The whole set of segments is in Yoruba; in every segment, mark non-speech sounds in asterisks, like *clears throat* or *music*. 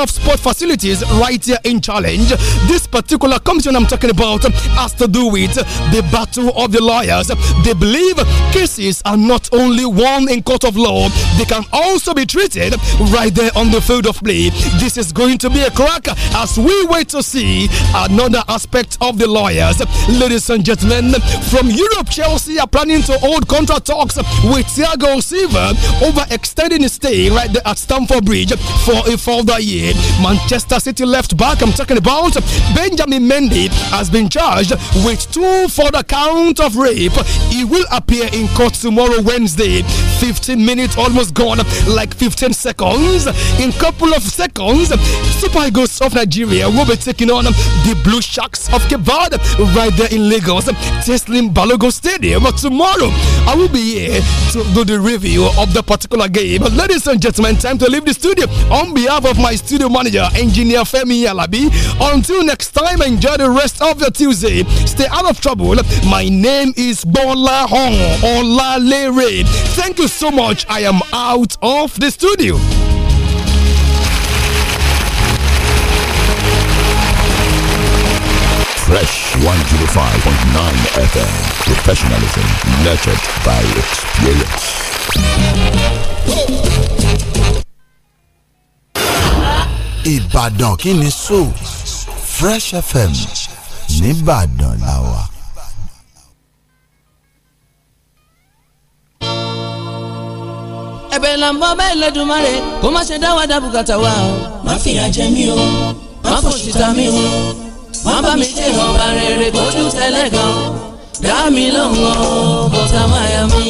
Of Sport Facilities right here in Challenge. This particular commission I'm talking about has to do with the battle of the lawyers. They believe cases are not only won in court of law, they can also be treated right there on the field of play. This is going to be a cracker as we wait to see another aspect of the lawyers. Ladies and gentlemen, from Europe, Chelsea are planning to hold contract talks with Thiago Silva over extending his stay right there at Stamford Bridge for a further year. Manchester City left back, I'm talking about Benjamin Mendy, has been charged with two further counts of rape. He will appear in court tomorrow, Wednesday. 15 minutes almost gone, like 15 seconds. In couple of seconds, Super Eagles of Nigeria will be taking on the Blue Sharks of Cape right there in Lagos, Teslim Balogo Stadium. Tomorrow, I will be here to do the review of the particular game. Ladies and gentlemen, time to leave the studio. On behalf of my studio, studio manager, engineer Femi Alabi. Until next time, enjoy the rest of your Tuesday. Stay out of trouble. My name is Bola Hong Ola Lere. Thank you so much. I am out of the studio. Fresh 105.9 FM. Professionalism nurtured by experience. Ìbàdàn kí ni so Fresh FM nìbàdàn la wà. ẹ̀bẹ̀ là ń bọ́ bẹ́ẹ̀ lẹ́dùnmáre kó má ṣe dá wa dá bùkátà wa o. má fìyà jẹ mí o má fòṣì ta mí o má bá mi ṣe ìwọ̀nba rere kó tún tẹ́lẹ̀ gan dá mi lóhùn o bọ́tà máa yà mí.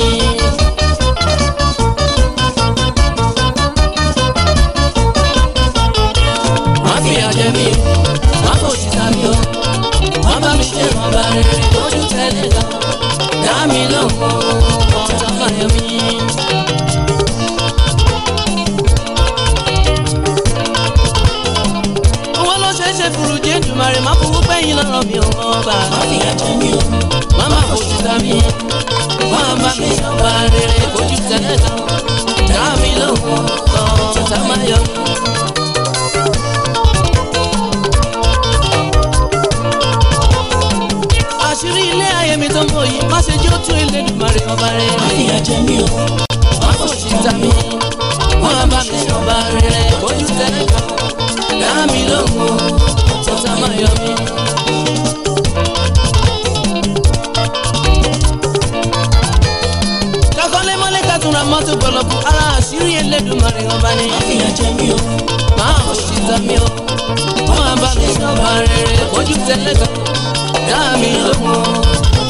fìyà jẹ mí o wọ́n kò sí sábì o wọ́n bá mi ṣe wọ́n bá rere lójú tẹ́lẹ̀ lọ dá mi lọ́wọ́ ọ̀tọ̀ ọ̀rẹ́ mi. owó ló ṣe é ṣe furu jésù màrè má fowó pẹ́yìn lọ́rọ̀ mi ò mọ́ ọba. wọ́n fìyà jẹ mí o wọ́n bá kò sí sábì wọ́n bá mi ṣe wọ́n bá rere lójú tẹ́lẹ̀ lọ dá mi lọ́wọ́ ọ̀tọ̀ ọ̀rẹ́ mi. àṣírí ilé ayé mi tó ń bọ̀ yìí má ṣe jẹ́ ó tún Elédùmarè ọba rẹ̀. àyà jẹ mí o wọn kò sí ta mi wọn bá mi ṣọba rẹ ojú tẹ́lẹ̀ kan láàmì lóhùn tọ́ta máa yọ mí. kakọ́lémọ́lé kàtúnra mọ́tò gbọlọ́kù ara àṣírí Elédùmarè ọba ni. àyà jẹ mí o wọn kò sí ta mi o wọn bá mi ṣọba rẹ ojú tẹ́lẹ̀ kan ọ̀gá mi lọ́mọ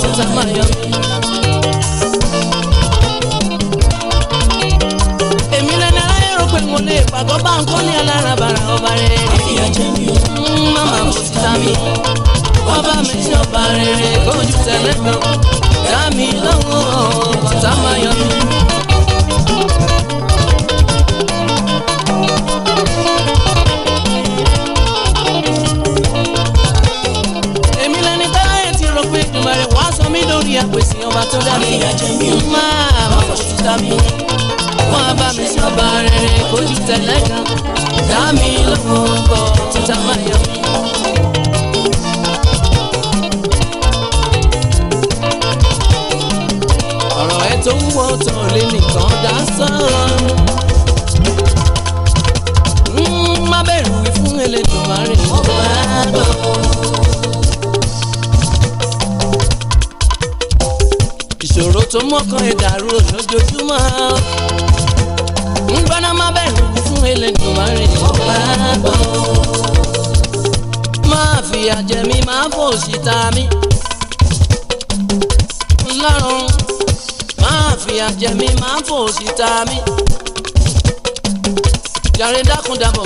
títà máa yọ. èmi lẹ́nu aláyẹ̀rọ pé mo lè pàgọ́ bá ń kọ́ ní alárabàrà ọba rẹ̀. mama kò síta mi. ọba mi tí ọba mi yẹ kó sí ọba tó dá mi máa má kò tún dá mi wọn bá mi sọ bá rere kó jù tẹ̀lé kan dá mi lọ́wọ́.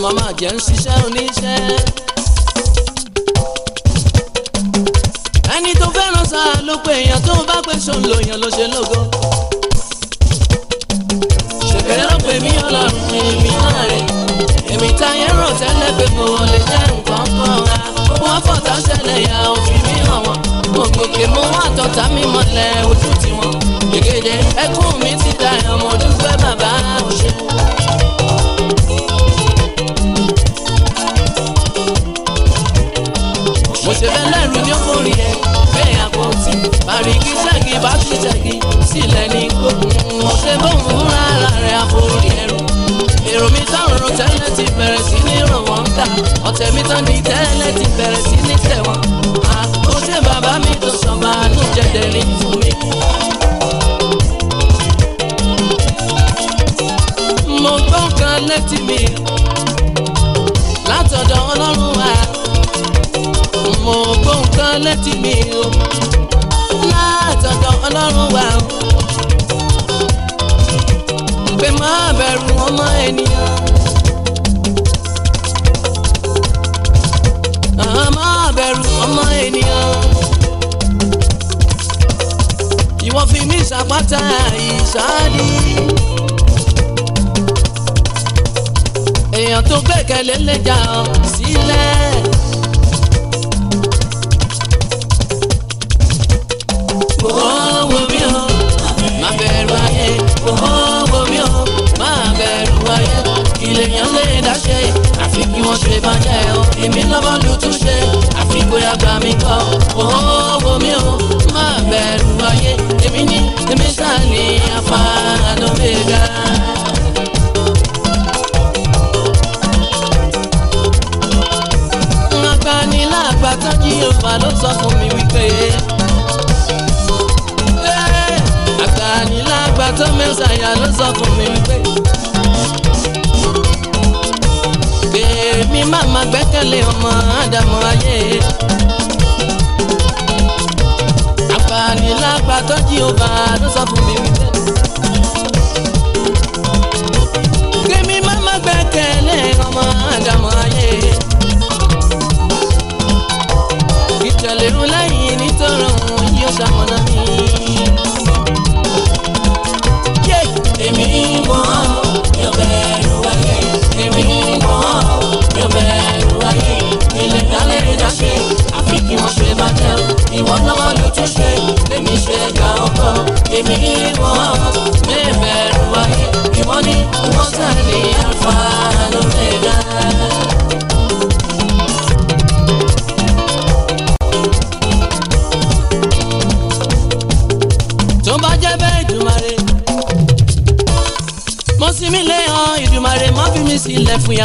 màmá jẹ́ ń ṣiṣẹ́ òní.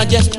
ya I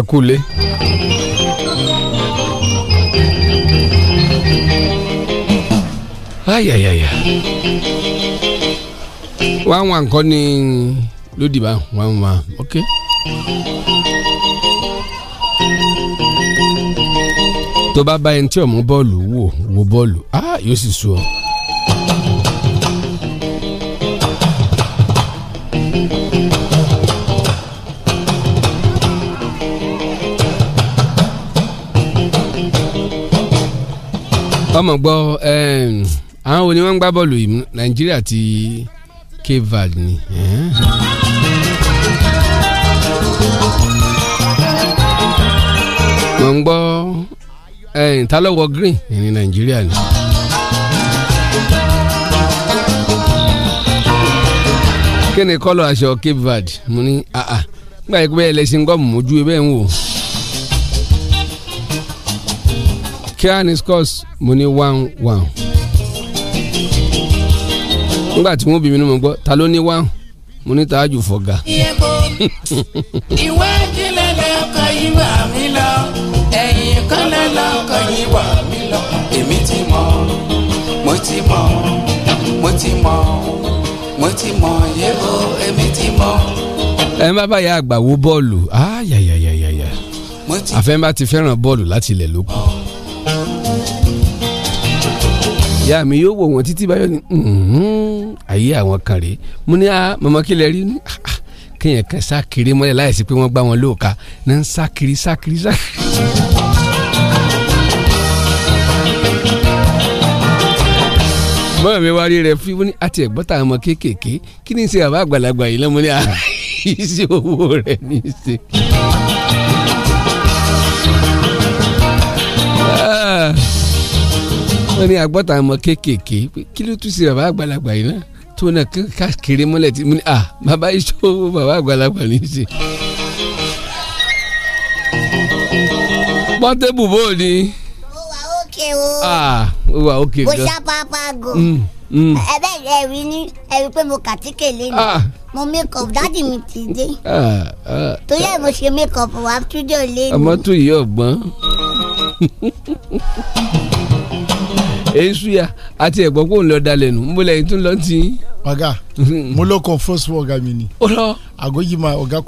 ẹ kú lé. ayayaya wọn àwọn nǹkan ní lódìbà wọn wà ok. tó bá bá ẹni tí ọmọ bọ́ọ̀lù wò wo bọ́ọ̀lù ah yóò sì sú ọ. kọ́mọ̀ gbọ́ àwọn wo ni wọ́n ń gbá bọọlụ yìí nàìjíríà ti Cape Verde ni. mo ń gbọ́ ta ló wọ green ní nàìjíríà ni. kí ni kọ́lọ̀ aṣọ Cape Verde mo ní àà nígbà yìí pé ẹlẹ́sìn gọ́ọ̀mù mojú ẹ bẹ́ẹ̀ ń wò. kíá ni scores mo ní one one nígbà tí wọ́n bí mi ní mo gbọ́ ta ló ní one mo ní tàájú fọ̀gà. *laughs* ìwé ìjìnlẹ̀ lọ́kọ̀ yìí wà mí lọ ẹ̀yìn kọ́lẹ̀ lọ́kọ̀ yìí wà mí lọ èmi ti mọ̀ mo ti mọ̀ mo ti mọ̀ mo ti mọ̀ yẹ́bọ̀ èmi ti mọ̀. ẹ má báyà àgbà wo bọ́ọ̀lù ayayayaya àfẹ́ńbá ti fẹ́ràn bọ́ọ̀lù láti ilẹ̀ lóko ìyá mi yóò wò wọ́n títí báyọ̀ ni ayé àwọn kan rèé mo ní ah, mọ̀mọ́ kí lẹ rí ah, ah, kéèyàn kan sá kiri mọ́lẹ̀ láìsí pé wọ́n gbá wọn lóòka ní ń sá kiri sá kiri sá kiri. mọ́ mi wá rí rẹ̀ fún ní àti ẹ̀gbọ́n táwọn ọmọ kéékèèké kí ni ṣe àbá àgbàlagbà yìí lọ́mọ ní àìsí *laughs* owó rẹ̀ ní í ṣe. wọ́n ní agbọ́ta ọmọ kéékèèké kí ló tún sí bàbá àgbàlagbà yìí náà tó náà káàkiri mọ́lẹ̀ tí mo ní à bàbá ìṣòwò bàbá àgbàlagbà ní í ṣe. pọ́ńtébù bò ni. ó wà ókè o. ó wà ókè gan. mo ṣá pápá go. ẹ̀bẹ̀ ẹ̀rí ni ẹ̀rí pé mo kàtíkè lẹ́nu mo make up dáàdi mi ti dé torí ẹ̀ mo ṣe make up wá túdíò lẹ́nu. ọmọ tún yí ọgbọ́n. *laughs* èésù ya àti ẹ̀gbọ́n kò ń lọ dalẹ̀ nù ń bọ́lẹ̀ yìí tún lọ ti. ọ̀gá hmm. mo lọ confuse fún ọ̀gá mi ni. ó lọ. I go ah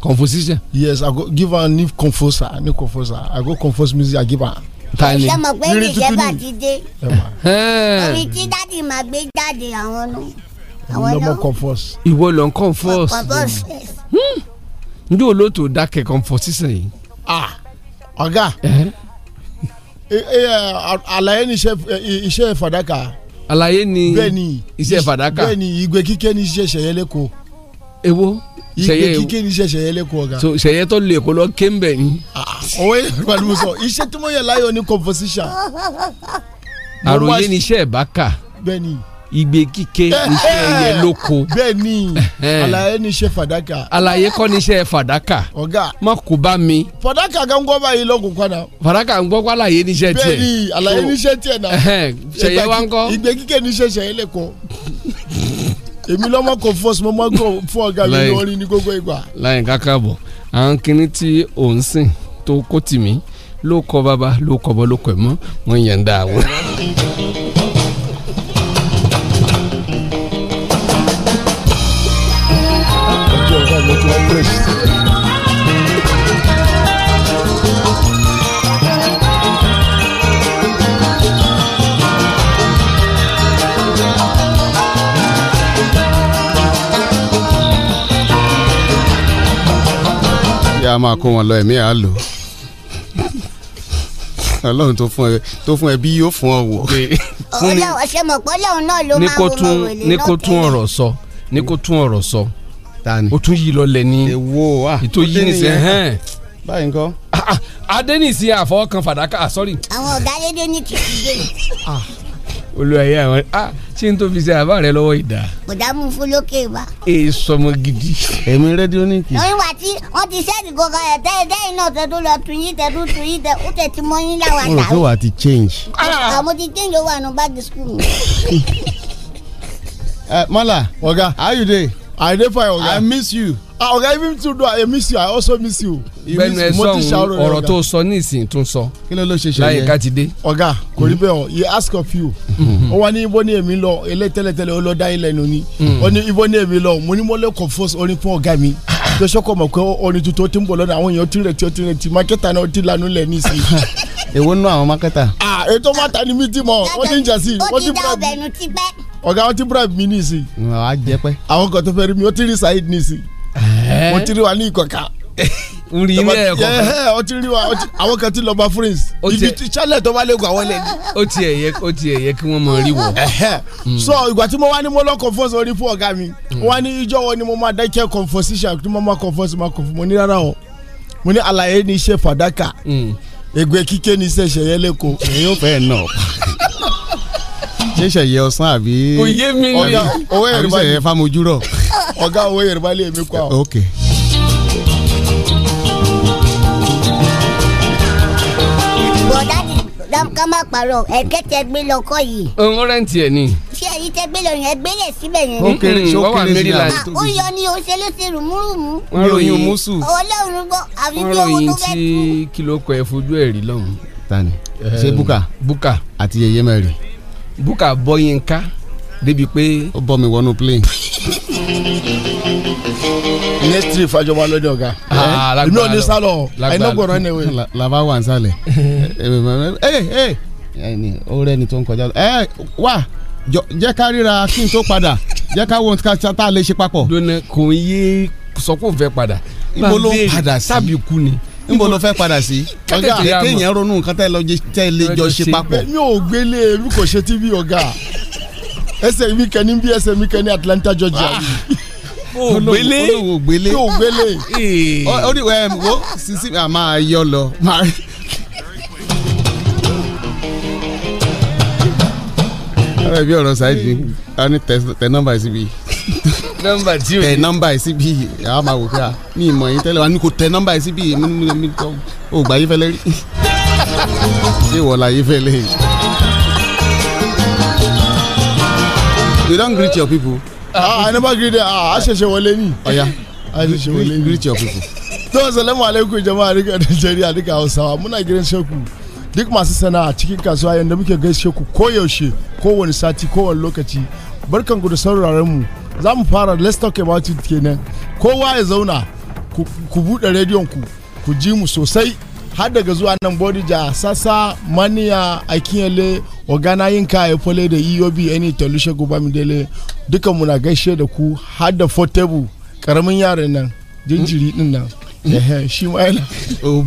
composition. yes I go give her new composer new composer I go compose music I give her tani. ṣé mo pé nìjẹ́ ti dé. omi tí dáàdi máa gbé jáde àwọn nù. lọ comfort. ìwọ lọ ń comfort. Hmm. njẹ́ dákẹ́ comfort yìí. ah ọ̀gá. Eh, eh, àlàyé ni eh, iṣẹ́ fàdákà. àlàyé ni iṣẹ́ fàdákà. bẹ́ẹ̀ ni ìgbẹ́ kíkẹ́ ni iṣẹ́ sẹ̀yẹ́ lẹ́kọ̀ọ́. èwo sẹ̀yẹ́ ìgbẹ́ kíkẹ́ ni iṣẹ́ sẹ̀yẹ́ lẹ́kọ̀ọ́ ga. so sẹ̀yẹ́ tó lè kó lọ kéńbẹ̀ ni. òwe ah, ah, ìgbàlùmọ̀ sọ iṣẹ́ tí mo yẹ láyọ̀ ni composition. àròyé ni iṣẹ́ ìbákà. bẹ́ẹ̀ ni igbe kíké iṣẹ́ eh, ẹyẹ eh. lóko. bẹ́ẹ̀ni alaye eh, ni iṣẹ́ fàdákà. alaye kọ́ ni iṣẹ́ fàdákà. ọ̀gá má kó bá mi. fàdákà kan gbọ́ báyìí lọ́kùn padà. fàdákà ń gbọ́ kó alaye ni iṣẹ́ tiẹ̀. bẹ́ẹ̀ni alaye ni iṣẹ́ tiẹ̀ náà. sẹyẹ wa ń kọ. igbe kíké ni iṣẹ́ sẹyẹ lè kọ. èmi lọ́mọ kò fọ́ọ̀sì mọ́mọ́ kò fún ọ̀gá mi ní orin ní gbogbo ìgbà. láyìn káká bọ̀ àwọn kinní tí òun sìn tó kó tì mí ló kọ bàbá ló kọ bọ́ ló kọ ẹ̀ mọ́ wọ́n yẹn ń dá a máa kó wọn lọ ẹ̀mí àá lò ọlọ́run tó fún ẹ tó fún ẹ bí yóò fún ọ wò. ọlọ́run ṣe mọ̀ pé ọlọ́run náà ló máa ń wo mọ̀ lọ́kẹ́. ní kó tún ọ̀rọ̀ sọ ní kó tún ọ̀rọ̀ sọ o tún yí lọlẹ̀ ní ètò yí ní sẹ́ báyìí nǹkan. Ah, ah, adé nìsín àfọwọ́kan fàdákà ah, sorry. àwọn ọ̀gá lédè ní kìkì olùwàyà àwọn ah ṣé n tó fi ṣe àbá rẹ lọ́wọ́ ìdá. bùdá mú fún lókè wa. èè sọmọ gidi. èmi rédíò ní kì í. lórí wa tí wọ́n ti sẹ́ẹ̀dì kankan ẹ̀ tẹ́ ẹ̀dẹ́yìn náà tẹ́ tó lọ tún yín tẹ́ tó tún yín tẹ́ ó tẹ́ ti mọ yín láwa dà. mo rò ti change. àmọ́ ah, ti change owó àná bá di school mi. *laughs* Eh, mọ́là ọ̀gá how you dey? I dey fine oga. I miss you. Ah oga even too though I miss you I also miss you. Bẹ́ẹ̀ni ẹ sọ ohun ọ̀rọ̀ tó sọ ní ìsìn tún sọ. Kí ló ló ṣe ṣe yẹn? Láyé ká ti kò rí mm-hmm. bẹ́ẹ̀ o, he ask of you. Mm-hmm. Ó wá ní ibo ní èmi lọ, ilé tẹ́lẹ̀tẹ́lẹ̀ ó lọ dá ilẹ̀ nù ni. Mm. Ó ní ibo ní èmi lọ, mo ní mo lè confuse orin fún ọ̀gá mi. Jọ́sọ́kọ̀ mọ̀ pé orin tuntun ó ti ń bọ̀ lọ́dọ̀ àwọn èèyàn ó ti rẹ̀ tí ó ti rẹ̀ tí mákẹ́tà náà ó ti lanú lẹ̀ ní ìsìn. *laughs* Ewo nínú àwọn mákẹ́tà. ah ètò máta ni mi ti mọ wọ́n ti ń jà sí i wọ́n ti bribe mi ọ̀gá wọ́n ti bribe mi ní ìsìn. wàá jẹ pẹ́. àwọn kan tó fẹ́ rí mi ó ti rí saheed ní ìsìn wọ́n ti rí wa ní ìkọ̀ka n rí ilé ẹ̀kọ́ kan. ẹ ọ ti rí wa àwọn kan ti lọ gba friends ibi sálẹ̀ tó bá lè gba wọlé. ó ti ẹ̀ yẹ ó ti ẹ̀ yẹ kí wọ́n mọ rí wọ. Hmm. so ìgbà tí mo wá ní mo lọ confess orí fún ọ̀gá mi hmm. wọ́n ní ìjọ wo ni mo máa dákẹ́ confession tí mo máa confess máa confess mo ní rárá o mo ní àlàyé ní iṣẹ́ fàdákà. Hmm ègbè kíké ni ṣẹ̀ṣẹ̀ yẹ lẹ́kọ̀ọ́. èyí ò fẹ́ nà ṣẹ̀ṣẹ̀ yẹ ọsán àbí owó yorùbá yẹ famojúrọ. ọ̀gá owó yorùbá lè mi kọ́ ọ. bọ̀dá ká má parọ́ ẹ̀kẹ́ tẹ gbé lọ́kọ́ yìí. òun rẹ̀ ń tiẹ̀ ni tí ẹ̀yin tẹ́ gbélé yẹn gbélé síbẹ̀ yẹn. Hmm, ó kéré ṣó kéré sí la ah, ó yọ ni o ṣe ló ṣe rùmúrùmú. wọ́n ròyìn musu. ọlọ́run gbọ́ àfi bí owó tó fẹ́ tú. wọ́n ròyìn tí kìlókò ẹ̀ fojú ẹ̀ rí lọ́hùn. tani eh, ṣé buka buka àti yeye mẹ́rin. buka bọ́ yín ká débi pé. ó bọ́ mi wọnú plane ministry fajọba lọjọ ga èmi ò ní sálọ àìná gbọrọ ẹni wẹ. làbá wà ń sálẹ̀ ẹ ẹ ẹ ẹ ó rẹ́ni tó ń kọjá ẹ eh, wá jẹ́ ká ríra kí n tó padà jẹ́ ká wo nǹkan tá a lè ṣe papọ̀. dona kò ń yé sọ pé òun fẹ́ padà. ibo ló ń padà sí sábì kú ni. ibo ló fẹ́ padà sí. ọjà kéèyàn ronú nǹkan tẹ́ ẹ lè jọ ṣe papọ̀. mi ò gbélé mi kò ṣe tv ọ̀gá ẹsẹ̀ mi e kẹ́ ní bí ẹsẹ̀ mi e kẹ́ ní Atlanta Georgia ògbélé ah. ògbélé ògbélé ó ní wo sisi máa yọ lọ máa. náà bí ọ̀rọ̀ ṣáà a ní tẹ nọ́mbà yìí síbi. nọ́mbà tí o ní. tẹ nọ́mbà yìí síbi àwọn máa wò pé a ní ìmọ̀ yín tẹ́lẹ̀ wa ní kò tẹ nọ́mbà yìí síbi o gbà yín fẹ́lẹ́ rí. ṣé wọ́n la yín fẹ́lẹ́ yìí. you don greet your people. ah i never greet them ah a ṣẹ̀ṣẹ̀ wọlé ni. ọ̀ya a ṣẹ̀ṣẹ̀ wọlé ni. greet your people. tó o sọ lẹ́mọ̀ alẹ́ kú ìjọba àríkà nàìjíríà àríkà ọ̀sán wa múnà gírísẹ́kù. duk masu sana'a cikin kasuwa yadda muke gaishe ku koyaushe kowane sati kowane lokaci barkan ku da sauraron mu za mu fara let's talk about it kenan kowa ya zauna ku buɗe rediyon ku ku ji mu sosai har daga zuwa nan bodija sassa maniya akinyele ogana yinka efole da eob any e, tolushe bamidele dukan muna na gaishe da ku har da fotebu karamin yaran nan jinjiri din nan mm-hmm. shi ma yana oh,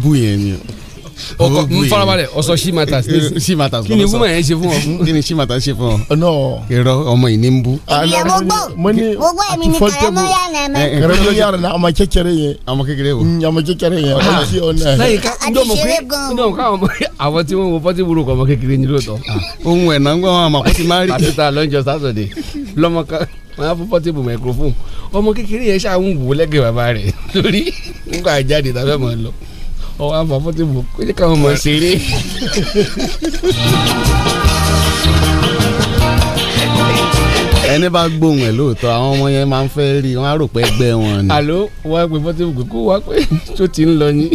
O ọkọ n farabalẹ̀ ọsọ she matters ní she matters kí ni woman yẹn ṣe fún ọ. kí ni she matters ṣe fún ọ. ọ̀nà kẹrọ ọmọ yìí ní n bú. ẹ̀yẹ gbogbo gbogbo ẹ̀mí ni kẹrẹmọ́yà ah, náà mẹ́. kẹrẹmọ́yà náà ọmọ kékeré yẹn. ọmọ kékeré wo. ọmọ kékeré yẹn ọmọ tí ọ̀nà ẹ̀. sẹ́yìn ká ndọ́mọ̀ pé ndọ́mọ̀ ká àwọn tí wọ́n wọ pọ́tí burú kọ́ ọmọ kékeré ni lóòótọ́. ohun ẹ̀ náà ń gbọ́ àwọn àmọ́ kó ti máa rí. àti ta lọ́jọ́ sátọ̀dẹ̀ lọ́mọ kan máa fún pọ́tébù microphone ọmọ kékeré yẹn ṣáà ń wò lẹ́gẹ̀ẹ́ bàbá rẹ̀ lórí nígbà jáde tàbí ọmọ lọ ọwọ́ àfọwọ́ ti bù kí ni káwọn mọ̀ ṣeré. ẹni bá gbóhùn ẹ lóòótọ́ àwọn ọmọ yẹn máa ń fẹ́ rí wọn á rò pé ẹgbẹ́ wọn ni. àló wá pé Portable kó wá pé tó ti ń lọ ní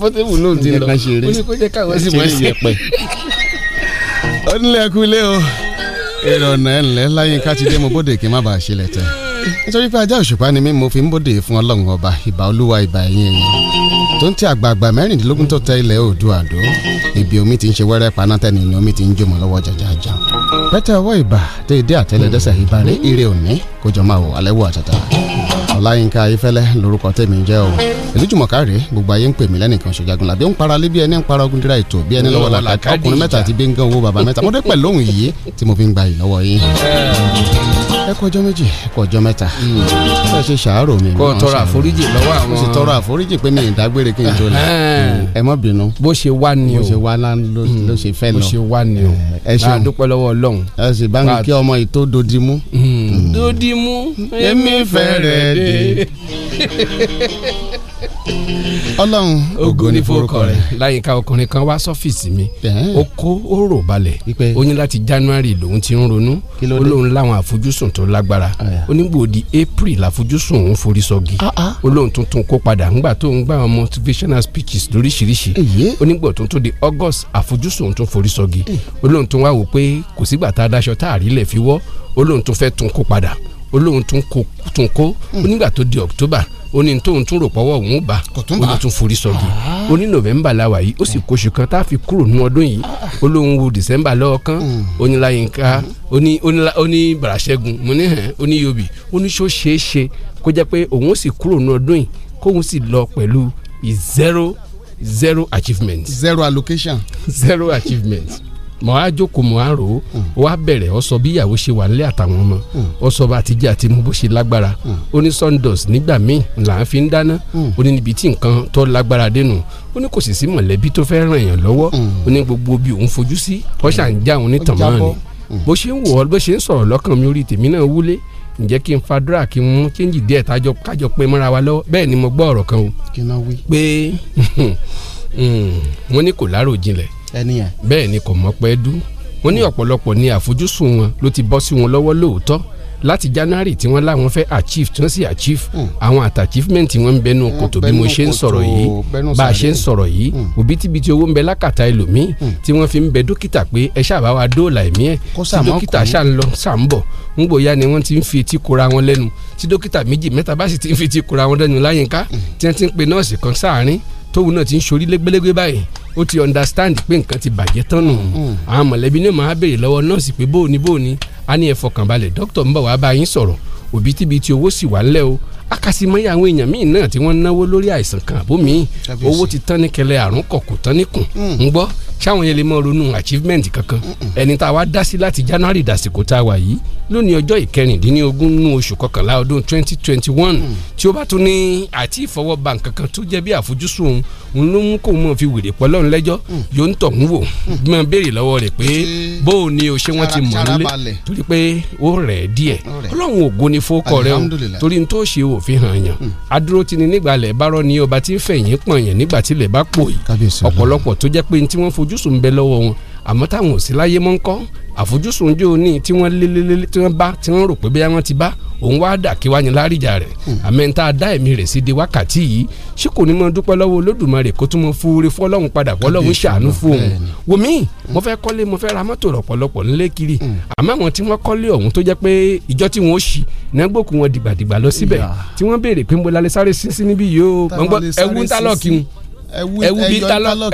Portable lóun ti lọ ó ní kó jẹ́ káwọn sì mọ̀ sí ẹ̀pẹ́. ó nílẹ̀ kú ilé o èrò ọ̀nà ẹ̀ ńlẹ́ láyé ká ti dé mo bóde kí n má bàa ṣe lẹ́tẹ̀ẹ́ nítorí pé ajá òṣùpá ni mí mo fi ń bòde fún ọlọ́run ọba ìbà olúwa ìbà ẹ̀yìn ẹ̀yìn tó ń ti àgbààgbà mẹ́rìndínlógún tó tẹ ilẹ̀ oòduàdó ibi omi ti ń ṣe wẹ́rẹ́ panátẹ́ni ni omi ti ń jòmọ̀ lọ́wọ́ jàjàjà pẹ́tẹ́ ọwọ́ ìbà déédéé àtẹlẹdẹsẹ̀ ìbà rẹ̀ ire òní kójọ máa wò alẹ́ wò àtàtà ọláyínká ayífẹ́lẹ́ lórúkọ tèmi jẹ́ o ìlújùmọ̀ká rèé gbogbo ayé ń pè mí lẹ́nìkan ṣòjagun làbí ń para lé bí ẹni ń para ogun dira ètò bí ẹni lọ́wọ́ làkàtà ọkùnrin mẹ́ta àti bí ń gán owó baba mẹ́ta mo dé pẹ̀lú òun yìí tí mo fi ń gba ìlọ́wọ́ yín ẹ kọjọ méjì ẹ kọjọ mẹ́ta ẹ ṣe ṣàárò mi. kó tọrọ àforíjì lọ́wọ́ àwọn. ó sì tọrọ àforíjì pé mi ìdágbére kí n tó lọ ẹ mọ bínú. bó ṣe wá ni o bó ṣe wá hmm. ló ṣe fẹ́ lọ bó ṣe wá ni o ẹ ṣeun máa dúpẹ́ lọ́wọ́ Ọlọ́run. ẹ sì bá mi kí ọmọ yìí tó dodimu. Hmm. Hmm. dodimu èmi fẹ́ rẹ̀ dé. *laughs* ọlọ́run ògo ni forúkọ rẹ̀ láyìíká ọkùnrin kan wá sọ́fíìsì mi ó kó ó rò balẹ̀ ó ní láti january lòun ti ń ronú ó lóun láwọn àfojúsùn tó lágbára ó ní gbòdì april àfojúsùn òun forí sọgi ah, ah. ó lóun tuntun kó padà ńgbà tó ń gbà àwọn motivational speeches lóríṣiríṣi ó ní gbòdì tuntun di august àfojúsùn òun tún forí sọgi ó lóun tún wá wò pé kò sígbà tá a daṣọ tá a rí lẹ̀ fi wọ́ ó lóun tún fẹ́ tún kó padà ó lóun tún kó ó nígbà tó di october ó ní tóun tún rò pọ́wọ́ òun bá ó ló tún forí sọ́gi ó ah. ní november la wà yìí ó sì kóṣù kan tá a fi kúrò nínú ọdún yìí ó lóun wo december lọ́ọ̀kan mm. ó ní láyínká ó ní bàràṣẹ́gun mo ní hàn ó ní yobi ó ní ṣó ṣeé ṣe kó jẹ́ pé òun ó sì kúrò nínú ọdún yìí kóun sì lọ pẹ̀lú zero zero achievement. zero allocation. zero achievement mọ á jókòó mọ á rò ó hmm. ó wá bẹ̀rẹ̀ ó sọ bí ìyàwó ṣe wà nílé àtàwọn ọmọ hmm. ó sọ bá ti jẹ àti mú bó ṣe lágbára hmm. ó ní sundos nígbà míì là ń fi ń dáná ó ní níbi tí nǹkan tó lágbára dénú ó ní kò sì sí mọ̀lẹ́bí tó fẹ́ ràn yàn lọ́wọ́ ó ní gbogbo bí òun fojú sí ó ṣà ń já òun ní tàn máa bó ṣe ń wọ̀ ọ́ bó ṣe ń sọ̀rọ̀ lọ́kàn mi orí tèmi náà wúlé ǹjẹ́ kí n fàdúrà kí n mú kéńjì díẹ̀ tájọ kájọ pé mọ́ra wa lọ́wọ́ bẹ́ẹ̀ ni mo gbọ́ ọ̀rọ̀ kan o pé wọ́n *laughs* ní kò lárò ẹni yẹn. bẹ́ẹ̀ ni kò mọ̀ pẹ́ dú wọ́n ní ọ̀pọ̀lọpọ̀ ni àfojúsùn wọn ló ti bọ́ sí wọn lọ́wọ́ lóòótọ́ láti january tí wọ́n láwọn fẹ́ achieve tí wọ́n sì achieve hmm. àwọn at achievement wọn ń bẹnu hmm. kòtò bí mo ṣe ń sọ̀rọ̀ yìí bá a ṣe ń sọ̀rọ̀ yìí hmm. òbítíbitì owó ń bẹ lákàtà ẹlòmíì tí wọ́n fi ń bẹ dókítà pé ẹ ṣáà bá wa dóòlà ẹ̀mí ẹ̀ tí dókítà ṣáà ń lọ ṣáà ń bọ̀ ń gbòòyà ni wọ́n ti ń fi etí kora wọn lẹ́nu tí dókítà méjì mẹ́ta bá sì ti ń fi etí kora wọn lẹ́nu láyínká tí wọ́n ti ń pe nọ́ọ̀sì kan sáàárín tóun náà ti ń sorí légbélégbé báyìí ó ti understand pé nǹkan ti bàjẹ́ tán nù hmm. àwọn mọ̀lẹ́bí náà máa béèrè lọ́wọ́ nọ́ọ̀sì pé bóòní bóòní a ní ẹ fọkànbalẹ̀ dókítà ń wá bá yín sọ̀rọ̀ òbítíbitì owó sì wà ńlẹ̀ o akásímọ́yé àwọn èèyàn míì náà tí wọ́n náwó lórí àìsàn kan àbómi owó ti tán ní kẹlẹ́ àrùn kọ̀kù tán ní kùn hmm. ń gbọ́ ṣáwọn yẹn lè mọ ronú achievement kankan ẹni tá a wá dá sí láti January dàsìkò tá a wà yìí lónìí ọjọ́ ìkẹrìndínlógún nínú oṣù kọkànlá ọdún 2021, twenty one tí ó bá tún ní àti ìfọwọ́ba nǹkan kan tó jẹ́ bí àfojúsùn òun ló mú kóun mọ̀ fi wèrè pọ̀ lọ́run lẹ́jọ́ yóò ń tọ̀hún wò mọ̀ béèrè lọ́wọ́ rẹ̀ pé bó o ní o ṣé wọ́n ti mọ̀ ọ́ lé torí pé ó rẹ̀ díẹ̀ ọlọ́run ògo ni fókọ̀ rẹ o torí n tó ṣe òfin hàn yàn hmm. adúró ti ni nígbà lẹ̀ bá rọ́ ni ọba tí fẹ̀yìn pọ̀ yàn nígbà tí lẹ̀ bá pò yìí ọ̀pọ̀lọpọ̀ tó jẹ́ pé ní tí wọ́n fojúsùn ń bẹ lọ́wọ́ wọn àmọ́ táwọn ò sí láyé mọ́ ń kọ́ àfojúsùn jò ní tí wọ́n lélẹ́lẹ́lẹ́ tí wọ́n bá tí wọ́n rò pé bí wọ́n ti bá òun wá dà kí wáyé láríjà rẹ̀ hmm. àmẹ́ńtà dá ẹ̀mí rẹ̀ sí di wákàtí yìí ṣé kò ní mọ dúpẹ́ lọ́wọ́ olódùmarè kó tún mọ fúre fọlọ́hún padà fọlọ́hún ṣàánú fún òun wòmí mo fẹ́ kọ́lé mo fẹ́ ra mọ́tò rọ̀pọ̀lọpọ̀ nílé kiri hmm. àmọ́ àwọn tí wọ́n kọ́lé ọ̀hún tó jẹ́ pé ìjọ tí wọ́n ṣì nẹ́gbòkú wọn dìgbàdìgbà lọ síbẹ̀ tí wọ́n béèrè pé mo lálẹ́ sáré sí níbí yìí o ẹ̀wù ń tálọ́ọ̀kì ẹwú bí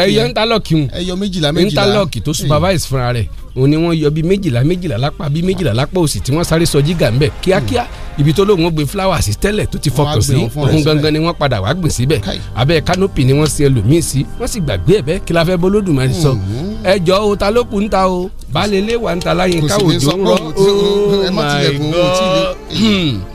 ẹyọ ntalọọkì ń ẹyọ méjìlá méjìlá ntalọọkì tó supervise fúnra rẹ̀ òun ni wọ́n yọ bí méjìlá méjìlá lápá bí méjìlá lápá òsì tí wọ́n sáré sọ jígà ńbẹ kíákíá ibi tó lóun gbé fúláwà sí tẹ́lẹ̀ tó ti fọkàn sí òun gangan ni wọ́n padà wá gbìn síbẹ̀ abẹ́ kánópì ni wọ́n sin ẹlòmíì sí wọ́n sì gbàgbé ẹ̀bẹ́ kí la fẹ́ bọ́lódùmarè sọ mm-hmm. ẹjọ́ o ta ló kù ń ta o baálé ilé wa ń ta láyé káwọ́ òjò ń rọ oh my god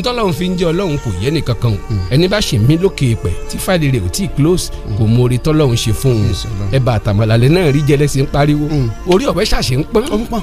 ntọ́lọ́hún fi ń jẹ́ ọlọ́hún kò yẹ nìkan kan ẹni bá ṣe mí lókè pẹ̀ tí fàdé rẹ̀ ò tí close kò mọ orí tọ́lọ́hún ṣe fún un ẹ̀bà àtàmàlàlẹ́ náà rí jẹlẹ́sì ń pariwo mm. orí ọ̀bẹ ṣàṣẹ ń pọ́n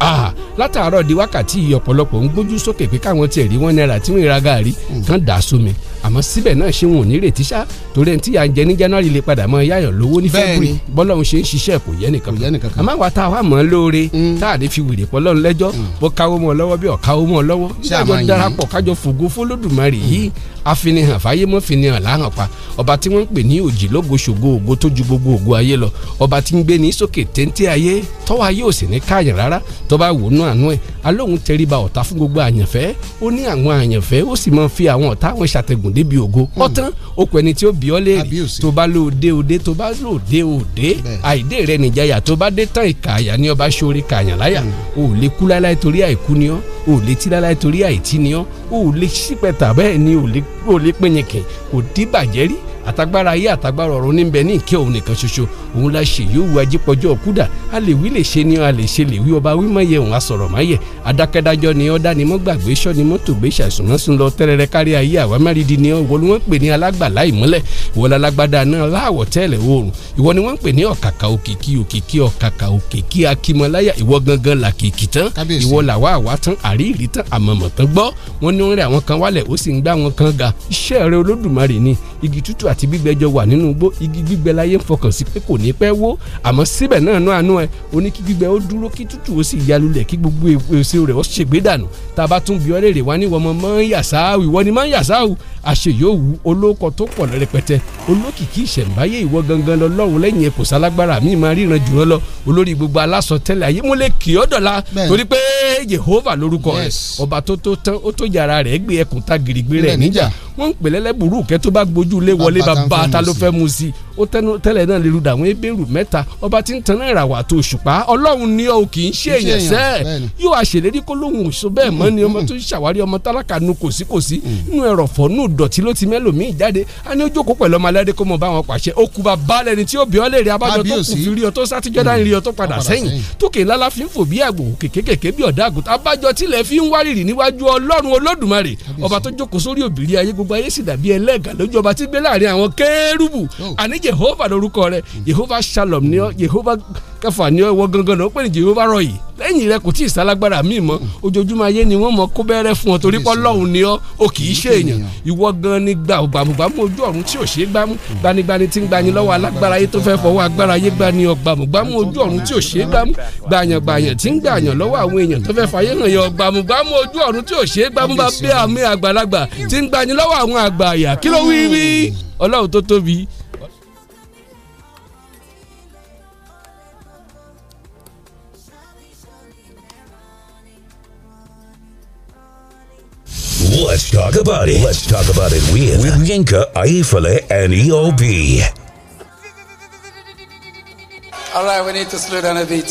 látàárọ̀ di wákàtí ọ̀pọ̀lọpọ̀ ń gbójú sókè pé káwọn tiẹ̀ rí wọn náírà tí wọ́n ìra gàrí mm. kan dà sómi àmọ́ síbẹ̀ náà ṣé wọn ò ní retí ṣá torí ẹni tí à ń jẹ ní january lè padà mọ yáyàn lówó ní february bọ́lọ́run ṣe ń ṣiṣẹ́ kò yẹ nìkan kan àmọ́ àwa tá a wà mọ́ lóore mm. tá a lè fi wèrè pọ́ lẹ́jọ́ mm. bó káwó mọ́ lọ́wọ́ bí ọ̀káwó mọ́ lọ́wọ́ bí àjọ darapọ̀ kájọ fògo fólódùmarè yìí mm afinihàn fáyé mọ́ finihàn láhàn pa ọba tí wọ́n ń pè ní òjì lógo ṣògo ògo tó ju gbogbo ògo ayé lọ ọba tí ń gbé ní sókè téńté ayé tọ́wọ́ ayé ò sì ní káàyàn rárá tó bá wò nú àánú ẹ̀ alóhùn tẹríba ọ̀tá fún gbogbo àyànfẹ́ ó ní àwọn àyànfẹ́ ó sì máa fi àwọn ọ̀tá àwọn ìṣàtẹ̀gùn débi ògo hmm. ọ̀tán okùn ẹni tí ó bí ọ léèrè tó bá lò dé òde tó bá lò dé òde àìdè rẹ nìjayà tó bá dé tán ìkààyà ni ọba ṣoore kààyàn láyà hmm. ò lè kú láláì torí àìkú ni ọ ò lè tí láláì torí àìtí ni ọ ò lè ṣípẹ̀tà bẹ́ẹ̀ ni ò lè ò lè pín yín kì kò díbàjẹ́ rí àtagbára ayé àtagbára ọ̀run ní bẹ ní ìkẹ́ òun nìkan ṣoṣo òun la ṣe yóò wu ajípọ̀jọ́ òkúdà a lè wí lè ṣe ni a lè ṣe lè wí ọba wímọ̀ yẹ òun asọ̀rọ̀ má yẹ adákẹ́dájọ́ ni ọ́ dánimọ́ gbàgbé ṣọ́ ni mọ́tò gbé ṣàìsùnmọ́sùn lọ tẹ́rẹrẹ kárí ayé àwa mẹ́rìndì ni ọ́ wọ́n wọ́n pè ní alágbàlá ìmọ́lẹ̀ wọ́n lálágbádá náà láàwọ̀ tẹ́lẹ̀ oòrùn ìwọ ni wọ́n pè ní ọ̀kàkà òkìkí òkìkí ọ̀kàkà òkìkí akímọláyà ìwọ gangan làkìkì tán ìwọ làwa àwa tán àríyìrí tán àmọ̀mọ̀ tán gbọ́ wọ́n ní orin àwọn kan wálẹ̀ ó sì ń gbá wọn kan ga iṣẹ́ rẹ olódùmarè ni igi tútù àti gbígbẹ jọ wà nínú igbó igi gbígbẹ láyé ń fọkàn sí pé kò ní pẹ́ wó àmọ́ síbẹ̀ náà náà àánú ẹ oní kí gbígbẹ ó dúró kí tútù ó sì yalulẹ̀ kí gbogbo e, èso rẹ̀ ó ṣègbè dànù tá a bá tún bí ọ́lẹ́rẹ̀ wá ní wọ́mọ máa ń yàsá ìwọ ni máa ń yàsá o àṣeyọ̀wù olóko tó pọ̀ lẹ́rẹpẹtẹ olókìkí ìṣẹ̀ǹbáyé ìwọ gangan lọ lọ́run lẹ́yìn ẹ̀ sálágbára mi máa ríran jùlọ lọ olórí gbogbo alásọ tẹ́lẹ̀ ayé mo lè kì ọ́ dọ̀la torí pé Jehova lórúkọ rẹ̀ ọba tó tó tán ó tó yàrá rẹ̀ gbé ẹkùn ta gírígbé rẹ̀ níjà wọ́n ń pè lẹ́lẹ́bùrú kẹ́ tó bá gbójú lé wọlé ilé bàbá ta ló fẹ́ mu sí ó tẹ́lẹ̀ náà lè rúdà àwọn ebèrú mẹ́ta ọba tí ń tan náírà wà tó ṣùpá ọlọ́run ni ó kì í ṣe èèyàn sẹ́ yóò àṣèlérí kó lóhùn òṣù bẹ́ẹ̀ mọ́ ni mm-hmm. ọmọ tó ń ṣàwárí ọmọ tálákà nu kòsíkòsí mm. inú ẹ̀rọ̀fọ̀ nù dọ̀tí ló ti mẹ́lòmíì jáde a ní ojókòó pẹ̀lú ọmọ alẹ́dẹ́ kó mọ bá wọn pàṣẹ okùn bàbá lẹni tí ó bí ọ lè rí abájọ tó kù fi rí ọ tó sátijọ́ dání mm àwọn kérúbù àní jehova lórúkọ rẹ mm. jehova shalom ni ọ mm. jehova káfà ni ọ ìwọ gangan náà ó pè ní jehova rọyì lẹ́yìn rẹ kò tí ì sálágbára míì mọ́ mm. ojoojúmọ́ ayé ni wọ́n mọ kó bẹ̀rẹ̀ fún ọ torí pé ọlọ́run ni ọ o kì í ṣe èèyàn ìwọ gan ni gba ògbàmùgbàmù ojú ọ̀run tí ò ṣe é gbámú gbanigbani tí ń gbani lọ́wọ́ alágbára ayé tó fẹ́ fọwọ́ agbára ayé gbani ọgbàmùgbàmù ojú ọ̀run tí ò ṣe é gbámú gbàyàngbàyàn tí ń gbàyàn lọ́wọ́ àwọn èèyàn tó fẹ́ fàyè hàn yàn ọgbàmùgbàmù ojú ọ̀run tí ò ṣe é gbámú bá bẹ́ àmì àgbàlagbà tí ń gbani lọ́wọ́ àwọn àgbà àyà kí ló wí wí. ọlọ́run tó tóbi. Let's talk about it. Let's talk about it with, with Yinka, Aifale, and EOB. All right, we need to slow down a bit.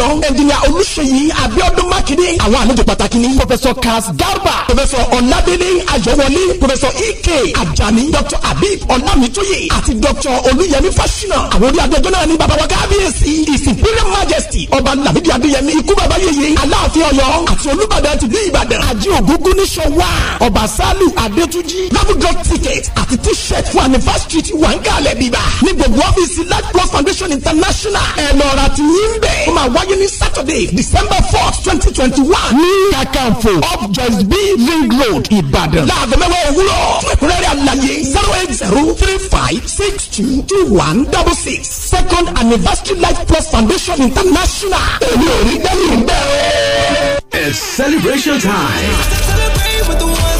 ọ̀yọ́ ẹnjìnìà olùṣèyí abiodun makinde àwọn àlejò pàtàkì ni professor kaz garba professor ọ̀nàdélé ayọ̀wọlé professor ike ajani doctor abib ọ̀nàmítóyè àti doctor olùyẹmí fáṣínà àwọn orí adéjọ́ náà ní baba wa kábíyèsí his imperial majesty ọba nàbídìí adéyẹmí ikú baba yèyé aláàfin ọ̀yọ́ àti olùbàdàn ti bí ìbàdàn àjẹ ògúngún níṣọ wá ọba sálù adétúnjì lọ́mùdọ́ ticket àti t-shirt fún anniversary ti wà ń kalẹ̀ bíbá ní gbogbo ọ́fíìsì light plus foundation international ẹ̀ lọ́ra ti yín bẹ̀. ó máa wáyé ní saturday december fourth twenty twenty one ní kakanfo up just be ring road ìbàdàn. láàbẹ̀ mẹ́wàá òwúrọ̀ fún ẹ̀kúnrẹ́rẹ́ àlàyé zero eight zero three five six two two one double six second anniversary light plus foundation international. èmi ò rí dẹ́rù bẹ́ẹ̀. It's celebration time. Celebrate with the ones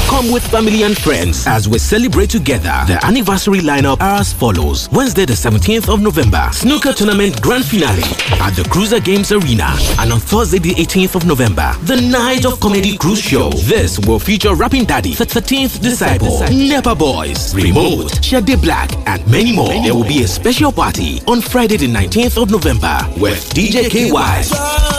Come with family and friends as we celebrate together. The anniversary lineup as follows. Wednesday the 17th of November, Snooker Tournament Grand Finale at the Cruiser Games Arena. And on Thursday the 18th of November, the Night of Comedy Cruise Show. This will feature Rapping Daddy, The 13th Disciple, Nepa Boys, Remote, Shade Black, and many more. There will be a special party on Friday the 19th of November with DJ KY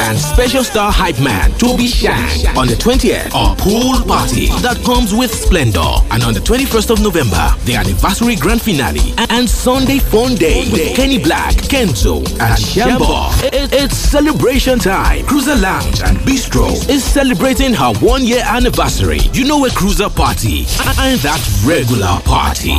and special star Hype Man Toby Shang on the 20th, a pool party that comes comes with splendor. And on the 21st of November, the anniversary grand finale and Sunday fun day with Kenny Black, Kenzo, and Shambo. It's celebration time. Cruiser Lounge and Bistro is celebrating her one year anniversary. You know a cruiser party and that regular party.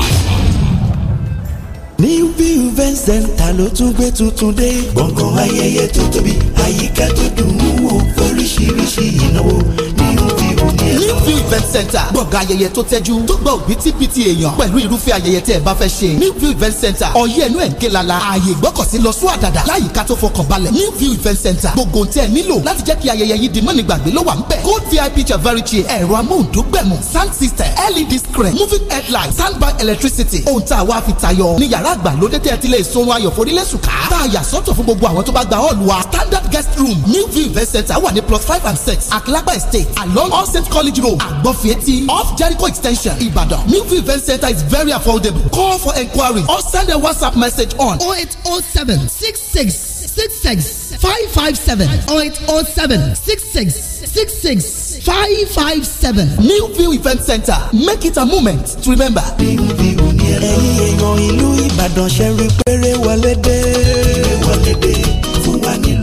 New View Event Center ló tún gbé tuntun dé. gbọ̀ngàn ayẹyẹ tó tóbi àyíká tó dùn ún wò fóríṣiríṣi ìnáwó New View Newview event center gbọ̀ngàn ayẹyẹ tó tẹ́jú tó gba òbítíbitì èèyàn pẹ̀lú irúfẹ́ ayẹyẹ tẹ́ ẹ bá fẹ́ ṣe Newview event center ọ̀yẹ́ ẹnu ẹ̀ ń ké lala ààyè ìgbọ́kọ̀sí lọ sún àdàdà láyìíká tó fọkàn balẹ̀ Newview event center gbogbo tẹ́ ẹ nílò láti jẹ́ kí ayẹyẹ yìí di mọ́ni gbàgbé ló wà ń bẹ̀ gold vip chavarichi ẹ̀rọ amóhundógbẹ̀mù sound system led screen moving headlight standby electricity ohun tá a wá fi tayọ ní yàrá àgbàlódé tẹ́ ẹ ti lè sunrun ayọ̀ forílẹ̀sùká tá a yà sọ́tọ̀ fún gbogbo àwọn tó bá gba hall wa standard guest room Newview event center wà ní plus five and six àkìlágbà estate along all saint college road agbofieti off jericho extension ibadan milview event center is very affordable call for enquiry or send a whatsapp message on 0807 66 66 557 0807 66 66 557 milview event center make it a moment to remember. ẹ̀yin èèyàn ìlú ìbàdàn ṣe rí péré wọlé dé fún wa nílùú.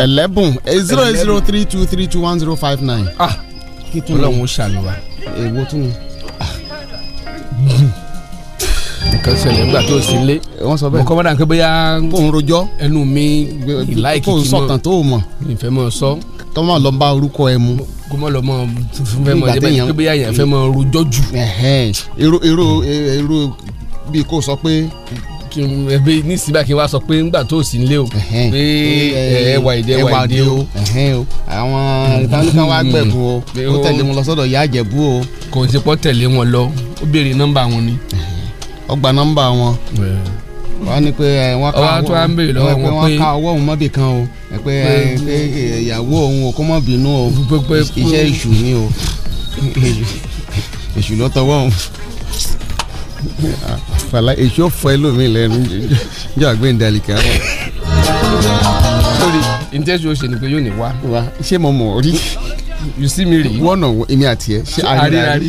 Eleven eh, zero zero three two three two one zero five nine. ah ọlọ́run ó ṣàlùwà. èwo tún ni. nǹkan ṣẹlẹ̀ nígbà tó sì lé. Eh, wọ́n sọ bẹ́ẹ̀ mo kọ́ bóyá. kò ń rojọ́. ẹnu mi ìlà ìkìkì mọ́ kò ń sọ̀tàn tó o mọ̀. ìfẹ́ mọ́ sọ. kọ́ lọ bá orúkọ ẹ mu. kó mọ́ lọ mọ́ fẹ́ mọ́ jẹ́bẹ́ nígbà bóyá yẹn fẹ́ rojọ́ jù. èrò èrò èrò bíi kò sọ pé kí n ẹbí nísìnyí báyìí wá sọ pé ńgbà tó sì ń lé o pé ẹwà ìdí ẹwà ìdí o. àwọn ìtàlùkà wa gbẹ̀bù o ó tẹ̀lé wọn lọ sọ́dọ̀ ìyá àjẹ̀bú o. kò sí pọ́ tẹ̀lé wọn lọ ó béèrè nọ́mbà wọn ni. ó nọ́mbà wọn wọ́n ní pé wọ́n ká owó wọ́n ká owó òun mọ́bì kan o pé ìyàwó òun ò kó mọ́ bínú o iṣẹ́ èṣù ni o èṣù ló tọwọ́ fàlà èsì ọ̀fọ̀ ẹlòmíì lẹ́nu jẹ́ àgbẹ̀ǹdàlì kan wọ́n. sórí o ṣe ni pé yóò ní wá. wá ṣé mo mọ̀ rí. you see me rí. wọ́n nà èmi àti ẹ̀ ṣe àrírarí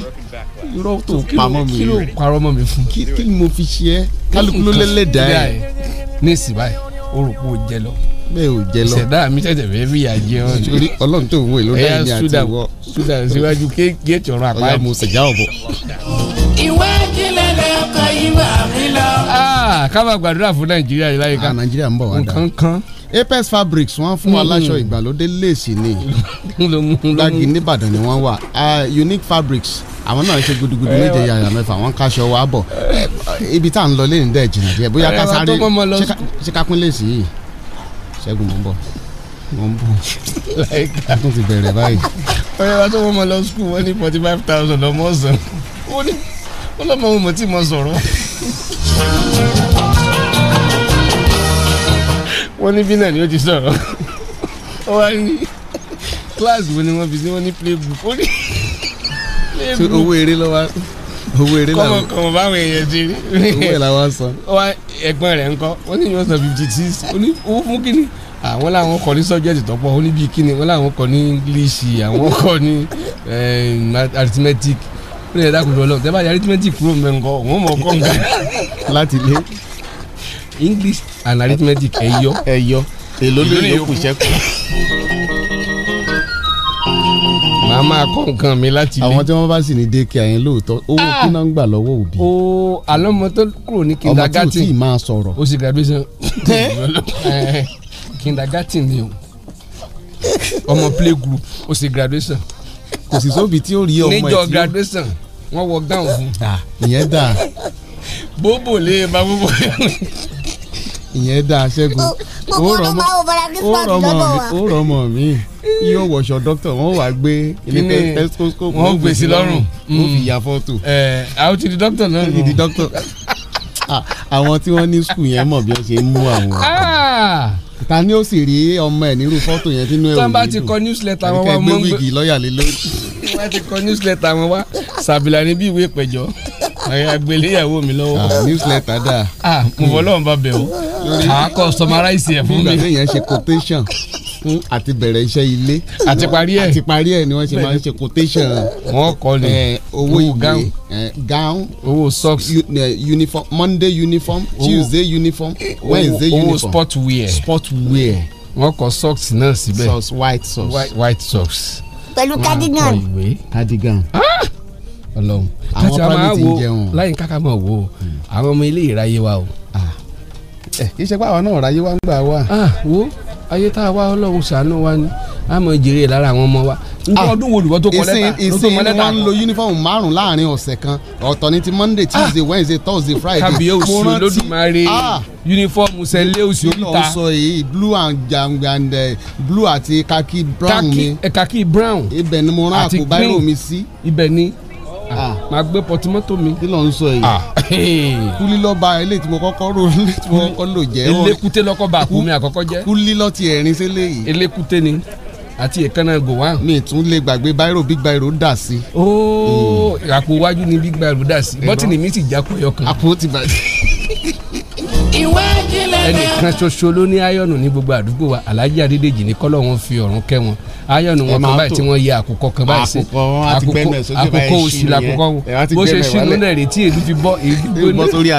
irọ́ tó pamọ́ mi kí ló parọ́ mọ́ mi fún. kí ni mo fi ṣe ẹ́ kálukú ló lẹ́lẹ́dàá ẹ̀. ní ìsìn báyìí o rò pé o jẹ lọ bẹ́ẹ̀ ò jẹ lọ. ṣẹ̀dá mi tẹ̀tẹ̀ fẹ́ fi yà jẹ ọ́. ọlọ́run tó ń wò ló dá ìní àti wọ́. ṣúdà ṣúdà síwájú kéèké tọrọ àpáyé nígbà mi lọ. Ah, ká máa gbàdúrà fún nàìjíríà yìí láyé ká ah, nàìjíríà ń bọ̀ wá dáa nǹkan kan. Apex Fabrics wọ́n fún wa hmm. láṣọ ìgbàlódé léèsì ni *laughs* lági nìbàdàn ni wọ́n wà ah, Unique Fabrics àwọn náà ṣe gudugudu méje eh, yàrá mẹ́fà wọ́n káṣọ wa bọ̀ eh. ibi tá à ń lọ lẹ́yìn dẹ̀ jìnnà díẹ̀ bóyá eh, ká sáré ṣe ká pín léèsì yìí ṣẹ́gun mọ́ bọ̀ *laughs* wọ́n bù láìka tó ti bẹ̀rẹ̀ báyìí. ọ̀rẹ́ wa tó wọ́n mọ̀ lọ skul wọ́n ní forty five thousand ọmọ ọ̀sán ọlọ́mọ ohun mọ̀ tí mo sọ̀rọ̀ wọ́n ní bí náà ni ó ti sọ̀rọ̀ ó wá ní class wo ni wọ́n fi sí wọ́n ní playbook ó ní playbook owó eré lọ́wọ́ owó eré làwọn kọmọ kọmọ báwọn èèyàn ti rí owó ẹ̀ làwọn sọ ó wá ẹ̀gbọ́n rẹ̀ ńkọ́ wọ́n ní yóò sọ fifty six ó ní owó fún kínní àwọn làwọn kọ ní subject tọ́pọ̀ ó ní bíi kínní wọ́n làwọn kọ ní English àwọn kọ ní eh, arithmetic ó lè dákun jọ lọ tẹ bá yẹ arithmetic kúrò mẹ nǹkan òun mọ kọ́ nǹkan. láti lé. English and arithmetic ẹ yọ. ẹ yọ èló lè yọkù sẹ́kù. màá máa kọ́ nǹkan mi láti lé. àwọn tí wọ́n bá sì ní dékè àyẹn lóòótọ́ owó ah! kí náà ń gbà lọ́wọ́ òbí. o àlọ́mọ tó kúrò ní kindergarten ọmọ tí o tí ì máa sọ̀rọ̀. o sì graduation *laughs* eh, kindergarten ni o ọmọ playgroup o sì graduation kò sì sóbi tí ó rí ọmọ ẹ̀ tí ó. níjọ graduation wọ́n wọ gown fún. ìyẹn dà. bóbò lè ba bóbò ìyẹn dà ṣẹ́gun ó rọ ọmọ mi yóò wọṣọ dókítà wọn wàá gbé ilé tesco wọn gbèsè lọ́rùn wọn fi hmm. ya fọ́tò. ẹ eh, àwọn ti di dókítà náà nù. Ah, àwọn tí wọ́n ní skul yẹn mọ̀ bí wọ́n ṣe ń mú àwọn ah! ta ni ó sì rí ọmọ ẹ̀ nírú fọ́tò yẹn tínú ẹ̀ òní dùn tọ́ba ti kọ newsletter wọn wá mọ́ ń gbé wíìgì lọ́ọ̀yà lé lórí tọ́ba ti kọ newsletter wọn wá sàbìlà ní bí ìwé ìpẹ̀jọ́ àgbélé ìyàwó mi lọ́wọ́. Ah, newsletter dà. Ah, mo fọ́ lọ́wọ́ bá bẹ̀ o. àákọ́ ah, summarize ẹ̀ fún mi. nígbà tí èèyàn ṣe quotation fún àti bẹ̀rẹ̀ iṣẹ́ ilé. àti parí ẹ̀ àti parí ẹ̀ ni wọ́n ṣe máa ń ṣe quotation. wọ́n kọ́ ni eh, owó ìwé gown eh, owó socks eh, uniform monday uniform tuesday uniform wednesday uniform owó sport wear sport wear wọ́n kọ socks náà síbẹ̀ socks white socks white socks. pẹ̀lú cardigan. cardigan. Ọlọ́run àwọn pálí ti ń jẹun láyìn káká mọ̀ wò àwọn ọmọ ilé ìráyé wa o. ẹ kì í ṣe pé àwọn náà ráyé wa ń gbà wá. wo ayé tá a wá Ọlọ́run ṣàánú wa ni a mọ̀ jèrè lára àwọn ọmọ wa. nǹkan ọdún wo olùwọ́ tó kọ lẹ́tà ló tó mọ lẹ́tà kan. ìsìn ń lo yunifọ́ọ̀mù márùn-ún láàrin ọ̀sẹ̀ kan ọ̀tọ̀ ni ti monday tuesday wednesday thursday friday. kábíyé òsì olódùmarè yunifọ́ọ̀mù sẹ́lẹ̀ òsì olùta. kí ló sọ yìí blue and jangand eh, blue àti khaki brown mi. Eh, khaki brown ibẹ̀ ni mo rán àkùbá ìrò mi sí. ibẹ̀ ni Ah. Ah. màá gbé pọtimọ́tò mi. kí ló ń sọ yìí. Ah. *laughs* kúlí lọ ba ilé tí mo kọ́kọ́ rò ilé tí mo kọ́kọ́ lò jẹ́. elekute lọkọ ba kú mi àkọ́kọ́ jẹ́. kúlí lọ ti ẹ̀rín sí léyìí. elekute ni àti èékánná gòwá. mi tún lè gbàgbé báírò big báírò dà sí. ooo àpò iwájú ni big báírò dà sí bọ́tìnì mi sì já pọ̀yọ kan. àpò ti bàjẹ́ *laughs* ẹnìkan ṣoṣo ló ní ayọ̀nù ní gbogbo àdúgbò wa aláàjì adédèjì ní kọ́lọ́wọ́n fi ọ̀run kẹ́ wọn ayọ̀nù wọn kan báyìí tí wọ́n yẹ àkùkọ kan báyìí sí àkùkọ òsì làkùkọ bó ṣe ṣínú náà rètí èdú fi bọ́ èdú gbóná.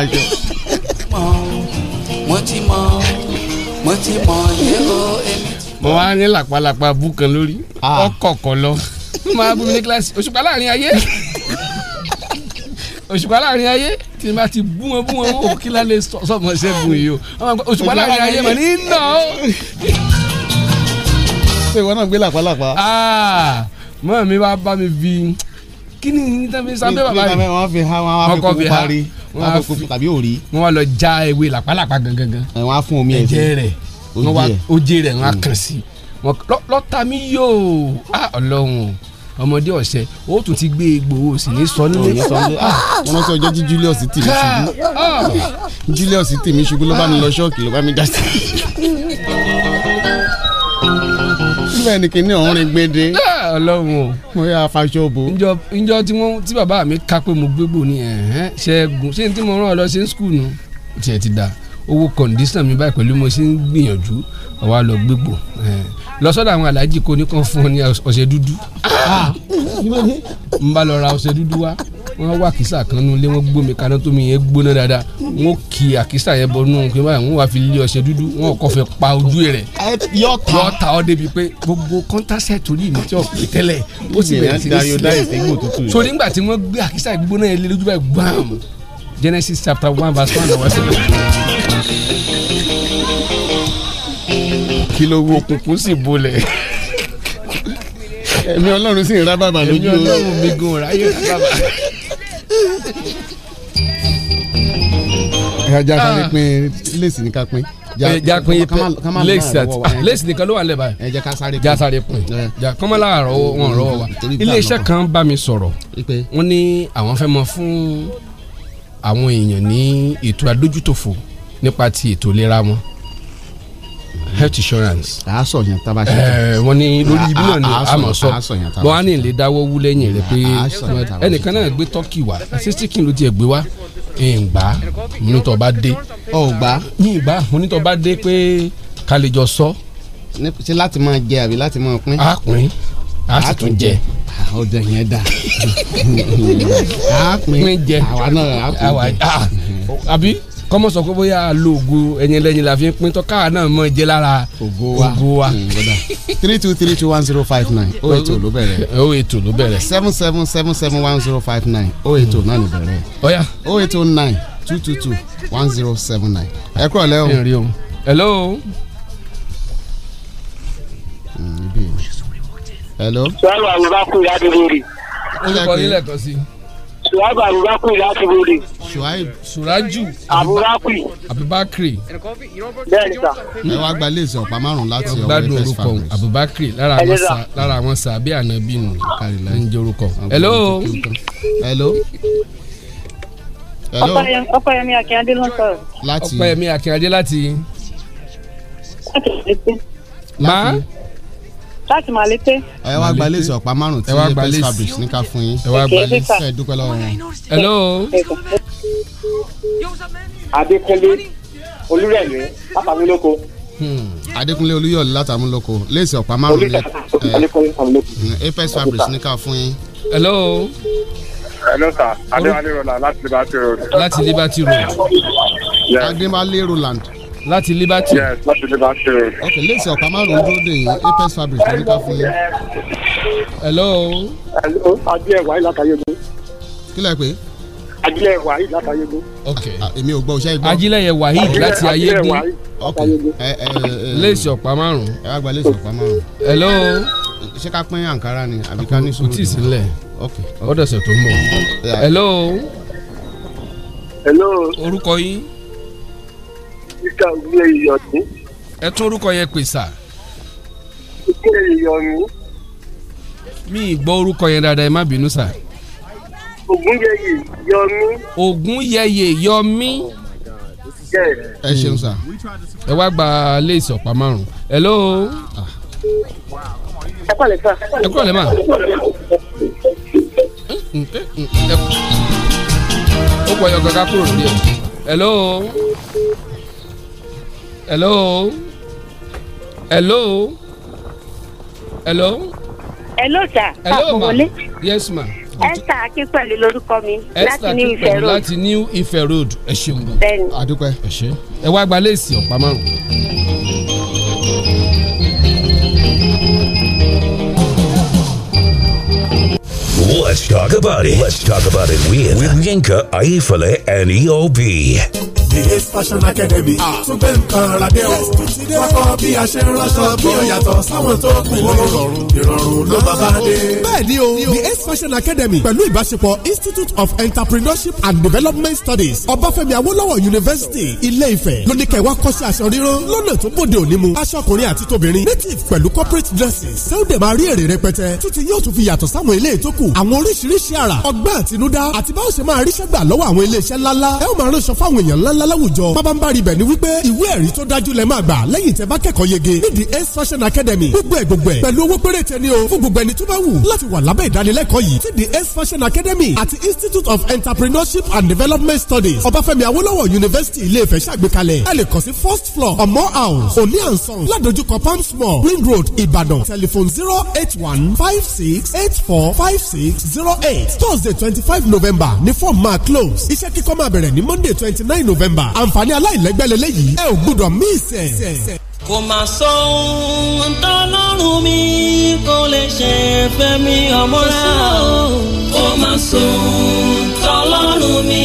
mo ti mọ mo ti mọ yẹ o èmi ti mọ. mo wá ní làpálàpá bú kan lórí ọkọ̀ kan lọ máa bú mi ní kíláàsì òṣùpá láàrin ayé òṣùpá láàrin ayé tí n bá ti bú wọn bú wọn ó kí lálẹ́ sọ̀mọ́sẹ́ bù yìí o òṣùpá láàrin ayé mà ní nà ó ṣé ìwọ náà gbé làpálàpá. Ah, mọ́ mi wá bá mi fi kí ni nítorí sábẹ́ bàbá yìí. wọ́n fi ha wọ́n á fi kú parí wọ́n á fi kú tàbí òrí. wọ́n wá lọ já ewé làpálàpá gangan. wọ́n á fún omi ẹ̀sìn ẹ̀jẹ̀ rẹ̀ oje rẹ̀ wọ́n á mm. kàn sí. lọ́ta mi yóò ah, ọlọ́run ọmọdé ọ̀sẹ̀ ó tún ti gbé gbòòwò sì ní sọ nílé. wọ́n sọ ah, ọjọ́ tí Julius tèmi ṣubú Julius tèmi ṣubú ló bá mi lọ ṣọ́ọ̀kì ló bá mi dá sí i. *laughs* síbẹ̀ ni kinní ọ̀hún rin gbede. *laughs* Ah, ọlọ́run o. mo yà faṣọ bò. njọ njọ tí wọn tí bàbá mi ká pé mo gbégbó ni ẹ̀hẹ́n ṣẹ́gun ṣé n tí mo rán ọ lọ sí skul nu tiẹ̀ ti da owó kọ̀ǹdíṣàn mi báyìí pẹ̀lú mo ṣe ń gbìyànjú àwa lọ gbégbó lọ sọ́dọ̀ àwọn aláàjì kò ní kàn fún ọ ní ọṣẹ dúdú. Ah, n bá lọ ra ọṣẹ dúdú wá wọ́n wá àkísà kan nínú ilé wọ́n gbómi kaná tómi yẹn gbóná dáadáa wọ́n kì í yẹn bọ́ nínú nǹkan báyìí wá fi lé ọṣẹ dúdú wọ́n kọ́ pa ojú rẹ̀ yọ ta ọ débi pé gbogbo kọ́ńtàṣẹ́tì orí mi tí ò pè tẹ́lẹ̀ ó sì bẹ̀rẹ̀ sí í sọ nígbà tí wọ́n gbé àkísà gbóná yẹn lójú báyìí gbàm Genesis chapter one verse one ọ̀wọ́ sí i. kí ló wo òkùnkùn sì bolẹ̀ ẹ̀mí ọlọ́run sì ń rá lójú o mi gan ráyè rá bàbà ẹja sáré pin lẹ́sì ní ká pin. ẹja pin lẹ́sì àti lẹ́sì nìkan ló wà lẹ́bàá yẹn. ẹja sáré pin ẹja sáré pin ẹja eh. kọ́mọ́lá àrọ́wọ́ wọn rọ́wọ́ wa iléeṣẹ́ kan bá mi sọ̀rọ̀ wọ́n ní àwọn fẹ́ mọ fún àwọn èèyàn ní ètò adójútòfò nípa ti ètò ìlera wọn health insurance. a sọ yẹn tá a bá ṣe. ẹ wọn ni lórí ibi náà ni a mọ̀ sọ bọ́n a ní lè dáwọ́ wú lẹ́yìn rẹ pé ẹnìkan náà gbé tọ́kì wá sixty kilo tiẹ̀ gbé wá ìgbà onítọ̀ bá dé. ọ̀gbà. ní ìgbà onítọ̀ bá dé pé ká lè jọ sọ. ṣé láti máa jẹ àbí láti máa pín. a pín a sì tún jẹ ọdẹ yẹn da *laughs* a pin jẹ àwa náà a pin jẹ àbí kọ́mọ sọ pé bóyá lo ògo ẹ̀yìn lẹ́yìn la pín tọ́ káà náà mọ̀ jẹ́ lára ògo wa ògo wa. Mm, three two three two one zero five nine *laughs* o ètò ló bẹ̀rẹ̀ *laughs* o ètò ló bẹ̀rẹ̀ seven seven seven seven one zero five nine o ètò náà ló bẹ̀rẹ̀ ọ̀ya o ètò nine two two two one zero seven nine ẹ kúrò lẹ́wọ̀n. Mm, hello. hello. sọ́wọ́ àwọn bá kú ìyá dúró rí. ó lè kọ́ ilé ẹ̀kọ́ sí i. Suhaib Abubakar láti wọlé. Suhaib Suraju Aburaku. Abubakar. Bẹ́ẹ̀ni sà. Ẹ wá gba iléeṣẹ́ ọ̀pá márùn-ún láti ọwọ́ Gbádùn orúkọ Abubakar lára àwọn sàbí ànábì nù ń jẹ́ Hello. Hello. Hello. Ọpẹ́yẹmí Akínyadé ló ń sọ̀rọ̀. Láti Ọpẹ́yẹmí Akínyadé láti. Láti. Má láti máa lété. ẹ wá gba léèsì ọ̀pá márùn tí ilé pest fabric ní ká fún yín. ẹ wá gba léèsì ẹ dúpẹ́ lọ́wọ́ wọn. hello. adékúnlé olúrẹ̀mí látàmúlòkó. Hmm, adékúnlé olúyọ̀lé látàmúlòkó léèsì ọ̀pá márùn ní ẹ pest fabric ní ká fún yín. hello. hello sir adéwálé roland láti liberty road. láti liberty road. adéwálé roland láti liberty. yes láti liberty. ok léèsì ọ̀pá márùn-ún dúró de apex fabric ní ká fún yín. hello. hello adé ẹwà ìlà kàyégo. kí lẹ pé. ajílẹ̀ ẹ̀wà yìí láti ayégun. ok ah. èmi ò gbọ́ òṣèré gbọ́. ajílẹ̀ ẹ̀wà yìí láti ayégun. ok léèsì ọ̀pá márùn-ún. ẹ wá gba léèsì ọ̀pá márùn-ún. hello. ṣé ká pín àǹkárá ni àbí ká ní sùúrù. tí ì sílẹ̀ ok ọ̀dọ̀sẹ̀ tó ń bọ̀. hello. hello. orúkọ yín áfíríkà wí èèyàn ní. ẹ tún orúkọ yẹn pè sà. wí èèyàn ní. mi ì gbọ́ orúkọ yẹn dáadáa ẹ má bínú sà. ògúnyẹyẹ yọmí. ògúnyẹyẹ yọmí. ẹ ṣeun sà ẹ wá gba lé ìsọ̀pá márùn-ún. hello. ẹ kọ́ kúrò lè ó pọ̀ yọ gàgà kúrò nílé o. hello hello hello hello. hello sir. hello ma yes ma. esther akínpẹ̀lú lórúkọ mi láti new ife road. láti new ife road ẹ ṣeun gan. bẹ́ẹ̀ni adúpẹ́ ẹ ṣe ẹ wá gba léèsì ọ̀pá márùn Let's talk about it. Let's talk about it with, with Yinka, Aifale, and EOB the ace fashion academy tún gbé nǹkan ara dé o wọ́n kọ́ bí a ṣe ń rọ́ṣọ bí ó yàtọ̀ sáwọn tó kù ó ìrọ̀rùn ló bá bá dé. bẹ́ẹ̀ni o the ace fashion academy pẹ̀lú ìbáṣepọ̀ institute of entrepreneurship and development studies ọbáfẹ́mi Awolowo university ilé-ifẹ̀ lóníkẹ́ wa kọ́ṣẹ́ aṣọ ríro lọ́nà tó bòde òní mu aṣọ ọkùnrin àti tóbìnrin native pẹ̀lú corporate dresses sẹ́wọ́dẹ̀ máa rí èrè rẹpẹtẹ títí yóò tún fi yàtọ̀ sáwọn ilé ètò kù àwọn oríṣiríṣi àrà ọgbẹ́ àtinúdá àti báwo ṣe máa ríṣẹ́ gbà lọ́wọ́ àwọn ilé iṣẹ́ ńláńlá ẹ ó máa ránṣọ fáwọn èèyàn ńláńl láwùjọ pábánbárì bẹ̀ ni wípé ìwé ẹ̀rí tó dájú lẹ máa gbà lẹ́yìn tẹ́ bá kẹ́kọ̀ọ́ yege ní the ace fashion academy gbogbo ẹ̀ gbogbo ẹ̀ pẹ̀lú owó péréte ni o fún gbogbo ẹni tó bá wù láti wà lábẹ́ ìdánilẹ́kọ̀ọ́ yìí ti the ace fashion academy àti institute of entrepreneurship and development studies ọbáfẹ́mi Awolowo university ilé-ifẹ̀ ṣàgbékalẹ̀ ẹ lè kàn sí first floor ọmọ house òní ànsán ládojúkọ palms small. green road Ibadan. telephone zero eight one five six eight four five six zero eight thursday twenty five november ní form máa close iṣẹ́ kíkọ́ máa bẹ̀rẹ̀ ní monday twenty nine november december àǹfààní aláìlẹ́gbẹ́lẹ́lẹ́ yìí ẹ ò gbúdọ̀ mí ìsẹ̀. kò mà sọ ohun tọ́lọ́run mi kò lè ṣe fẹ́mi ọmọ rẹ̀ o kò mà sọ ohun tọ́lọ́run mi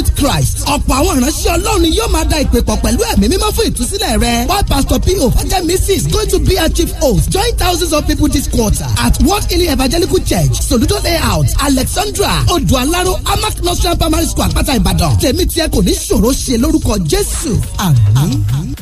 with Christ. ọ̀pọ̀ àwọn ìránṣẹ́ ọlọ́run ni yóò máa da ìpè pọ̀ pẹ̀lú ẹ̀mí mímọ́ fún ìtúsílẹ̀ rẹ. why pastor P.O. fajẹ mrs going to be our chief host join thousands of people this quarter at World Healing Evangelical Church Soludo layout Alexandra Odualaro Amak Nursery primary school Àpáta Ìbàdàn. tèmi tiẹ̀ kò ní ṣòro ṣe lórúkọ Jésù àmín.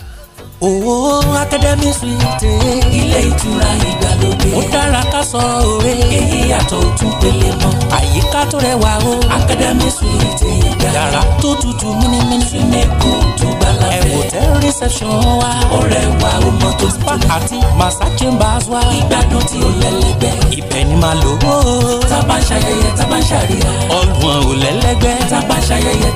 Owó Akademi Suite. Ilé ìtura ìgbàlódé. Ó dára ká sọ òwe. Èyí yàtọ̀ òtún pele mọ́. Àyíká tó rẹwà o. Akademi Suite ìgbà. Yàrá tó tutù mímímí. Súnmẹ́kù tó gbala fẹ́. Hotel reception wa. Ọ̀rẹ́ wa o mọ tó ti tún. Àti Massa Chambers wa. Ìgbádùn tí ó lẹ́lẹ́gbẹ́. Ibẹ̀ ni màá lò ó. Tábà ń ṣayẹyẹ, tábà ń ṣàríyá. Ọ̀gbun ò lẹ́lẹ́gbẹ́. Tábà ń ṣayẹyẹ,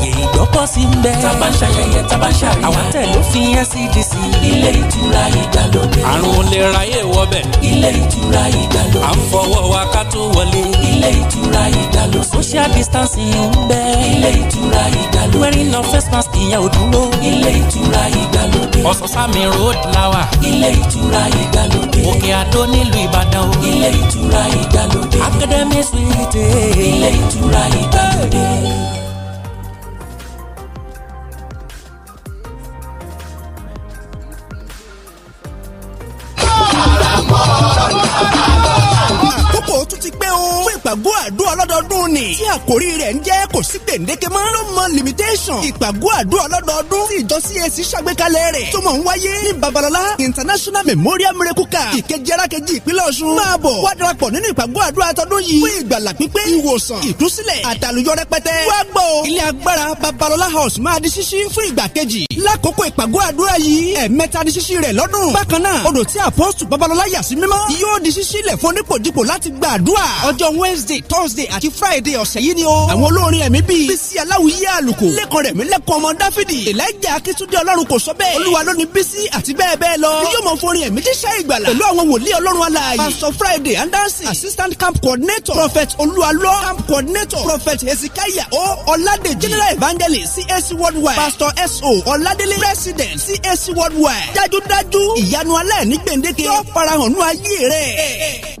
ààyè ìgbọ́kọ̀sí ń bẹ. tá a bá ń ṣayẹyẹ tá a bá ń ṣàríyá. àwọn tẹ̀ ló fi NCDC. E ilé ìtura ìdàlódé. àrùn olè ráyè wọbẹ̀. ilé ìtura ìdàlódé. à ń fọwọ́ wa ká tó wọlé. ilé ìtura ìdàlódé. social distancing ń bẹ. ilé ìtura ìdàlódé. wearing no face mask ìyẹn ò dúró. ilé ìtura ìdàlódé. ọ̀sán-sámi road lawa. ilé ìtura ìdàlódé. òkè àdó nílùú ìbàdàn o. ilé ìtura ìdàlódé. academy suite. ilé ìtura ìdàlódé. Lord ti pé o. fún ìpàgọ́ àdúrà ọlọ́dọọdún ni. tí àkórí rẹ̀ ń jẹ́ kò sí gbèǹdéke mọ́. no more limitation. ìpàgọ́ àdúrà ọlọ́dọọdún. tí ìjọ CAC ṣàgbékalẹ̀ rẹ̀. tó mọ̀ ń wáyé ní babalọla international memorial miracle camp. ìkejì-arakejì ìpínlẹ̀ ọ̀ṣun. máa bọ̀ wá darapọ̀ nínú ìpàgọ́ àdúrà tọdún yìí. fún ìgbàlà pípé ìwòsàn ìtúsílẹ̀ àtàlùyọ rẹpẹtẹ. wá gbọ́ house máa di ṣíṣí fún ìgbà kejì. lákòókò ìpàgọ́ àdúrà yìí ẹ̀ẹ̀mẹta di ṣíṣí rẹ̀ lọ́dún. bákan náà odò tí àpọ́sù babalọla yà sí mímọ́ di ṣíṣí lẹ̀ fún àdúrà ọjọ́ wednesday thursday àti friday ọ̀sẹ̀ yìí ni o. àwọn olórin ẹ̀mí bíi bísí aláwìyé àlùkò lẹ́kọ̀ọ́ rẹ̀ mí lẹ́kọ̀ọ́ ọmọ dáfídì elijah akitunde ọlọ́run kò sọ bẹ́ẹ̀ olúwa ló ní bísí àti bẹ́ẹ̀ bẹ́ẹ̀ lọ. ni yóò mọ forin ẹ̀mí jíṣẹ́ ìgbàlà pẹ̀lú àwọn wòlíì ọlọ́run alààyè pastor friday andansi assistant camp coordinator prophet olúwalọ camp coordinator prophet hezekiah o ọládèjì general evangelist cac worldwide pastor so ọládélé president cac worldwide dájúdájú ìyanu alẹ́ ní gbèǹdéke yóò farahàn nú ayé rẹ̀.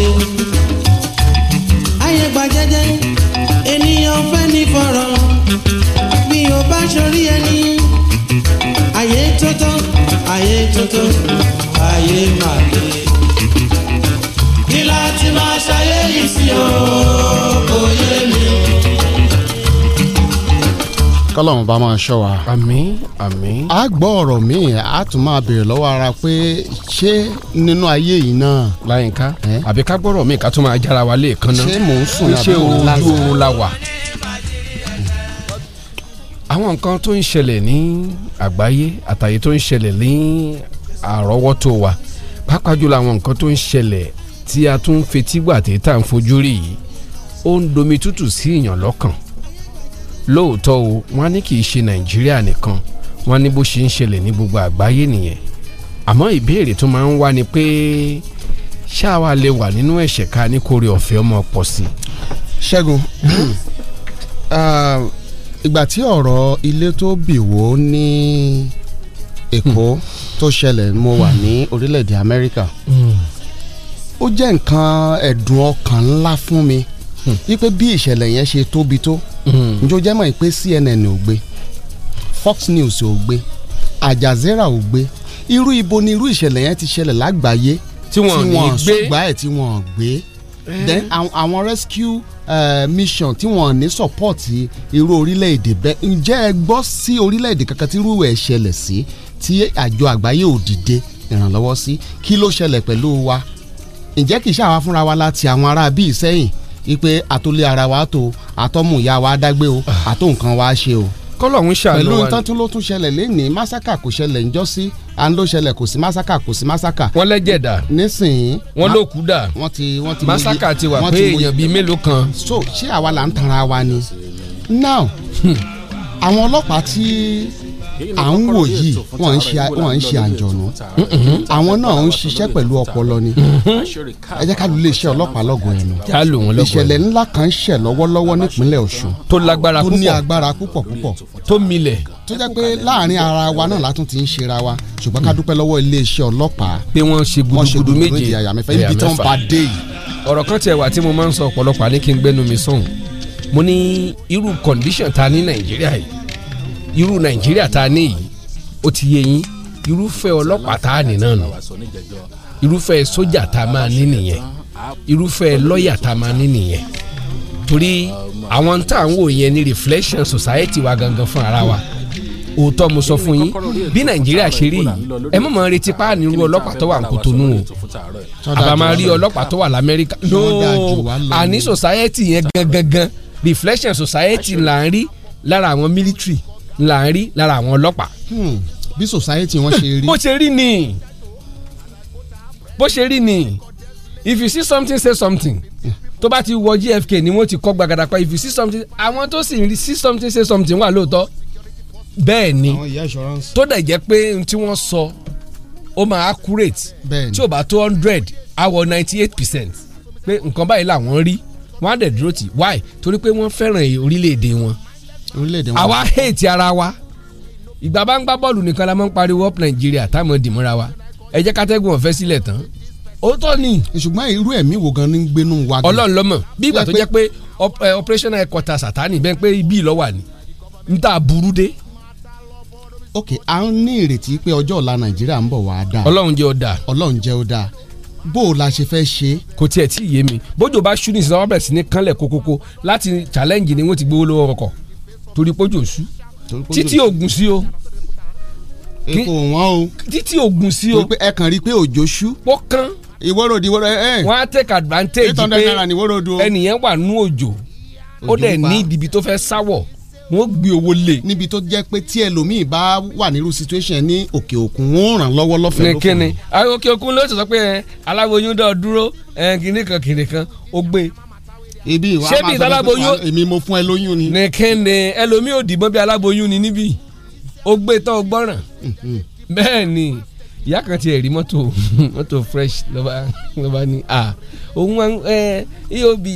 ṣe. ayé gba jẹ́jẹ́ ènìyàn fẹ́ ní o bá ṣorí ẹni. ayé tótó ayé tótó ayé màlè. kí láti máa ṣayé yìí sí o. kọ́lọ́run bá máa ṣọ́ wa. àmín àmín. a gbọ́ ọ̀rọ̀ míì a tún máa béèrè lọ́wọ́ ara pé ṣé nínú ayé yìí náà. láyínká àbí ká gbọ́rọ̀ míì ká tún máa jára wa léèkan náà. ṣé mò ń sùn àbí ojú la wà. àwọn nǹkan tó ń ṣẹlẹ̀ ní àgbáyé àtàyè tó ń ṣẹlẹ̀ ní àrọ́wọ́tó wa pàápàá jùlọ àwọn nǹkan tó ń ṣẹlẹ̀ tí a tún fetí gbà tí tá à ń fojú rí yìí ó ń domi sí ìyàn lọ́kàn lóòótọ́ o wọ́n á ní kì í ṣe nàìjíríà nìkan wọ́n á ní bó ṣe ń ṣẹlẹ̀ ní gbogbo àgbáyé nìyẹn àmọ́ ìbéèrè tó máa ń wá ni pé ṣáà wàá lè wà nínú ẹ̀ṣẹ̀ ká ní kórè ọ̀fẹ́ ọmọ pọ̀ sí. ṣẹ́gun *clears throat* ah, ìgbà tí ọ̀rọ̀ ilé tó bìwò ní èkó hmm. tó ṣẹlẹ̀ mo wà hmm. ní orílẹ̀-èdè amẹ́ríkà hmm. ó jẹ́ nǹkan ẹ̀dùn ọkàn ńlá fún mi. Hmm wípé bí ìṣẹ̀lẹ̀ yẹn ṣe tóbi tó njó hmm. jẹ́ mọ̀ pé CNN ò gbé Fox News ò gbé Al Jazeera ò gbé irú ibo ni irú ìṣẹ̀lẹ̀ yẹn ti ṣẹlẹ̀ lágbàáyé tí wọ́n ní ẹ̀ tí wọ́n gbé eh. then àwọn rescue eh, mission tí wọ́n ní support irú orílẹ̀-èdè bẹ́ẹ̀ ǹjẹ́ ẹ gbọ́ sí orílẹ̀-èdè kankan tí irú ẹ̀ ṣẹlẹ̀ sí tí àjọ àgbáyé ò dìde ìrànlọ́wọ́ sí kí ló ṣẹlẹ̀ pẹ̀lú wa ǹjẹ́ kì í ṣàwa fúnra wa láti àwọn ará bíi sẹ́yìn ipe àtúlẹ̀ ara wa tó àtọ́mù ìyá wa dágbé o àtó ah. nǹkan wa ṣe o. kọ́lọ́hún ṣàlùwà pẹ̀lú nǹkan tó ló tún ṣẹlẹ̀ lẹ́nìí masaka kò ṣẹlẹ̀ ń jọ́sí à ń ló ṣẹlẹ̀ kò sí masaka kò sí masaka. wọ́n lẹ́jẹ̀ nísìnyí. wọ́n ló kú dà wọ́n ti wọ́n ti masaka ti wà pé èèyàn bíi mélòó kan. so ṣé àwa là ń tanra wa ni now *laughs* àwọn ọlọ́pàá tí à ń wò yìí wọ́n ń ṣe wọ́n ń ṣe àjọ̀nù mm-hmm. àwọn náà ń ṣiṣẹ́ pẹ̀lú ọpọlọ ni mm-hmm. ẹ jẹ́ ká lu iléeṣẹ́ ọlọ́pàá lọ́gọ̀ ẹnu ìṣẹ̀lẹ̀ ńlá kan ṣẹ̀ lọ́wọ́lọ́wọ́ nípínlẹ̀ Ọ̀ṣun tó ní agbára púpọ̀ púpọ̀ tó milẹ̀ tó jẹ́ pé láàrin ara wa náà látún ti ń ṣe ra wa ṣùgbọ́n ká mm. dúpẹ́ lọ́wọ́ iléeṣẹ́ ọlọ́pàá pé wọ́n ṣe gudugudu méje ibi tó ń ba dé yìí. ọ̀rọ̀ kan tiẹ̀ wà tí mo máa ń sọ ọ̀pọ̀lọpọ̀ àní kí n gbẹ́nu mi sọ̀hún mo ní irú kọ̀ǹdíṣàn ta ní Nàìjíríà yìí irú nàìjíríà tá a ní yìí ó ti yé yín irúfẹ́ ọlọ́pàá tá a ní náà nù irúfẹ́ sójà tá a máa ní nìyẹn irúfẹ́ lọ́ọ̀yà tá a máa ní nìyẹn torí àwọn tá à ń wò yẹn ní reflection society wa gangan fún ara wa òótọ́ mo sọ fún yín bí nàìjíríà ṣe rí yìí ẹ mọ̀ mọ́ retí páàní irú ọlọ́pàá tó wà ní Kotonu o àbámá rí ọlọ́pàá tó wà l'Amẹ́ríkà no àní society yẹn gangan reflection society là ń rí lára àwọn military là ń rí lára àwọn ọlọ́pàá. Hmm, bí society wọn ṣe hmm, rí. bó ṣe rí ni bó ṣe rí ni if you see something say something tó bá ti wọ GFK ni wọ́n ti kọ́ gbàgàdà pa if you see something àwọn tó sì see something say something wà lóòótọ́ bẹ́ẹ̀ ni tó dẹ̀ jẹ́ pé tí wọ́n sọ ó máa accurate tí ò bá tó hundred àwọ̀ ninety eight percent pé nǹkan báyìí làwọn rí wọ́n á dẹ̀ dúró tì why torí pé wọ́n fẹ́ràn orílẹ̀-èdè wọn orílẹ̀-èdè wọn. àwa hate ara wa ìgbà bá ń gbá bọ́ọ̀lù nìkan la máa ń pariwo up nàìjíríà táwọn dìmúra wa ẹ jẹ́ kátẹ́gùn ọ̀fẹ́ sílẹ̀ tán ó tọ́ ni. ṣùgbọ́n irú ẹ̀mí wo gan ni ń gbénu wa. ọlọ́run lọ́mọ̀ bí ìgbà tó jẹ́ pé eh, operational headquarters sátani bẹ́ẹ̀ pé ibi ìlọ́wà ni n ta burú dé. ok a ń ní ìrètí pé ọjọ́ ọ̀la nàìjíríà ń bọ̀ wá dáa. ọlọ́run jẹ́ ó dáa. ọlọ́run jẹ́ ó dáa bó o la ṣe fẹ́ ṣe. kò tiẹ̀ tí ì yé mi bójú bá ṣú ní sinamọ́ bẹ̀rẹ̀ sí ní kánlẹ̀ kókókó láti challenge ni wọ́n ti gbowó lọ́wọ́ ọkọ̀ torí pójò sú títí ògùn sí o. èkó wọn o. títí ògùn sí o. ẹ kàn rí i pé òjò sú. pọ́kán. ìwọ́rọ̀dì ìwọ́rọ̀ ẹ. wọ́n á take advantage pé ẹnìyẹn wà nú òjò ó dẹ̀ ní ibi tó fẹ́ sáwọ̀ wọ́n gbé owó lé. níbi tó jẹ́ pé tí ẹlòmíì bá wà nírú situation ní òkè òkun wọ́n ràn lọ́wọ́ lọ́fẹ̀ẹ́ lókun. kíni òkè òkun ló sọ pé aláboyún dọ̀ dúró kìnìkan kìnìkan ó gbé ibi ìwà ṣé bí aláboyún èmi mo fún ẹ lóyún ni. nìkẹ́ni ẹlòmíì ò dìbọn bí aláboyún ni níbí ó gbé tọ́ gbọ́ràn mhm. bẹ́ẹ̀ ni ìyá kan ti rí mọ́tò *laughs* mọ́tò fresh lọ́ba lọ́ba ni à òun ẹ eob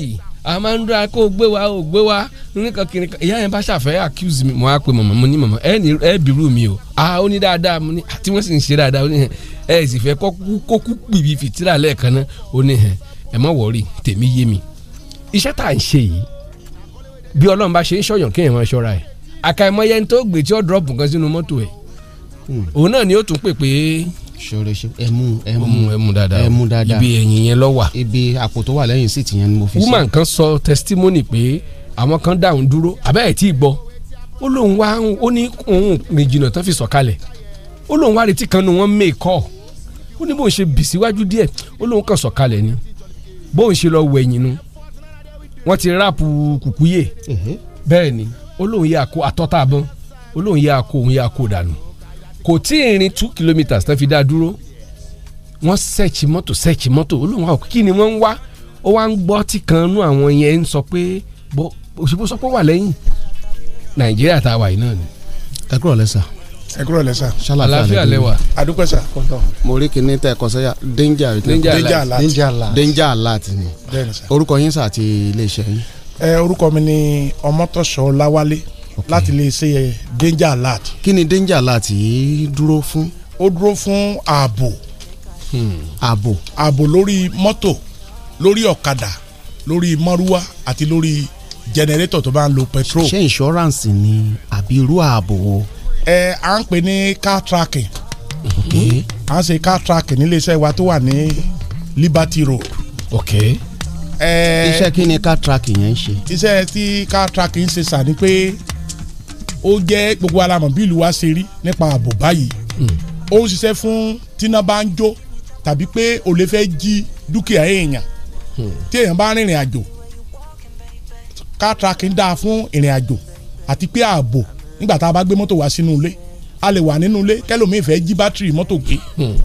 amandra kó gbé wa ó gbé wa nǹkan kìnìkan ìyá yẹn bá ṣàfẹ́ accuse mi mo á pe mọ̀mọ́ mo ní mọ̀mọ́ ẹ ní ẹ bìrù mi o ah ó ní dáadáa mo ní àti wọ́n sì ń ṣe dáadáa ó ní ẹ sì fẹ́ kó kú pìbí fìtílà lẹ́ẹ̀kan náà ó ní ẹ mọ̀ wọ́ọ̀rì tèmi yé mi iṣẹ́ tá à ń ṣe yìí bí ọlọ́run bá ṣe ń ṣọ̀yàn kéèyàn máa ṣọ́ra ẹ̀ àkàìmọye ẹni tó gbé tí ó dọ́ọ̀bù kan sínú mọ́tò ẹ̀ hmm. òun náà ni ó tún pè pé ṣọrẹ ṣe ẹmu ẹmu ẹmu ẹmu dáadáa ibi ẹ̀yìn yẹn ló wà ibi àpò tó wà lẹ́yìn síìtì yẹn ni mo fi sí. woman kan sọ testimony pé àwọn kan dáhùn dúró àbẹ́ ẹ̀ tí ì gbọ́ ó lóun wá ó ní òun rìn jìnnà tán fi sọ̀kalẹ̀ ó lóun wá retí kan nu wọn mé kọ́ ó ní bóun ṣe bì síwájú díẹ̀ ó lóun kàn sọ̀kalẹ̀ ni bóun ṣe lọ wẹ̀yìn nu wọ́n ti ráàpù kùkúyè mhm. bẹ́ẹ̀ ni olóhùn yà kó àtọ́tàbọ̀n olóhùn yà kó òun yà kó dànù kò tí ì rin two kilometres tán fi dá dúró wọ́n sẹ́ẹ̀kì mọ́tò sẹ́ẹ̀kì mọ́tò olóhùn wa kí ni wọ́n ń wá ó wá ń gbọ́ tí kan nú àwọn yẹn ń sọ pé òṣèlú sọ pé wà lẹ́yìn nàìjíríà tá a wà yìí náà ni. ẹ kúrò lẹ́sà ẹ kúrò lẹ sá. àlàáfíà lẹwà. adúpẹ́ sa mo rí kinní tẹ ẹ̀kọ́ sẹ́yà danger alert danger alert ni orúkọ yín sá àti iléeṣẹ́ yín. ẹ orúkọ mi ni ọmọtọ́ṣọ́ láwálé láti lè ṣe danger alert. kí ni danger alert yìí dúró fún. ó dúró fún ààbò. Hmm. ààbò. ààbò lórí mọ́tò lórí ọ̀kadà lórí mọ́rúwá àti lórí jẹnẹrétọ̀ tó bá ń lo petrol. ṣé insurance ni àbí irú ààbò o ẹ à ń pè ní car tracking à ń ṣe car tracking níléeṣẹ́ wa tó wà ní Liberty Road. ok ẹ iṣẹ́ kí ni car tracking yẹn ń ṣe. iṣẹ́ tí car tracking ń ṣe sà ni pé ó jẹ́ gbogbo alamọ̀ bí ìlú wa ṣe rí nípa ààbò báyìí hmm. ó ń ṣiṣẹ́ fún tíná bá ń jó tàbí pé olè fẹ́ jí dúkìá èèyàn hmm. tí èèyàn bá rìnrìn àjò car tracking dáa fún ìrìn àjò àti pé ààbò nígbà tá a bá gbé mọ́tò wá sínú ilé a lè wà nínú ilé kẹlòmíì fẹ́ jí bátìrì mọ́tò gbé hmm.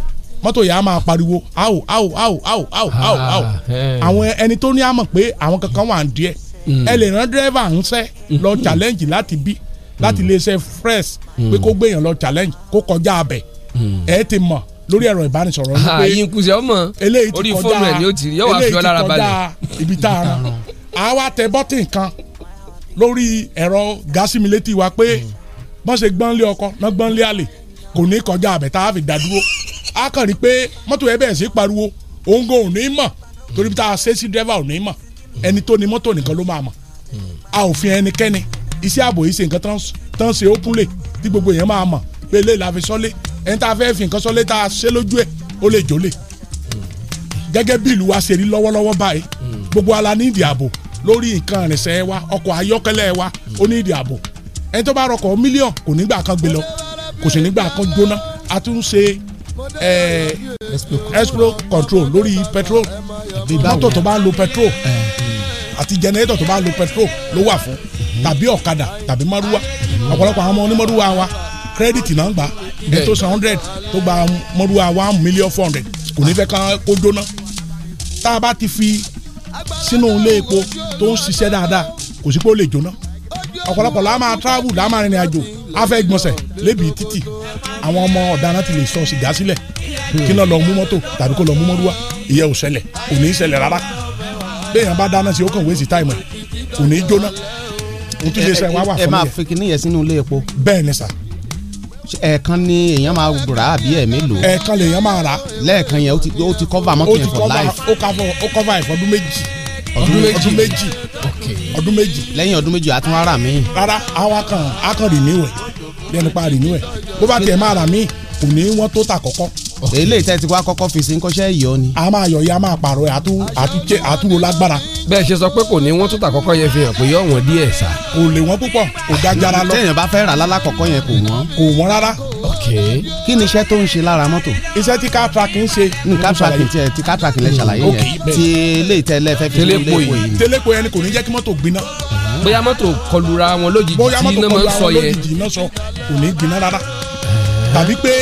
mọ́tò yà á máa pariwo áwò áwò áwò áwò áwò áwò áwò àwọn ẹni tó ní á mọ̀ pé àwọn kankan wà ń díẹ̀ hmm. ẹ lè rán dírẹ́fà ń sẹ́ lọ hmm. challenge láti bí láti iléeṣẹ́ fresh pé kó gbé yàn lọ challenge kó kọjá abẹ ẹ ti mọ̀ lórí ẹ̀rọ ìbánisọ̀rọ̀ ní ah, pé yín kùsẹ̀ ọmọ orí fóònù ẹ̀ ni ó ti yọ wá fi ọ́ lára balẹ̀ eléyìí ti kọjá ibi tá a rán àwa *laughs* tẹ bọ́tì kan lórí ẹ̀rọ gásímìlétì wa pé bọ́n ṣe gbọ́nlé ọkọ náà gbọ́nlé àlè kò ní kọjá àbẹ̀ tá a fi dá dúró a kàn rí i pé mọ́tò ẹ bẹ̀rẹ̀ sí pariwo òun ò ní mọ̀ torí bí tá a ṣe sí dẹ́fà ò ní mọ̀ ẹni tó ni mọ́tò nìkan ló máa mọ̀ a ò fi ẹnikẹ́ni iṣẹ́ ààbò yìí ṣe nǹkan tán ṣe ó kúnlẹ̀ tí gbogbo èèyàn máa mọ̀ pé eléyìí la fi sọ́lé ẹni tá a fẹ́ fi nǹkan sọ́lé tá a ṣe lójú ẹ̀ ó lè jólè gẹ́gẹ́ bí ìlú wa ṣe rí lọ́wọ́lọ́wọ́ báyìí gbogbo ala ní ìdí lórí nǹkan àrìnsẹ̀ wa ọkọ̀ ayọ́kẹ́lẹ́ wa ó ní ìdí ààbò ẹni tó bá rọkọ̀ mílíọ̀n kò nígbà kan gbé lọ kò sì nígbà kan jóná a tún ṣe expo control lórí petrol mọ́tò tó bá lo petrol àti jẹnẹrétọ̀ tó bá lo petrol ló wà fún mhm. tàbí ọ̀kadà tàbí márúwá mhm. ọ̀pọ̀lọpọ̀ àwọn ọmọ onímọ̀rúwá wa kírẹ́dìtì náà gbà ẹ̀ tó san hundred tó gba mọ̀rúwá one million four hundred kò ní fẹ́ kó jóná tá a bá ti fi sínú ilé epo tó ń ṣiṣẹ́ dáadáa kò sí pé ó lè jóná ọ̀pọ̀lọpọ̀ la máa travel la máa rìnrìn àjò afẹ́ gbọ̀nsẹ̀ lébi títì àwọn ọmọ ọ̀daràn ti lè sọ sìgá sílẹ̀ hmm. kí lọ́ọ́ lọ mú mọ́tò tàbí kó lọ mú mọ́rúwá ìyẹn ò ṣẹlẹ̀ kò ní í ṣẹlẹ̀ rárá béèyàn bá dáná sí ó kàn wéèsì táìmù kò ní í jóná òtún lè ṣe wá wà fún mi. ẹ máa fi kíní sínú ilé epo. bẹ́ẹ̀ ni sà ẹ̀ẹ̀kan ni èèyàn máa rà àbí ẹ̀ mélòó. ẹ̀ẹ̀kan lèèyàn máa rà. lẹ́ẹ̀kan yẹn ó ti cover mọ́tò yẹn for life. ó cover ẹ̀ fọdún méjì ọdún méjì ọdún méjì ọdún méjì. lẹ́yìn ọdún méjì àtún ara mi. rárá àwa kan akàn rìníwẹ̀ bí ẹni pa rìníwẹ̀ bó bá tiẹ̀ máa rà mí kò ní wọ́n tó tà kọ́kọ́ eléyìí tẹ́ ti kọ́kọ́ fi sí nkọ́ṣẹ́ yìí ni. a máa yọ ya máa pààrọ̀ àtúwò lágbára. bẹ́ẹ̀ ṣe sọ pé kò ní wọ́n tó ta yẹn fi hàn pé yọ wọ́n díẹ̀ sá. kò lè wọ́n púpọ̀ kò dájára lọ. téèyàn bá fẹ́ rà lálá kọ̀ọ̀kọ́ yẹn kò wọ́n. kò wọ́n rárá. ok kí ni iṣẹ́ tó ń ṣe lára mọ́tò. iṣẹ́ tí car track ń ṣe. Hmm, car track tiẹ̀ ti car track lẹ hmm, ṣàlàyé yẹn ti eléyìí tẹ́ lẹ fẹ́ fi ní jẹ́ kí mọ́tò gbiná tàbí pé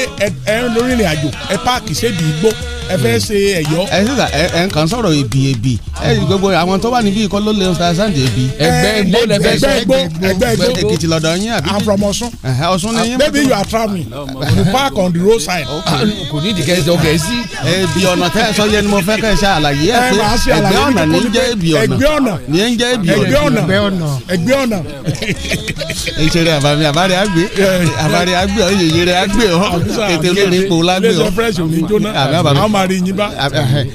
ẹ ń lórí ìrìn àjò ẹ páàkì sébi igbó ẹ fẹ́ ṣe ẹ̀yọ́. ẹ sísan ẹ kàn sọ̀rọ̀ ebi ebi ẹ gbogbo àwọn tó wà níbí ikọ́ ló lè understand ebi. ẹgbẹ́ igbó lẹ fẹ́ sọ ẹgbẹ́ igbó ẹgbẹ́ igbó èkìtì lọ́dọ̀ yín àbí. I'm from Ọ̀ṣun. Ọ̀ṣun ni yín. maybe you are travelling you park on the road side. Ah, kò ní ìdíkẹ́ ẹsẹ̀ ọkẹ́ sí. ebi ọ̀nà tẹ́ ẹ sọ yẹn ni mo fẹ́ kẹ́ ẹ ṣe àlàyé ẹ pé ẹgbẹ́ ọ̀nà ni ń jẹ́ ebi ọ̀nà ni ń jẹ́ ebi ọ̀nà ẹgbẹ́ ọ̀nà. ìṣeré àbámi àbárí àgbẹ̀ àbárí àgbẹ̀ òyìnbó àgbẹ̀ ọ̀ máa yín bá.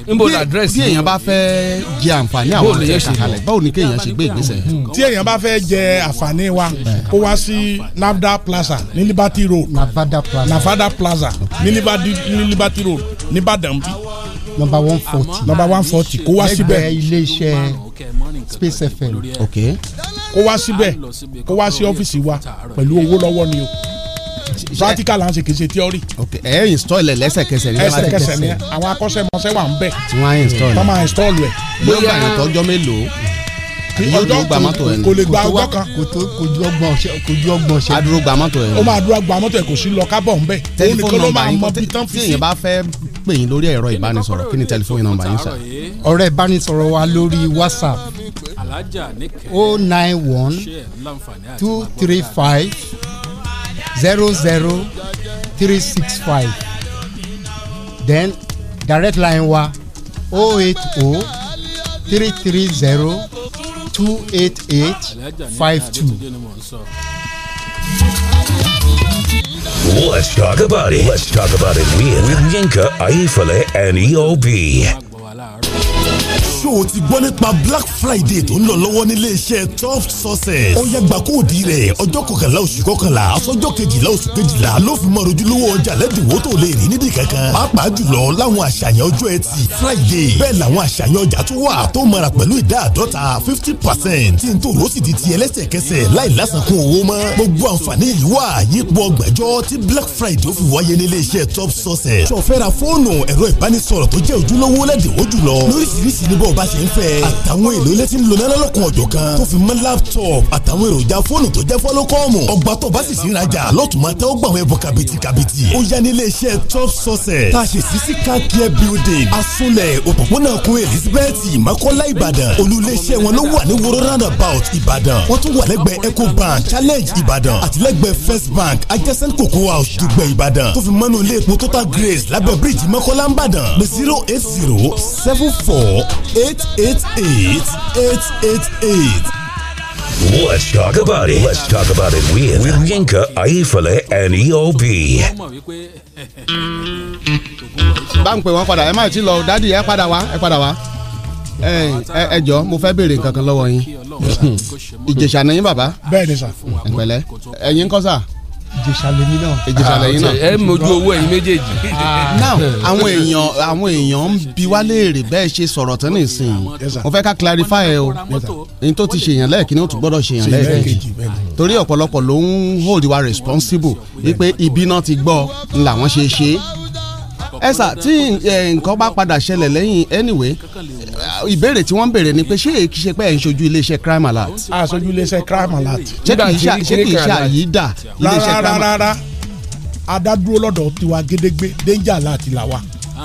níbo ni bí èèyàn bá fẹ́ jẹ àǹfààní àwọn ọ̀rẹ́ yẹn kàkálẹ̀ báwo ni kéèyàn ṣe gbé ìgbésẹ̀. Hmm. tí èèyàn bá fẹ́ jẹ àǹfààní wa kó hmm. wá sí nafda plaza ní liberty road nafada plaza ní liberty road ní badàn bí. nọ́mbà one forty. nọ́mbà one forty kó wá síbẹ̀. ẹgbẹ́ ilé iṣẹ́ space fm. ok. kó wá síbẹ̀ kó wá sí ọ́fíìsì wa pẹ̀lú owó lọ́wọ́ ni o practical à ń ṣe theory. ok ẹ ẹ install ẹ lẹ́sẹ̀kẹsẹ̀ ní lẹ́sẹ̀kẹsẹ̀ ní àwọn akọ́ṣẹ́mọṣẹ́ wà ń bẹ̀. tí wọ́n á install ẹ tọ́ máa install ẹ. yóò gbà yàn tọ́jọ́ mélòó yóò dúró gba mọ́tò ẹ̀ kò lè gba ọjọ́ kan kò tó kò ju ọgbọ̀n ṣe kò ju ọgbọ̀n ṣe. adúró gba mọ́tò ẹ̀ ó máa dúró gba mọ́tò ẹ̀ kò sí lọ kábọ̀ ń bẹ̀. tẹlifóònù nọ́mbà yín kọ́ tí ni tẹlifóònù o nine one two three five zero zero three six five then direct line wa oh eight oh three three zero two eight eight five two. Let's talk about it. Let's talk about it with, with Yinka, Aifale, and EOB ṣó ti gbọ́ nípa black friday tó ń lọ lọ́wọ́ nílé iṣẹ́ top success. ó yẹ gbàkóòdì rẹ̀ ọjọ́ kọkànlá oṣù kọkànlá aṣọ́jọ́ kejìlá oṣù kejìlá ló fi mọ ojúlówó ọjà lẹ́dínwó tó lè rí nídìí kankan. pàápàá jùlọ láwọn àṣàyàn ọjọ́ ẹtì friday bẹ́ẹ̀ làwọn àṣàyàn ọjà tó wà tó mara pẹ̀lú ìdá àdọ́ta fifty percent tí n tó rọ́ọ̀sì di ti ẹlẹ́sẹ̀kẹsẹ̀ láì lásàkún friday bọ́rọ̀ bá ṣe ń fẹ́. àtàwọn èlò ilé ń lo náírà ọ̀jọ̀ kan tó fi mọ́ laptop àtàwọn èròjà fóònù tó jẹ́ fọ́lọ́kọ́ọ̀mù ọgbà tó bá sì sí ìrajà lọ́tún máa tẹ́wọ́ gbà wọn ẹ̀bùn kàbìtì kàbìtì. ó yá ní iléeṣẹ́ top success tá a ṣe sí sí car building asunlẹ̀ òpópónà kun elizabeth makola ìbàdàn olùléeṣẹ́ wọn ló wà ní woro roundabout ìbàdàn wọ́n tún wà eco bank challenge ìbàdàn àti lẹ́gbẹ̀ẹ́ first bank adjacent cocoa house dùgbẹ̀ ìbàdàn tó fi mọ́nú ilé grace lábẹ́ bíríìjì makola ìbàdàn pé zero eight zero seven four eight eight eight eight eight eight. Let's talk about it. Let's talk about it with, with Yinka Aifale, and EOB. bá ń pè wọ́n padà ẹ má ti lọ dádì ẹ padà wá ẹ padà wá ẹ jọ mo fẹ́ béèrè nǹkan kan lọ́wọ́ yín *laughs* ìjẹ̀ṣà ni yín bàbá bẹ́ẹ̀ sà ẹ̀pẹ̀lẹ́ ẹ̀yin kọ́ sà ìjẹsàlẹyìn náà. ìjẹsàlẹyìn ah, náà. ẹ mojú owó ẹ̀yin méjèèjì. Ah. now àwọn èèyàn àwọn èèyàn ń bi wá léèrè bẹ́ẹ̀ ṣe sọ̀rọ̀ tán nísìnyí mo fẹ́ ká clarify ẹ o ní tó ti ṣèyàn lẹ́ẹ̀kínní ó tún gbọ́dọ̀ ṣèyàn lẹ́ẹ̀kejì torí ọ̀pọ̀lọpọ̀ ló ń hold wa responsible wípé ibi náà ti gbọ́ làwọn ṣe ṣe ẹ sà tí nǹkan bá padà ṣẹlẹ̀ lẹ́yìn anyway ìbéèrè tí wọ́n ń béèrè ni pé ṣé èyí kì í ṣe pé ẹ̀ ń ṣojú iléeṣẹ́ crime alert. a ṣojú iléeṣẹ́ crime alert. ṣé kì í ṣe àyídà iléeṣẹ́ crime alert. rárá rárá adádúró lọ́dọ̀ tiwa gédégbé danger alert là wa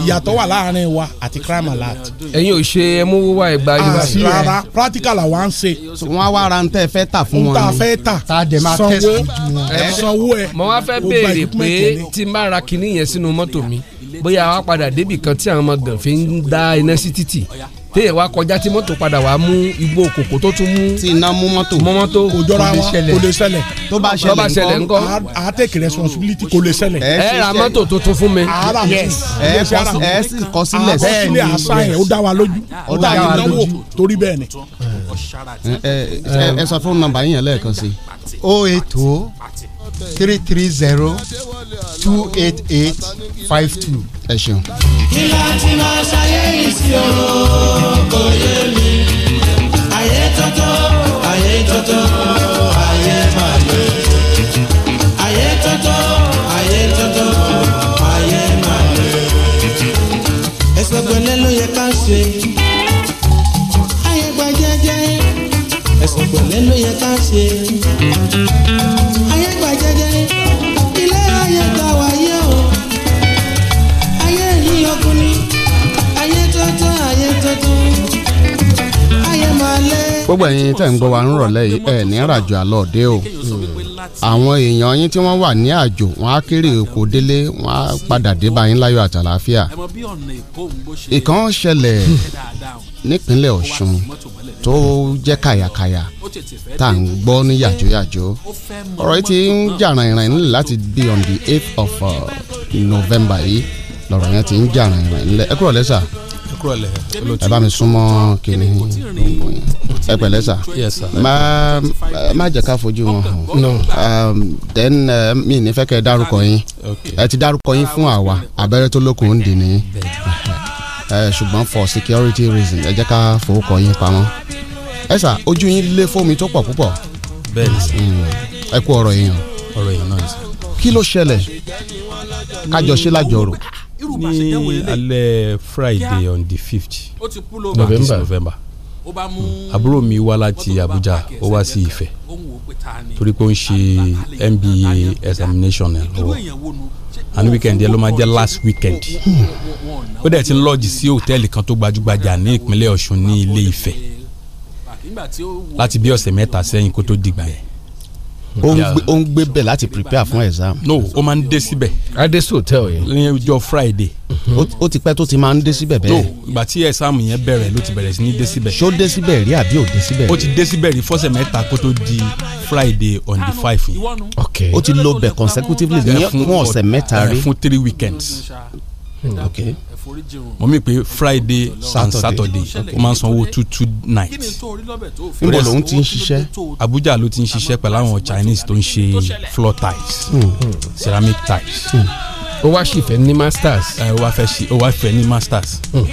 ìyàtọ̀ wà láàrin wa àti crime alert. ẹ̀yin ò ṣe ẹmú wíwá ẹgbàá yunifásitì rẹ. Ah, rárá practical la wà ń ṣe. wọ́n á wá ra ń tẹ́ fẹ́ tà fún wọn. ń tà fẹ́ tà sanwó ẹ̀ sanwó ẹ̀. mo wá fẹ́ béèrè pé tí n bá ra kinní yẹn sínú mọ́tò mi bóyá wàá padà débì kan tí àwọn ọmọ gàn fi ń dá iná sí títì téèyàn wá kọjá tí mọ́tò padà wá mú igbó kòkó tó tún mú. tí iná mú mọ́tò mọ́ mọ́tò kò jọra wa kò lè ṣẹlẹ̀ tó bá ṣẹlẹ̀ ńkọ́ a take responsibility kò lè ṣẹlẹ̀. ẹ ra mọ́tò tuntun fún mi. ẹ sì kọ sílẹ̀ sí i. àṣà yẹn ó dá wa lójú ó dá wa lójú torí bẹ́ẹ̀ ni. ẹ sọ fún nọ́mbà yín yẹn lẹ́ẹ̀kan sí o ètò three three zero two eight eight five two. ẹ ṣeun. kí láti máa ṣayé yìí sí o kò yé mi ayé tọ́tọ́ ayé tọ́tọ́ ayé máa lè ayé tọ́tọ́ ayé tọ́tọ́ ayé máa lè. ẹsẹ̀ gbẹ̀lẹ́ ló yẹ ká ṣe ayé gba jẹ́jẹ́ ẹsẹ̀ gbẹ̀lẹ́ ló yẹ ká ṣe. gbogbo ẹ̀yin tẹ̀ ń gbọ́ wa ń rọ̀lẹ́ yìí ẹ̀ ní àràjò àlọ́ọ̀dẹ́ o àwọn èèyàn yín tí wọ́n wà ní àjò wọn á kéré oko délé wọn á padà dé báyìí láyọ̀ àtàlàáfíà ìkan ṣẹlẹ̀ nípínlẹ̀ Ọ̀ṣun tó jẹ́ kàyàkàyà tá à ń ní yàjóyàjó ọ̀rọ̀ yìí ti ń jà ràìnràìn nílẹ̀ láti bí on the eighth of uh, November yìí lọ̀rọ̀ yẹn ti ń jà ràìnràìn nílẹ̀ ẹ kúrò lẹ́sà ẹ bá mi súnmọ́ kìnní ẹ pẹ̀lẹ́ sà má jẹ́ ká fojú wọn hàn um, then um, mi ní fẹ́ kẹ́ ẹ dárúkọ yín ẹ ti dárúkọ yín fún àwa abẹ́rẹ́ tó lókun ń dì nìyí *laughs* ṣùgbọ́n for security reason ẹ jẹ́ ká fowókọ yín pamọ́ ẹ sà ojú yín lé fómi tó pọ̀ púpọ̀ hmm. ẹ kú ọ̀rọ̀ èèyàn kí ló ṣẹlẹ̀ kájọ ṣe lájọ rò ní alẹ́ friday on the fifth november november àbúrò mi wá láti abuja ó wá sí ifẹ̀ torí pé ó ń ṣe mba examination lọ́wọ́ and weekend yẹn ló máa jẹ́ last weekend ó dẹ̀ ti ń lọ́ọ̀jì sí hòtẹ́ẹ̀lì kan tó gbajúgbajà ní ìpínlẹ̀ ọ̀ṣun ní ilé ifẹ̀ láti bí ọ̀sẹ̀ mẹ́ta sẹ́yìn kó tó dìgbà yẹn ó ń gbé bẹ̀ láti prepare fún exam. no ó máa ń dé síbẹ̀. adéṣe hotel yẹn. ní ọjọ́ friday. ó ti pẹ́ tó ti máa ń dé síbẹ̀ bẹ́ẹ̀. no ìgbà tí exam yẹn bẹ̀rẹ̀ ló ti bẹ̀rẹ̀ sí ní dé síbẹ̀. ṣó dé síbẹ̀ rí àbí ò dé síbẹ̀ rí. ó ti dé síbẹ̀ rí fọ́sẹ̀ mẹ́ta kó tó di friday on the five yìí. ok ó ti lọ bẹ̀ consecutively ní fún ọ̀sẹ̀ mẹ́ta rí. fún three weekends. ok. okay mo mi pe friday and saturday ó máa ń sanwó two two night. níbo lòun ti ń ṣiṣẹ́. abuja ló ti ń ṣiṣẹ́ pẹ̀lú àwọn chinese tó ń ṣe floor tiles hmm. ceramic tiles. ó hmm. wá sì fẹ́ ní masters. ó wá fẹ́ sí ó wá fẹ́ ní masters. Hmm.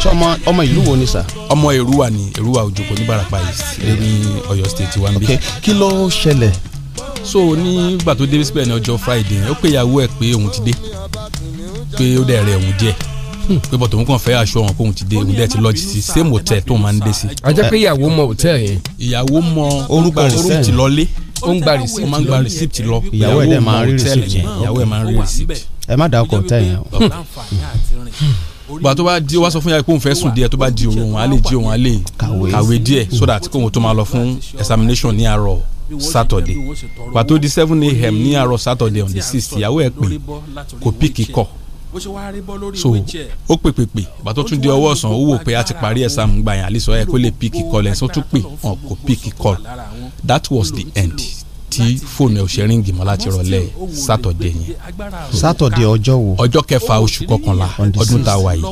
ṣé ọmọ ọmọ ìlú wo ni sà. ọmọ èrúwà ni èrúwà òjòkó ní barapa east ní ọ̀yọ́ state wa ń bí. kí ló ṣẹlẹ̀ so nígbà tó dé síbẹ̀ ní ọjọ́ friday ó pè ìyàwó ẹ̀ pé òun ti dé pé ó dẹ̀ rẹ̀ òun díẹ̀ pé bọ́tò òun kàn fẹ́ aṣọ ọ̀hún kóun ti dé òun dẹ̀ ti lọ́ọ̀jì sí same hotel tóun máa ń dé sí. a jẹ́ pé ìyàwó mọ hotel. yẹn. ìyàwó mọ orúkọ rìsíìtì lọlé ó ń gba rìsíìtì ó máa ń gba rìsíìtì lọ ìyàwó ẹ̀ máa ń rí rìsíìtì yẹn ìyàwó ẹ̀ máa ń rí rìsíìtì. ẹ má dà ọkọ̀ hòtẹ́ẹ̀ yẹn o gbà tó bá di wá sọ fún yàrá pé òun fẹ́ sùn díẹ̀ tó bá di òun òun á lè di òun á lè kàwé díẹ̀ so that kóun tó máa lọ fún examination ní àárọ̀ Saturday gbà tó di seven a.m. ní àárọ̀ Saturday on the sixth ìyàwó ẹ̀ pè kò píkì kọ̀ bó ṣe wáá rí bọ́ lórí ìwé jẹ. ó pè pè pè bá tó tún di ọwọ́ ọ̀sán ó wò pé a ti parí ẹ̀ sáà gbà yàn àlìsọ ẹ̀ kó lè pick call ẹ̀ sọ tún pè hàn kó pick call that was the end tí fóònù ẹ̀ ò ṣe ríngì mọ́ láti rọlẹ́ sátọ̀dẹ̀ yẹn. sátọ̀dẹ̀ ọjọ́ wo. ọjọ́ kẹfà oṣù kọkànlá ọdún tá a wà yìí.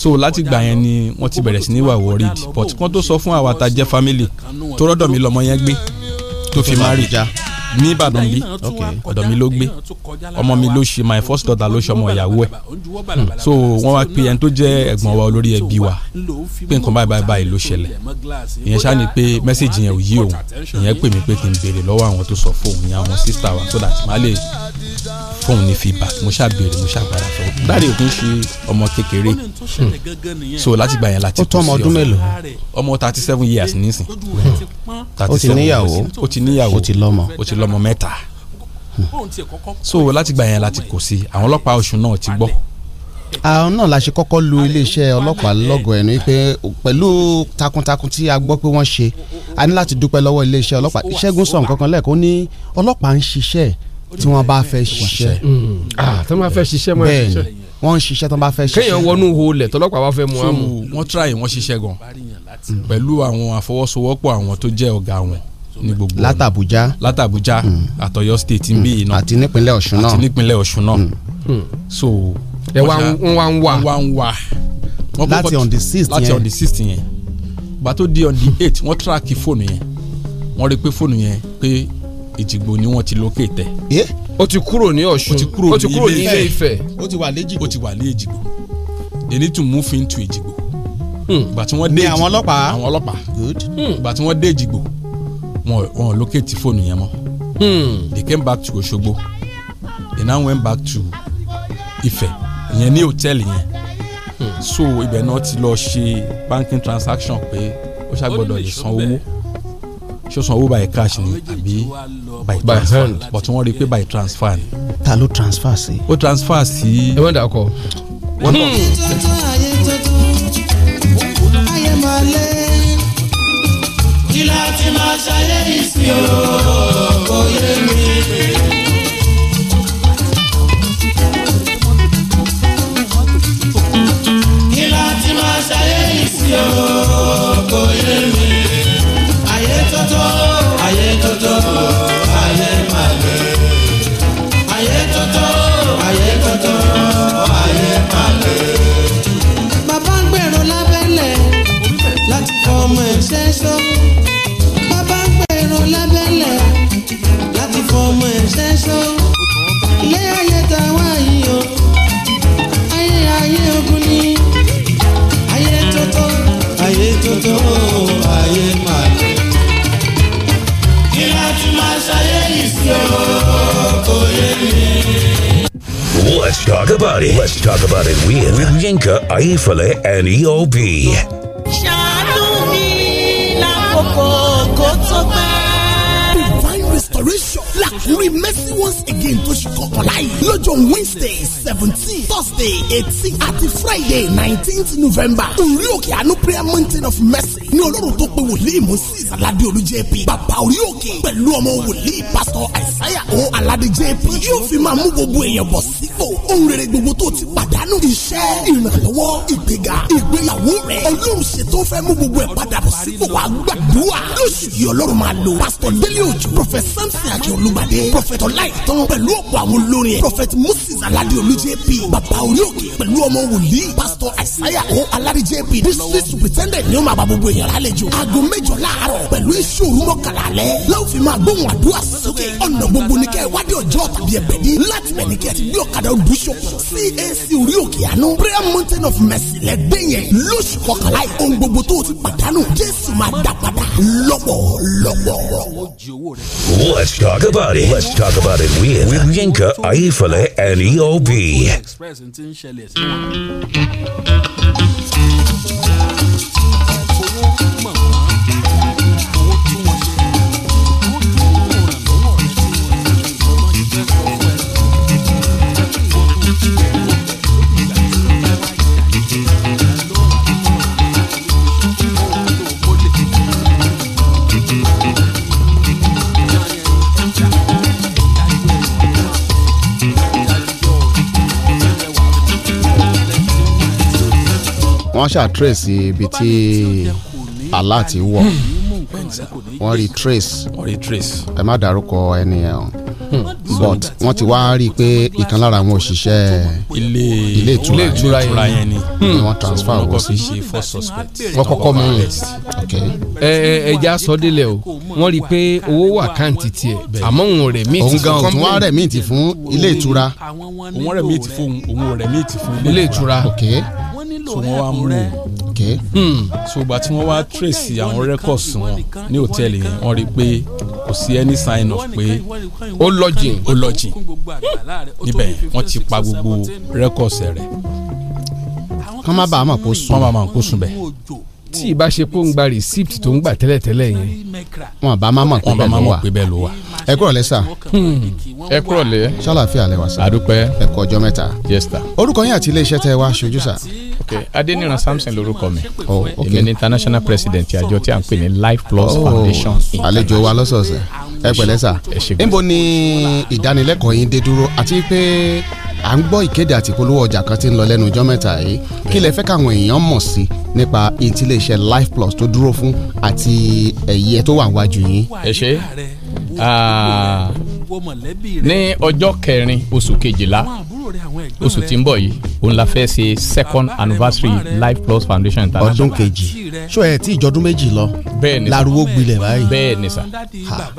so láti gbà yẹn ni wọ́n ti bẹ̀rẹ̀ sí ní wà worried but kán tó sọ fún àwa tá jẹ́ family tó rọ́dọ̀ mi lọ́mọ yẹn gbé tó fi má rí ní ìbàdàn bí ọ̀dọ̀ mi ló gbé ọmọ mi ló ṣe my first daughter ló ṣe ọmọ ìyàwó ẹ̀ hmm. so wọ́n wá pe ẹni tó jẹ́ ẹ̀gbọ́n wa olórí ẹbí wa pé nǹkan báyìí báyìí báyìí ló ṣẹlẹ̀ ìyẹn ṣáà ni pé mẹ́sẹ̀gì yẹn ò yí òun ìyẹn pè mí pé kí n béèrè lọ́wọ́ àwọn tó sọ fóun ní àwọn sísítà wa so that màá lè fóun ní feedback mo ṣáà béèrè mo ṣáà padà sọ dáre òkú ṣe ọmọ kékeré so láti gbà yẹn láti kú sí ọmọ ọdún mélòó ọmọ thirty seven years nísìn ó ti níyàwó ó ti níyàwó ó ti lọ́mọ lọ́mọ mẹ́ta so láti gbà yẹn láti kò sí àwọn ọlọ́pàá Ọ̀ṣun náà ti gbọ́. àwọn náà la ṣe kọ́kọ́ lu iléeṣẹ́ ọlọ́pàá lọ́gọ̀ ẹ̀nu pé pẹ̀lú takuntakun tí a gbọ́ pé wọ́n ṣe a ní láti dúpẹ́ lọ́wọ́ iléeṣẹ́ ọlọ́pàá Ṣẹ́gun sọ̀rọ̀ kankan lẹ́ẹ̀kọ́ ní ọlọ́pàá ń ṣiṣẹ́ tí wọ́n bá fẹ́ ṣiṣẹ́. Mm. Ah, tí wọ́n bá fẹ́ ṣiṣẹ́ mọ́ ẹ̀ ṣiṣẹ́ wọ́n ń ṣiṣẹ́ tó bá fẹ́ ṣiṣẹ́. kéèyàn wọnú holẹ̀ tọlọ́pàá bá fẹ́ mú àmú. wọ́n tíráyè wọ́n ṣiṣẹ́ gan pẹ̀lú àwọn àfọwọ́sowọ́pọ̀ àwọn tó jẹ́ ọ̀gá wọn látàbújá látàbújá hmm. àtọ̀yọ́ state ń bí yìí àti nípínlẹ̀ ọ̀ṣun náà àti nípínlẹ̀ ọ̀ṣun náà hmm. Hmm. so ẹ wá ń wá ń wá wá ń wá láti on the sixth yẹn láti on the sixth yẹn ìgbà tó di on the eight wọ́n tíráàkì fóònù yẹn wọ́n rí pé fóònù yẹn pé ìjìgbò ni wọ́n ti lókètè. ẹ o ti kúrò ní ọ̀ṣun o ti kúrò ní ilé ifẹ̀ o ti wà léjìgbò o ti wà léjìgbò they need to move into èjìgbò. ìgbà tí wọ́n dé èjìgbò ní àwọn ọlọ́pàá àwọn ọlọ́pàá ìgbà tí wọ́n dé èjìgbò wọn wọn locate fóònù yẹn mọ́ hmm. they came back to Òṣogbo they now went back to Ife. ìyẹn ní hòtẹ́ẹ̀lì yẹn hmm. so ibẹ̀ náà ti lọ ṣe banking transaction pé ó ṣàgbọ́dọ̀ lè san owó ṣó san owó by cash ni àbí by transfer but wọ́n rí i pé by transfer ni. ta ló transfer sí. ó transfer sí. ẹ wọ́n dà kọ. wọ́n dà ṣayé ìsìn o kò yé mi. ayé tótó ayé tótó. Let's talk about it. Let's talk about it with, with Yinka, Aifale, and EOB. Ṣàánú mi tó àkúrẹ́ mercy once again to Chicago life. yìí lọ́jọ́ wednesday seventeen thursday eighteen àti friday nineteenth november orí òkè àánú prayer mountain of mercy ní ọlọ́run tó pe wòlíì moses aládé olú jp bàbá orí òkè pẹ̀lú ọmọ wòlíì Pastor Isaiah o aládé jp yóò fi máa mú gbogbo èèyàn bọ̀ sípò ohun rere gbogbo tó ti pa lórí iṣẹ́ ìrànlọ́wọ́ ìgbéga ìgbéyàwó rẹ̀ ọlọ́run ṣètò fẹ́ mú gbogbo ẹ̀ padà bọ̀ sípò wa gbàdúrà lóṣù yìí ọlọ́run máa lo pásítọ̀ délé òjò prọfẹ̀t samson àti olùgbàdé prọfẹ̀t ọláìtàn pẹ̀lú ọ̀pọ̀ àwọn olórin prọfẹ̀t musa aládé olú jp bàbá orí òkè pẹ̀lú ọmọ wòlíì pásítọ̀ àìsáyà o aládé jp district superintendent ni ó máa bá gbogbo èèyàn lálejò aago mẹ́jọ láàárọ̀ pẹ̀lú ìṣòro mọ́kànlá alẹ́ láwọn fi gbóhùn àdúrà sókè ọ̀nà gbogbo ní wádìí ọjọ́ tàbí ẹ̀bẹ̀ láti bẹ̀ ti gbé ọ̀kadà olùdóṣòkò cac orí òkè àánú prayer mountain of mercy lẹ́gbẹ́ yẹn lóṣù kọkànlá yìí ohun gbogbo tó o ti pàdánù jésù máa dá padà lọ́pọ̀lọpọ̀. let's talk about it let's talk about it with, with Yinka Ayifale and DOB. wọ́n ṣàtrace ibi tí àlá ti wọ̀ wọ́n rí trace wọ́n rí trace ẹ má dárúkọ ẹni ẹ̀ hàn hmm. but wọ́n ti wá rí i pé ìkan lára àwọn òṣìṣẹ́ ilé ìtura yẹn ni hmm. wọ́n transfer wọ́n sí wọ́n kọ́kọ́ mú un ẹ ẹja sọdílẹ̀ o wọ́n rí i pé owó wà káǹtì tiẹ̀ àmọ́ òun rẹ̀ míì ti fún kọ́mpìnì òun gan rẹ̀ míì ti fún ilé ìtura òun rẹ̀ míì ti fún òun rẹ̀ míì ti fún ilé ìtura so wọ́n wá mú un hmm. so ìgbà tí wọ́n wá trace àwọn records wọn ní hòtẹ́ẹ̀lì yẹn wọ́n rí i pé kò sí any sign of pé ó lọ́jìn ó lọ́jìn níbẹ̀ wọ́n ti pa gbogbo records rẹ̀. kán má bàa mọ̀ kó sùn kán má bàa mọ̀ kó sùn bẹ́ẹ̀. tí ìbá ṣe pé ó ń gba receipt tó ń gbà tẹ́lẹ̀tẹ́lẹ̀ yẹn wọn bá má mọ̀ pé bẹ́ẹ̀ ló wà. ẹ kúrò lẹ́ sà. Hmm. ẹ kúrò lẹ́. ṣàlàfíà lẹ wà sà. àdúpẹ́. ẹ kú ọjọ́ mẹ́ta. yes sir. orúkọ yín àti iléeṣẹ́ tẹ wá aṣojú sà. Okay, adeniran samson lorúkọ mi oh, èmi ni international president àjọ tí a ń pè ní life plus oh, foundation. àlejò wa lọ́sọ̀ọ̀sẹ̀ ẹ pẹ̀lẹ́ sà níbo ni ìdánilẹ́kọ̀ọ́ yín dé dúró àti pé à ń gbọ́ ìkéde àti ìpolówó ọjà kan tí ń lọ lẹ́nu ọjọ́ mẹ́ta yìí kí lẹ fẹ́ káwọn èèyàn mọ̀ sí nípa ìtí life plus tó dúró fún àti ẹ̀yẹ tó wà wájú yín. ẹ ṣe ah, ní ọjọ́ kẹrin oṣù kejìlá oṣù tí ń bọ̀ yìí òun la fẹ́ ṣe second anniversary life plus foundation international. ọdún kejì ṣó ẹ tí ìjọdún méjì lọ lárúwó gbilẹ̀ báyìí. bẹ́ẹ̀ ni sà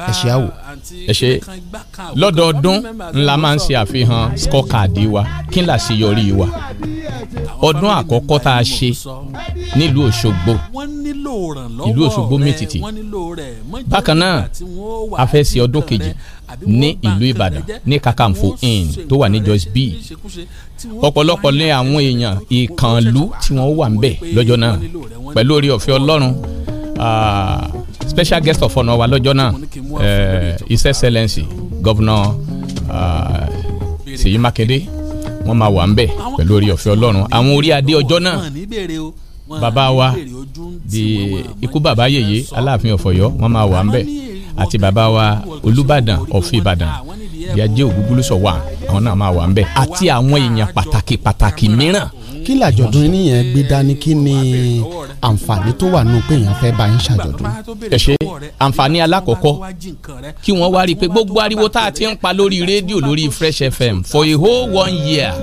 ẹ ṣe àwò. ẹ ṣe lọ́dọọdún ńlá máa ń ṣe àfihàn scorecard wa kí n là ṣe yọrí wa ọdún àkọ́kọ́ tá a ṣe nílùú Òṣogbo ìlú Òṣogbo mìtìtì bákan náà a fẹ́ ṣe ọdún kejì ní ìlú ìbàdàn ní kakamfo inn tó wà ní joyce b ọ̀pọ̀lọpọ̀ lé àwọn èèyàn ìkànnlú tí wọ́n wà ń bẹ̀ lọ́jọ́ náà pẹ̀lú orí ọ̀fẹ́ ọlọ́run ah, special guest of honour wa lọ́jọ́ náà eh, his excellency governor ah, ṣèyí mákindé wọ́n máa wà ń bẹ̀ pẹ̀lú orí ọ̀fẹ́ ọlọ́run àwọn orí adé ọjọ́ náà bàbá wa di ikú bàbá yèyé aláàfin ọ̀fọ̀yọ́ wọ́n máa wà ń bẹ̀ àti bàbá wa Olúbàdàn of Ìbàdàn Ìyájẹ́ Ògúngúlùsọ̀ wà àwọn náà máa wà ń bẹ̀ àti àwọn èèyàn pàtàkì pàtàkì mìíràn. kí làjọ̀dún ènìyàn gbé dání kí ni àǹfààní tó wà nù pé èèyàn fẹ́ bá ń ṣàjọ̀dún. ẹ ṣe àǹfààní alákọ̀ọ́kọ́ kí wọ́n wá rí i pé gbogbo ariwo tá a ti ń pa lórí rédíò lórí Fresh FM for a whole one year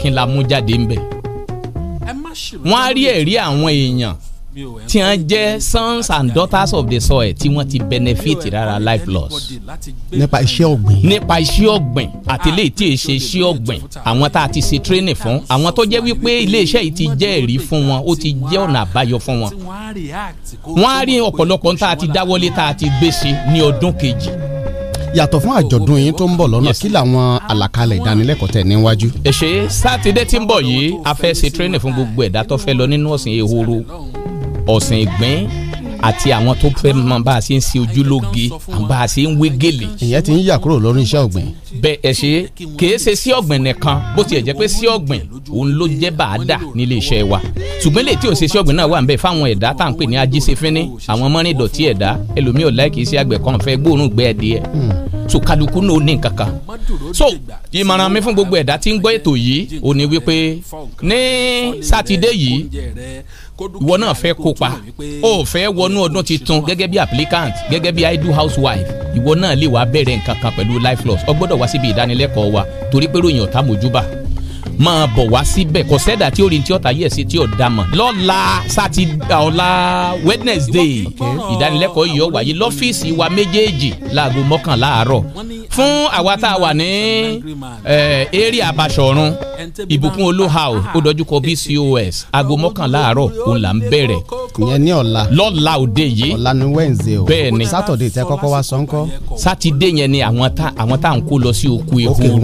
kí n la mú jáde ń bẹ̀. wọ́n á rí ẹ̀rí àwọn èèyàn tí wọ́n jẹ́ sons and daughters of the soil tí wọ́n ti benefit rárá life loss. nípa iṣẹ́ ọ̀gbìn. nípa iṣẹ́ ọ̀gbìn àti ilé ah, tí èsè iṣẹ́ ọ̀gbìn àwọn tá a ti ṣe training fún àwọn tó jẹ́ wípé iléeṣẹ́ yìí ti jẹ́ ẹ̀rí fún wọn ó ti jẹ́ ọ̀nà àbáyọ fún wọn. wọ́n á rí ọ̀pọ̀lọpọ̀ tá a ti dáwọ́lé tá a ti gbé ṣe ní ọdún kejì yàtọ̀ fún àjọ̀dún yìí tó ń bọ̀ lọ́nà kí làwọn àlàkalẹ̀ ìdánilẹ́kọ̀ọ́ tẹ̀ níwájú ọ̀sìn ìgbín àti àwọn tó fẹ́ mọ bá a ṣe ń ṣe ojúlóge bá a ṣe ń wé gèlè. ìyẹn ti ń yà kúrò lọ́rùn iṣẹ́ ọ̀gbìn. bẹ́ẹ̀ ẹ ṣe kìí ṣe sí ọ̀gbìn nìkan bó tiẹ̀ jẹ́ pé sí ọ̀gbìn òun ló jẹ́ bàádà nílé iṣẹ́ wa ṣùgbọ́n lè tí ò ṣe sí ọ̀gbìn náà wà ń bẹ fáwọn ẹ̀dá tá à ń pè ní ajísefínní àwọn mọ́rin dọ̀tí ẹ̀dá ẹlòmíì ò láìkì sí àgbẹ̀ kan fẹ́ gbóòórùn gbẹ́ ẹ̀díẹ̀ hmm. so kálukú náà ní nǹkan so ìmọ̀ràn mi fún gbogbo ẹ̀dá tí ń gbọ́ ètò yìí ò wípé ní sátidé yìí ìwọ náà fẹ́ kópa ó fẹ́ wọnú ọdún titun gẹ́gẹ́ bí applicant gẹ́gẹ́ bí idle housewife ìwọ náà lè wá bẹ̀rẹ̀ nǹkan kan pẹ̀lú life loss o gbọ́dọ̀ wá síbi ìdánilẹ́kọ̀ọ́ wa torí pé ròyìn ọ̀tá mojúbà máa bọ̀ wá síbẹ̀ kò sẹ́dà tí ó rí ti ọ̀tá yẹ̀ sí tí ò dá mọ̀ lọ́la sátidé ọ̀la wednesday ìdánilẹ́kọ̀ọ́ yìí ó wáyé lọ́fíìsì wa méjèèjì láago mọ́kànlá àárọ̀ fún àwa tá a wà ní eré abasọ̀run ìbùkún olóhàó ó dojúkọ bcos aago mọ́kànlá àárọ̀ òun là ń bẹ̀rẹ̀. ìyẹn ní ọ̀la lọ́la òde yìí ọ̀la ni wednesday o bẹ́ẹ̀ ni sátọ̀dẹ̀ tẹ kọ́kọ́ wá sọ́ńkọ́. sátidé yẹn ni àwọn tá à ń kó lọ sí oko ehoro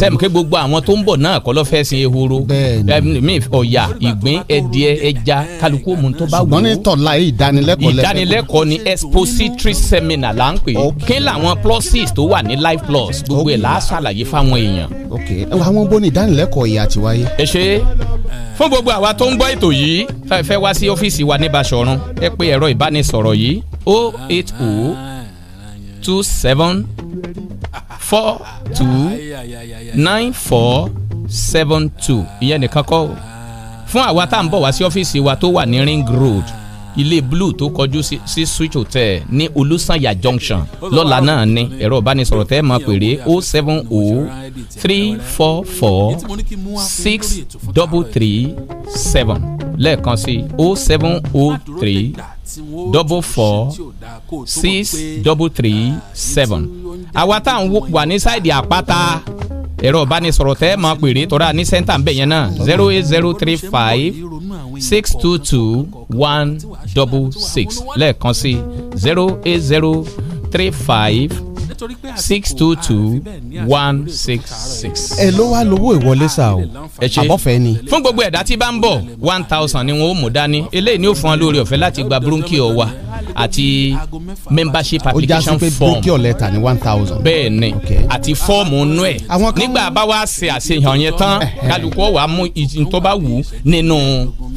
sẹ́mi ké gbogbo àwọn tó ń bọ̀ náà kọ́ lọ́ sin ehoro mi ọ̀yà ìgbín ẹdìẹ ẹja kálukú mu tó bá wù. ṣùgbọ́n ní tọ̀la yìí ìdánilẹ́kọ̀ọ́ lẹ́fẹ̀ẹ́. ìdánilẹ́kọ̀ọ́ ni expository seminar là ń pè kí làwọn plus tó wà ní life plus gbogbo ẹ̀ láà fáwọn èèyàn. ok àwọn bó ni ìdánilẹ́kọ̀ọ́ yìí àti wáyé. ẹ ṣe fún gbogbo àwa tó ń gbọ́ ètò yìí fẹ́ wá sí ọ́fíìsì wa ní Basọ̀run ẹ pé ẹ̀rọ ìbánisọ̀rọ̀ yìí 080 four two nine four seven two ìyẹn nìkan kọ́ o fún àwa tá à ń bọ̀ wá sí ọ́fíìsì wa tó wà ní ring road ilé blue tó kọjú sí si, switch si hotel ní olùsànyà junction lọ́la náà ni ẹ̀rọ ìbánisọ̀rọ̀ tẹ́ máa pèrè o oh seven o oh three four four six double three seven lẹ́ẹ̀kan sí o oh seven o three double four six double three seven àwa tá à ń wà ní sáìdì àpáta ẹ̀rọ ìbánisọ̀rọ̀ tẹ́ ẹ̀ máa pèrè tọ́ra ní sẹ́ńtà ńbẹ̀ yẹn náà zero eight zero three five six two two one double six lẹ́ẹ̀kan sí zero eight zero three five six two two one six six. ẹ ló wá lówó ìwọlé sá o àbọ̀fẹ́ ni. fún gbogbo ẹ̀dá tí bá ń bọ̀ one thousand ni wọ́n ó mú dání eléyìí ni ó fún wa lórí ọ̀fẹ́ láti gba bronchio wa àti membership application form. ó já sí one thousand. bẹ́ẹ̀ ni àti fọ́ọ̀mù nú ẹ̀ nígbà bá wá ṣe àṣeyàn yẹn tán kálukú wa mú ìtọ́ bá wù ú nínú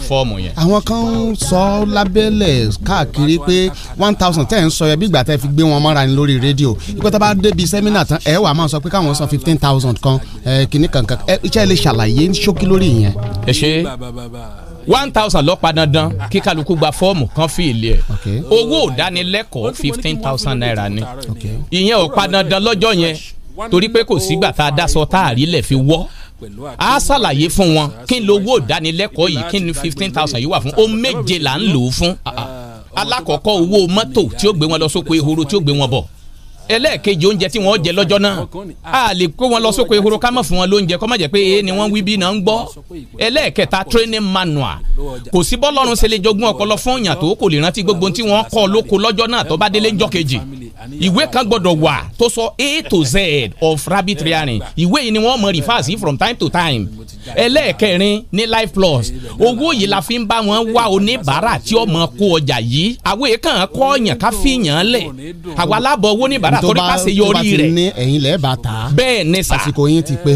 fọ́ọ̀mù yẹn. àwọn kan ń sọ lábẹ́lẹ̀ káàkiri pé one thousand ten. ń sọ yẹn bí ìgbà tẹ́ fi gbé wọn mọ́ra ni lórí rédíò pé tó bá débi sẹ́mínà tán ẹ wà máa sọ pé káwọn san fifteen thousand kan kìíní kankan iṣẹ́ ilé ṣàlàyé ṣókí lórí ìyẹn. ẹ ṣe one thousand ló pa dandan kí kálukú gba fọ́ọ̀mù kan fi ilé ẹ̀ owó ìdánilẹ́kọ̀ọ́ fifteen thousand naira ni ìyẹn ò pa dandan lọ́jọ́ yẹn torí pé kò sígbà tá a dáṣọ tá a rí lẹ̀ fi wọ́ a ṣàlàyé fún wọn kí n lówó ìdánilẹ́kọ̀ọ́ yìí kí ni fifteen thousand yìí wà fún ó méje là ń lò ó fún ah, ah. alákọ̀ọ́kọ́ owó mọ́tò tí ó gbé wọn lọ sóko ehoro tí ó gbé wọn bọ̀ ẹlẹ́ẹ̀kejì oúnjẹ tí wọ́n jẹ lọ́jọ́ náà a lè kó wọn lọ sóko ehoro ká mọ̀ fún wọn lóúnjẹ kọ́ má jẹ́ pé ee ni wọ́n wí bí náà ń gbọ́ ẹlẹ́ẹ̀kẹta training manual kò sí bọ́lọ́run ṣe lè jogún fún ìyàn tó kò lè rántí gbogbo tí wọ́n kọ́ lóko lọ́jọ́ náà tó bá délé ńjọ́ kejì ìwé kan gbọ́dọ̀ wà tó sọ a to z of rabbit rearing ìwé yìí ni wọ́n mọ̀ rìfáàsì from time to time ẹlẹ́ẹ̀kẹrin ní life plus owó yìí la fi ń bá wọn wá oníbàárà tí ọmọ kó ọjà yìí àwọn èèkàn kọ́ ọ̀yàn ká fi yàn án lẹ̀ àwa alábọ̀ owó oníbàárà kódà kó nípa ṣe yọrí rẹ̀. ní ẹ̀yin lẹ́ẹ̀ bá ta. bẹ́ẹ̀ ni sà. àsìkò yín ti pé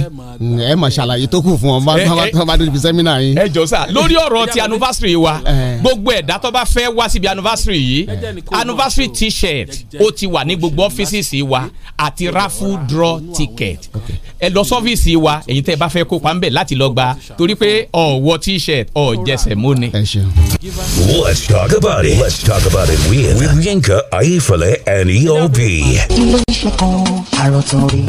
ẹ mọ̀ ṣàlàyé tó kù fún ọ bá tó bá débi sẹ́mínà yín. ẹ jọ sà lórí ọ̀rọ̀ ti anniversary wa gbogbo ẹ̀dá tó bá fẹ́ wá síbi anniversary yìí anniversary t-shirt ó ti wà ní gbogbo ọ́fíìsì wa àti raffle draw ticket ẹ lọ sọ́fíìsì wa èyí tẹ́ ẹ bá fẹ́ kópa ńbẹ̀ láti lọ gba torí pé ọ̀wọ́ t-shirt ọ̀jẹsẹ̀ múni. ẹ ṣeun. let's talk about it let's talk about it with, with Yinka Ayefele and EOB ilé iṣẹ́ kan àròtún rí.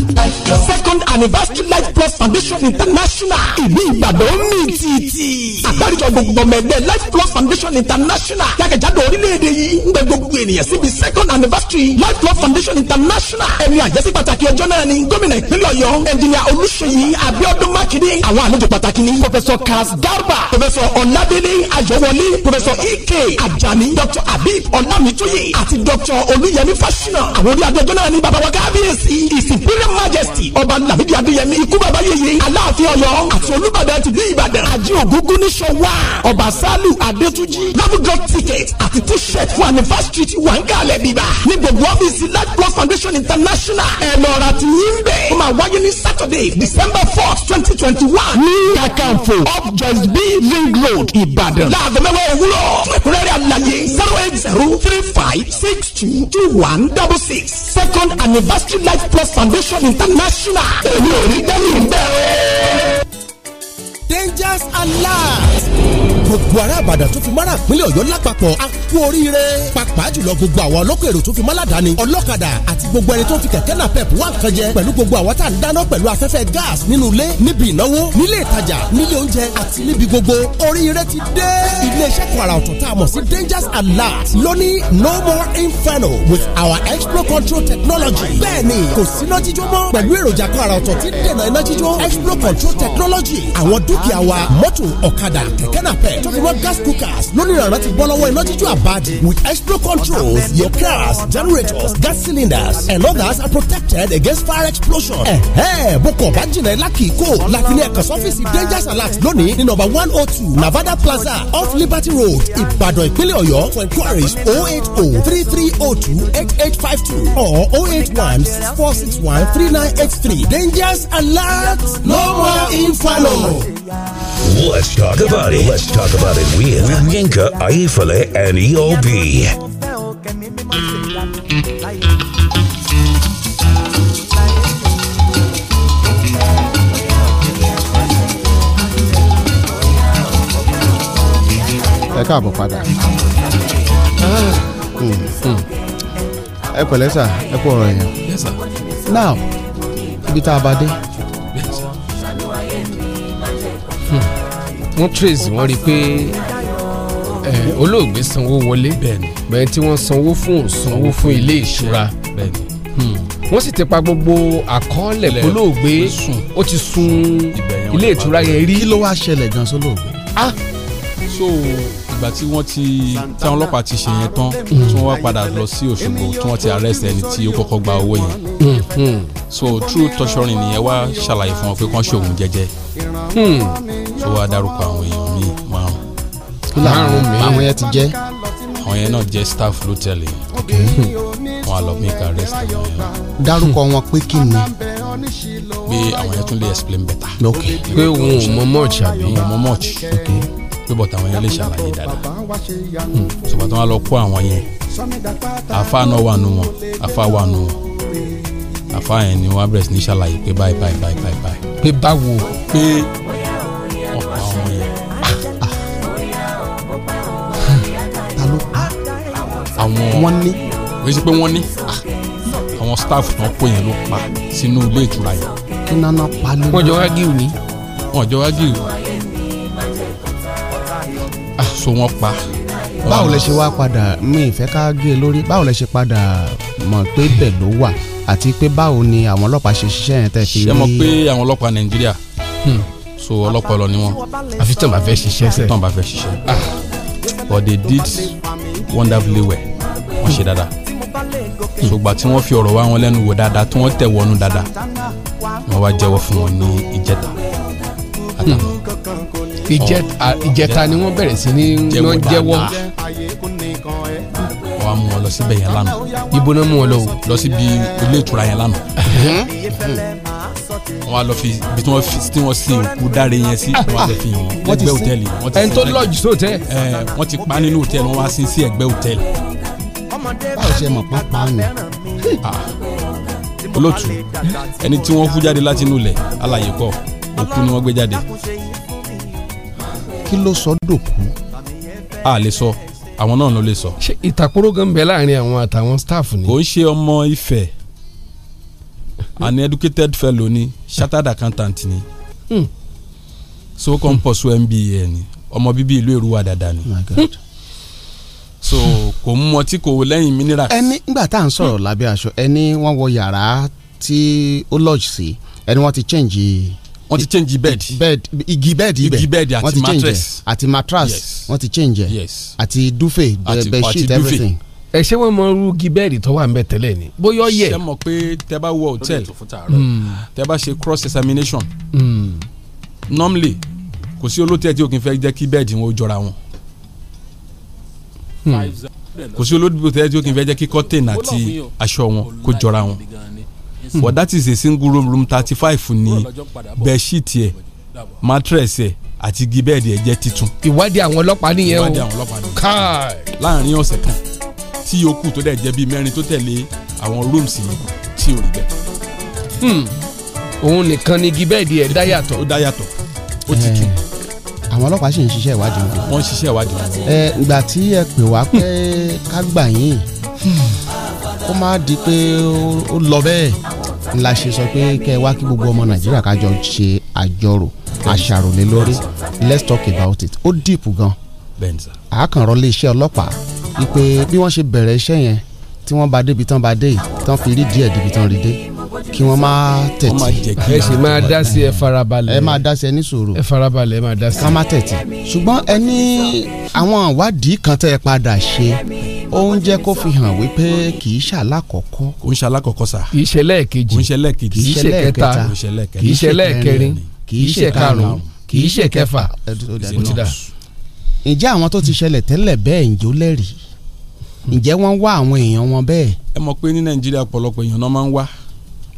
second anniversary life plus foundation international ìlú ìbàdàn ní títì. àgbáríjọ gbogbo mẹ́gbẹ́ life plus foundation international jákèjádò orílẹ̀-èdè yìí ń gbé gbogbo ènìyàn síbi second anniversary life plus foundation international. ẹni àjẹsí pàtàkì ọjọ́ náà ni gómìnà ìpínlẹ̀ ọ̀yọ́ ẹnjìnìà olùṣeyí abiodun makinde àwọn àlejò pàtàkì ni professor kaz garba professor ọ̀nàdélé ayọ̀wọlé professor ike ajani dr abib ọ̀nàmítúyè àti dr olùyẹmí fásinà àwọn orí adéjọ́ bákan náà ni bàbá wa kábíyèsí his imperial majesty ọba nàbídìí adéyẹmí ikú bàbá yèyé aláàfin ọ̀yọ́ àti olúbàdàn ti ní ìbàdàn àjẹ ògúngún ní sọwá ọba sálù adétúnjì labudọ ticket àti t-shirt fún anniversary ti wà ń kalẹ̀ bíbá ní gbogbo ọ́fíìsì Large plus foundation international ẹ̀ lọ́ra ti yín bẹ́ẹ̀ ó máa wáyé ní saturday december fourth twenty twenty one ní kakanfo up just be ring road ìbàdàn láago mẹ́wàá òwúrọ̀ fún ẹ̀kúnrẹ́rẹ́ àlàyé zero eight zero three five six two two one double six second anniversary life plus foundation international èmi ò rí dẹ́nu bẹ́ẹ̀. dangers alert gbogbo ará àbàdàn tó fi mọ́ra ìpínlẹ̀ ọ̀yọ́ lápapọ̀ a kú oríire pàápàá jùlọ gbogbo àwọn ọlọ́kọ̀ èrò tó fi mọ́ ládàáni ọlọ́kadà àti gbogbo ẹni tó fi kẹ̀kẹ́ náà pep wá nǹkan jẹ pẹ̀lú gbogbo àwọn tá à ń dáná pẹ̀lú afẹ́fẹ́ gas nínú ilé níbi ìnáwó nílé ìtajà nílé oúnjẹ àti níbi gbogbo oríire ti dé iléeṣẹ́ kan àrà ọ̀tọ̀ tá a mọ̀ sí dangers alert lónìí no more inferno with our expro control technology bẹ́ẹ̀ni kò síná jíjó mọ́ pẹ̀lú èròjà kan àrà ọ̀tọ̀ tí dènà iná jíjó expro control technology àwọn dúkìá wa mọ́tò ọ̀kadà kẹ̀kẹ́ náà tó fi wá gas cookers lónìí rárá ti bọ́ lọ́wọ́ iná jíjù àbájì with extra controls your cars generators gas cylinders and others are protected against fire explosion. ẹ̀hẹ́ bókọ̀ bá jìnnà ẹ̀ lákì kó láti ní ẹ̀ka sọ́fíìsì dangerous alert lónìí ní number one oh two Navada Plaza off Liberty Road Ìbàdàn ìpínlẹ̀ Ọ̀yọ́ for inquiries oh eight oh three three oh two eight eight five two or oh eight one four six one three nine eight three dangerous alert no more infalo. Let's talk about it. Let's talk talk about it with, Yinka, Aifale, and EOB. ẹ káàbọ̀ padà. Hmm, hmm. ẹ pẹ̀lẹ́ sà ẹ kú ọ̀rọ̀ èèyàn. now ibi tá a bá dé wọ́n trace wọ́n rí i pé olóògbé sanwó wọlé bẹ́ẹ̀ tí wọ́n sanwó fún òsanwó fún ilé ìṣura hmm. wọ́n sì ti pa gbogbo àkọọ́lẹ̀ polóògbé ó ti sun ilé ìtura yẹn rí. kí ló wáá ṣẹlẹ̀ gan sólóògbé. ah so ìgbà tí wọ́n ti táwọn ọlọ́pàá ti ṣe yẹn tán hmm. tí wọ́n wá padà lọ sí Òṣogbo tí wọ́n ti arrest ẹni tí ó kọ́kọ́ gba owó yẹn hmm, so true torturing nìyẹn wá ṣàlàyé fún wọn pé kán ṣòwò jẹ́jẹ́ ó wá dárúkọ àwọn èèyàn míì márùn. kí làwọn àwọn yẹn ti jẹ́. àwọn yẹn náà jẹ́ staff lótẹ́ẹ̀lì wọn á lọ make arrest àwọn yẹn. dárúkọ wọn pé kí ni. pé àwọn yẹn tún lè explain better. ok pé òun ò mọ much àbí. òun ò mọ much. ok pé bọ̀tà àwọn yẹn lè ṣàlàyé dáadáa. ṣùgbọ́n hmm. tí wọ́n lọ kó àwọn yẹn àfa náà wà nù wọn àfa wà nù wọn àfa yẹn ni wọn bẹ̀rẹ̀ sí ní ṣàlàyé pé báyìí báyìí báyìí báyìí. pé báwo. pé àwọn wọ́n ní wọ́n ṣe pé wọ́n ní ah, àwọn staff tán kó yẹn ló pa sínú ilé ìtura yẹn. kí nana pa ló ń. wọ́n jọ wá gíw ni. wọ́n jọ wá gíw. Ah, so wọ́n pa. báwo lẹ ṣe wá padà mi ìfẹ́ ká gé e lórí báwo lẹ ṣe padà mọ̀ pé bẹ́ẹ̀ ló wà àti pé báwo ni àwọn ọlọ́pàá ṣe ṣiṣẹ́ yẹn tẹ̀ fi rí. ṣé mo pé àwọn ọlọ́pàá Nàìjíríà hmm. so ọlọ́pàá lọ ni wọn. àfi tàn bá fẹ́ ṣiṣẹ́ sẹ́ẹ̀. tàn bá fẹ́ ṣiṣẹ́. Ah, but they did wonderfully well ṣe dáadáa ṣùgbọ́n tí wọ́n fi ọ̀rọ̀ wá wọn lẹ́nu wò dáadáa tí wọ́n tẹ̀ wọnú dáadáa wọ́n wá jẹ́wọ́ fún wọn ní ìjẹta ìjẹta ni wọ́n bẹ̀rẹ̀ sí ní wọ́n jẹ́wọ́ wọ́n á mú wọn lọ síbẹ̀ yẹn lánàá ibo náà mú wọn lọ o lọ síbi ilé ìtura yẹn lánàá wọ́n á lọ fi ibi tí wọ́n fi tí wọ́n sin òkú dáre yẹn sí wọ́n á lọ fi hàn wọ́n hòtẹ́ẹ̀lì ẹni tó lọ́ọ̀jù sóòtẹ́ẹ̀ eh, wọ́n ti pa báwo ṣe mọ̀ pọ́n pa ni. olótú ẹni tí wọ́n kú jáde láti inú ilẹ̀ alàyè kọ́ òkú ni wọ́n gbé jáde. kí ló sọ dòkú. a lè sọ àwọn náà ló lè sọ. ṣé ìtàkùrọ̀ gan bẹ láàrin àwọn àtàwọn staff ni. kò ń ṣe ọmọ Ifẹ̀ an educated fellow ni chartered accountant ni. Hmm. so kọ́ ń pọ̀ so mba ni ọmọ bíbí ìlú Èrúwà dada ni so kò mú ọtí kò lẹ́yìn mineral. ẹni nígbà tá à ń sọ̀rọ̀ hmm. lábẹ́ aṣọ ẹni wọ́n wọ yàrá tí ó lodge sí ẹni wọ́n ti change wọ́n ti change bed. bed igi bed ibẹ̀ igi bed àti mattress àti mattress wọ́n ti change ẹ̀ àti duvet bed sheet everything. ẹ ṣé wọn mọ irú igi bẹ́ẹ̀dì tó wà ń bẹ tẹ́lẹ̀ ni bóyá yẹ. ṣé mọ̀ pé tẹ́ bá wọ hotel hmm, tẹ́ bá ṣe cross examination hmm. normally kò sí olóòtú ẹ̀ tí o kì í fẹ́ jẹ́ kí bẹ́ẹ̀dì wọn ó jọra wọn. Hmm. kò sí olódìbò tí ó kì í fẹ́ jẹ́ kí curtain àti aṣọ wọn kó jọra wọn hmm. but that is a single room room thirty five ni bedsheet yẹ mattress yẹ àti igi bẹ́ẹ̀dì ẹ̀ jẹ́ titun. ìwádìí àwọn ọlọ́pàá nìyẹn o ìwádìí àwọn ọlọ́pàá nìyẹn láàrin ọ̀sẹ̀ kan tí yòókù tó dẹ̀ jẹ́ bíi mẹ́rin tó tẹ̀lé àwọn rooms yìí tí ò rí bẹ́ẹ̀. Hmm. òun nìkan ni igi bẹ́ẹ̀dì ẹ̀ dá ó dá ó ti tún àwọn ọlọ́pàá sì ń ṣiṣẹ́ ìwádìí wọn. wọ́n ń ṣiṣẹ́ ìwádìí ẹ ìgbà tí ẹ pè wá pé ká gbà yín kó má di pé ó lọ bẹ́ẹ̀ ńlá ṣe sọ pé kẹ́ wá kí gbogbo ọmọ nàìjíríà kájọ ṣe àjọrò àṣàrò let's talk about it ó dìpù gan. bẹ́ẹ̀ ni sà. àákànrọ́ lé iṣẹ́ ọlọ́pàá wípé bí wọ́n ṣe bẹ̀rẹ̀ iṣẹ́ yẹn tí wọ́n bá débi tán bá dé yìí tán fi rí díẹ̀ débi tán rí dé kí wọ́n máa tẹ̀tì. ẹ sì máa dá sí ẹ farabalẹ̀. ẹ máa dá sí ẹ ní sòrò. ẹ farabalẹ̀ ẹ máa dá sí. ká má tẹ̀tì. ṣùgbọ́n ẹ ní àwọn ìwádìí kan tẹ́ ẹ padà ṣe ó ń jẹ́ kó fi hàn wípé kì í ṣàlákọ̀ọ́kọ́. ó ń ṣàlákọ̀ọ́kọ́ sà. kì í ṣe lẹ́ẹ̀kejì. ó ń ṣe lẹ́ẹ̀kejì. kì í ṣe kẹta. kì í ṣe lẹ́ẹ̀kẹrin. kì í ṣe karùn-ún. kì í ṣe kẹfà. ǹjẹ́ àwọn tó ti ṣẹlẹ̀ tẹ́lẹ̀ bẹ́ẹ̀ ń jó lẹ́rìí ǹjẹ́ wọ́n wá àwọn èèyàn wọn bẹ́ẹ̀. ẹ mọ̀ pé ní nàìjíríà ọ̀pọ̀lọpọ̀ èèyàn náà máa ń wá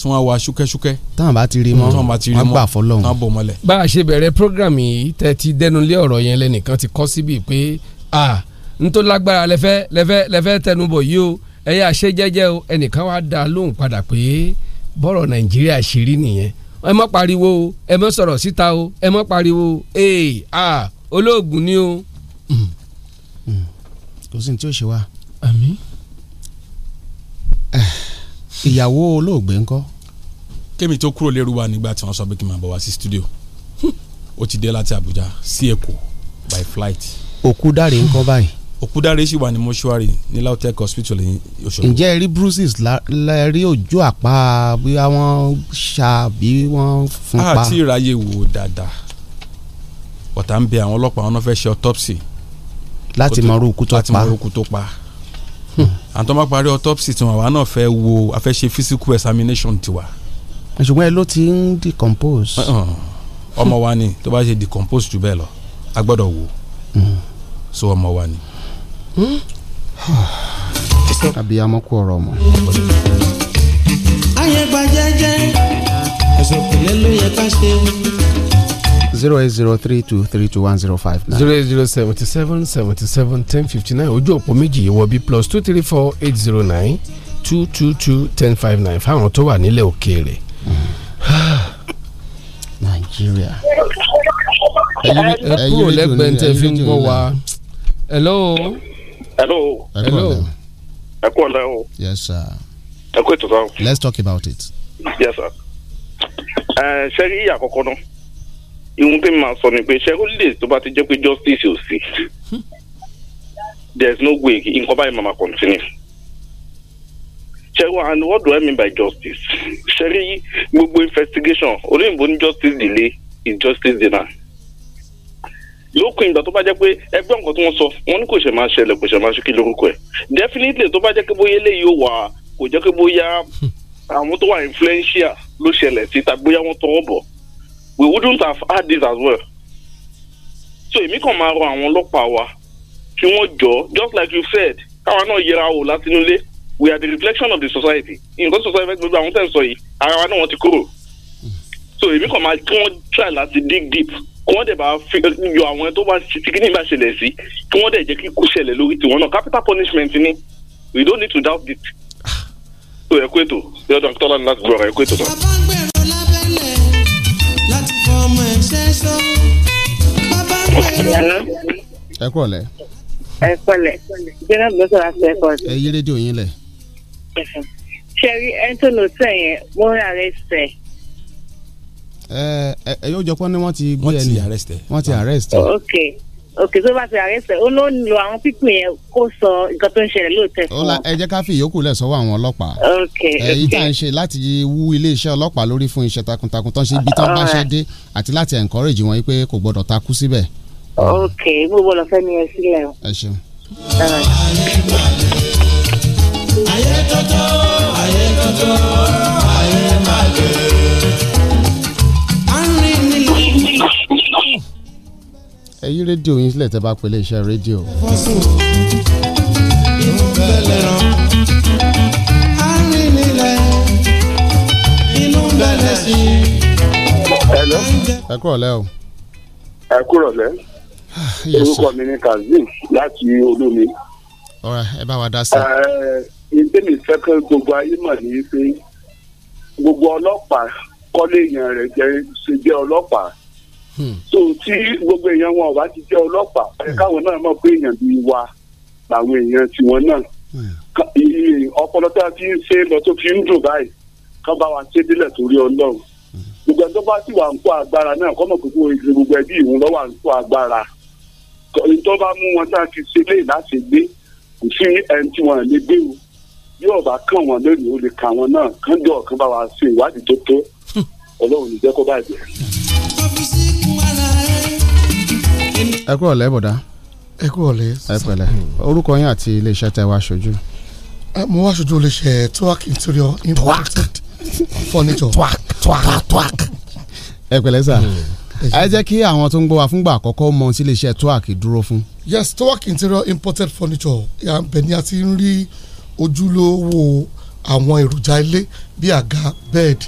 tí wọ́n wá ṣúkẹ́ṣúkẹ́. táwọn bá ti rí mọ́ wọ́n gbà fọlọ́hún. wọ́n bò mọ́lẹ̀. bá a ṣe bẹ̀rẹ̀ program yìí tẹ́ ti dẹnulé ọ̀rọ̀ yẹn lẹ́nìkan ti kọ́ síbi pé a n lágbára lẹ́fẹ́ lẹ́fẹ́ lẹ́fẹ́ tẹnubọ̀ yìí o ẹ yà ṣe jẹ́jẹ́ o ẹnìkan wá dá lóhùn padà pé bọ́rọ̀ nàìjíríà ṣe rí nìyẹn ẹ má pariwo o ẹ má sọ̀rọ̀ síta o ẹ má pariwo ee a olóògùn ni o. Hmm. Hmm. kò sí ní tí ó ṣe wá. ìyàwó olóògbé ńkọ́ kémi tó kúrò lérú wa nígbà tí wọ́n sọ pé kí n máa bọ̀ wá sí studio hmm. ó ti dé láti Àbújá sí Èkó by flight. òkú dáre ń kọ́ báyìí. òkú dáre sì wà ní mọ́ṣúárì ní LAUTECH hospital ní Òṣogbo. ǹjẹ́ rí bruises lẹ rí ojú àpá bí wọ́n ṣá bí wọ́n fún pa. àti ìráyè wò dáadáa ọ̀tá ń bẹ àwọn ọlọ́pàá wọn fẹ́ ṣe autopsy. láti mọ orú òkú tó pa láti mọ hmm. orú òkú tó pa àtọ́ máa parí autopsy tiwọn àwa náà fẹ́ wo a fẹ́ ṣe physical examination tiwa ṣùgbọ́n ẹ ló ti ń decompose. ọmọ wa ni tó bá ṣe decompose jù bẹ́ẹ̀ lọ a gbọ́dọ̀ wò hmm. so ọmọ wa ni. Hmm. abiyamọ kú ọ̀rọ̀ ọmọ. ayé gba jẹ́jẹ́ ẹ̀sùn kùnlé ló yẹ ká ṣe zero eight zero three two three two one zero five nine. zero eight zero seventy seven seventy seven ten fifty nine ojú òpó méjì ìwọ bíi plus two three four eight zero nine two two two ten five nine fáwọn tó wà nílẹ̀ òkèèrè nàìjíríà. ẹ kúrò lẹ́gbẹ̀ẹ́ tẹ fi ń gbọ́ wa. hello. hello. hello. ẹ kú ọ̀la o. yes sir. ẹ kú ètò sáà. let's talk about it. yes sir. ṣe rí àkọ́kọ́ náà ìhun tí màá sọ ni pé ṣe ó lè tó bá ti jẹ́ pé justice ò sí hmm. there is no way nǹkan báyìí màmá continue ṣẹ́wọ́ and what do I mean by justice? ṣẹ́rí gbogbo investigation olóyìnbó ní justice delay is justice denied lókun ìgbà tó bá jẹ́ pé ẹgbẹ́ nǹkan tí wọ́n sọ wọ́n ní kò ṣe máa ṣẹlẹ̀ kò ṣe máa ṣe kí lórúkọ ẹ̀ definitely tó bá jẹ́ pé bóyá eléyìí ó wà kò jẹ́ pé bóyá àwọn tó wà influential ló ṣẹlẹ̀ sí tàbí bóyá wọ́n tọwọ́ bọ̀ we wouldn't have had this as well so èmi kàn máa rọ àwọn ọlọ́pàá wa kí wọ́n jọ just like you said káwa náà yẹra wò látinúlé we are the reflection of the society nǹkan society fẹ́ gbogbo àwọn tẹ̀ ń sọ yìí ara wa náà wọ́n ti kúrò so èmi kàn máa kí wọ́n try láti dig deep kí wọ́n dẹ̀ bá yọ àwọn tó bá ti kí ní bá ṣẹlẹ̀ sí kí wọ́n dẹ̀ jẹ́ kí kú ṣẹlẹ̀ lórí tiwọn náà capital punishment ni we don't need to doubt it so ẹ kú ètò yọ dọ̀ tọ́lá ní láti gbọ́ ọ̀rọ̀ ẹ kú ètò náà. bàbá ń gbèrò lábẹ́lẹ̀ láti fọ ọmọ ẹ̀ṣẹ́ sọ bàbá ń gbèrò. ẹ kúrọ̀lẹ́. ẹ kúrọ̀lẹ́ jẹ́nà gbèsè láti ẹ kúrọ̀lẹ́. ẹ yí rédíò yín lẹ̀ ṣẹ́rí ẹ̀ńtọ́nù sẹ́yìn wọ́n rí arrest ẹ̀. ẹ ẹ yóò jọ pé ni wọ́n ti gbé ẹ ní wọ́n ti arrest ẹ. Ah. Oh, ok ok tó bá ti arrest ẹ ó ló ń lo àwọn pípìn yẹn kó sọ nǹkan tó ń ṣẹlẹ̀ lóòótọ́ ó la ẹ jẹ́ ká fi ìyókù lẹ̀ sọ́wọ́ àwọn ọlọ́pàá. ok ok èyí tá à ń ṣe láti wú iléeṣẹ́ ọlọ́pàá lórí fún iṣẹ́ takuntakun tó ń ṣe ibi tó bá ṣe dé àti láti encourage wọn pé kò gbọ́dọ̀ takú síbẹ̀. ok gbogbo ọ̀nà fẹ́ ni ẹ sílẹ̀ o. ẹ ṣeun tó tó ayé tó tó ayé má le. ẹ yí rédíò yín sílẹ̀ tẹ́ bá pèlè iṣẹ́ rédíò. ẹ kúrò lẹ́ o. ẹ kúrò lẹ́ ah, orúkọ mi ni kazeem láti olómi. ọ̀rọ̀ ẹ bá wa dá sí. Eh, ìdèmí fẹ́ kí gbogbo ayé mọ̀ ní pé gbogbo ọlọ́pàá kọ́lé èèyàn rẹ̀ jẹ́ ṣe jẹ́ ọlọ́pàá hmm. so tí gbogbo èèyàn wọn wá ti jẹ́ ọlọ́pàá hmm. káwọn náà mọ̀ pé èèyàn bíi wa làwọn èèyàn tiwọn náà hmm. ọpọlọ tí a fi ń ṣe lọ tó fi ń dùn báyìí kán bá wa ṣe délẹ̀ torí ọlọ́run gbogbo ẹjọ́ bá sì wà ń kó agbára náà kọ́ mọ̀ gbogbo ìṣe gbogbo ẹbí ìhun lọ́wọ́ à ń kó agbára ìjọba mú wọn tá a ti ṣe léè láti gbé kò sí ẹni tí wọn lè gbé o bí ọba kàn wọn lónìí ó lè kà wọn náà kánjọ kan bá wa ṣe ìwádìí tó tó ọlọ́run ní jẹ́ kó bàjẹ́. ẹ kú ọ̀lẹ́ bọ̀dá. ẹ kú ọ̀lẹ́. ẹ orúkọ yín àti iléeṣẹ́ tẹ wá ṣojú. mo wá ṣojú iléeṣẹ́ twac interior imported furniture. twac twac twac. ẹ pẹ̀lẹ́ sà mm. ẹ jẹ́ kí àwọn tó ń gbọ́ wa fúngbà àkọ́kọ́ mọ sí iléeṣẹ́ twac dúró fún. yes twac interior imported furniture ìyá bẹ̀ni àti ń rí ojúlówó àwọn èròjà ilé bíi àga bed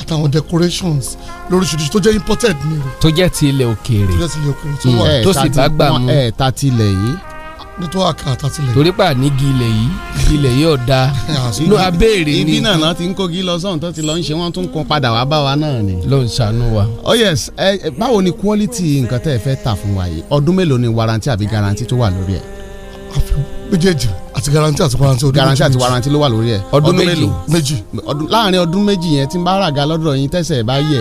àtàwọn decorations lóríṣiríṣi tó jẹ́ imported ni o. tó jẹ́ ti ilẹ̀ òkèèrè tó jẹ́ ti ilẹ̀ òkèèrè tó mm. sì bá gbà mú. ẹ ta ti ilẹ̀ yìí nítorí àkà àtàtìlẹ̀. torí pa nígi ilẹ̀ yìí ilẹ̀ yìí ọ̀dà ló *laughs* abéèrè ni. ibi náà náà ti ń kó gí lọ sọ́hún tó ti lọ ń ṣe wọ́n tún kó padà wá bá wa náà ni. ló ń ṣàánú wa. oh yes báwo ni quality nǹkan tẹ́ ẹ fẹ́ tà fún wa yìí ọdún mélòó ni warranty àbí guarantee tó wà lórí ẹ̀ méjèèjì àti garanti àti warranty ọdún méjì garanti àti warranty ló wà lórí ẹ ọdún mélòó méjì láàrin ọdún méjì yẹn tí n bá ràga lọ́dọ̀ yín tẹ̀sẹ̀ ẹ bá yẹ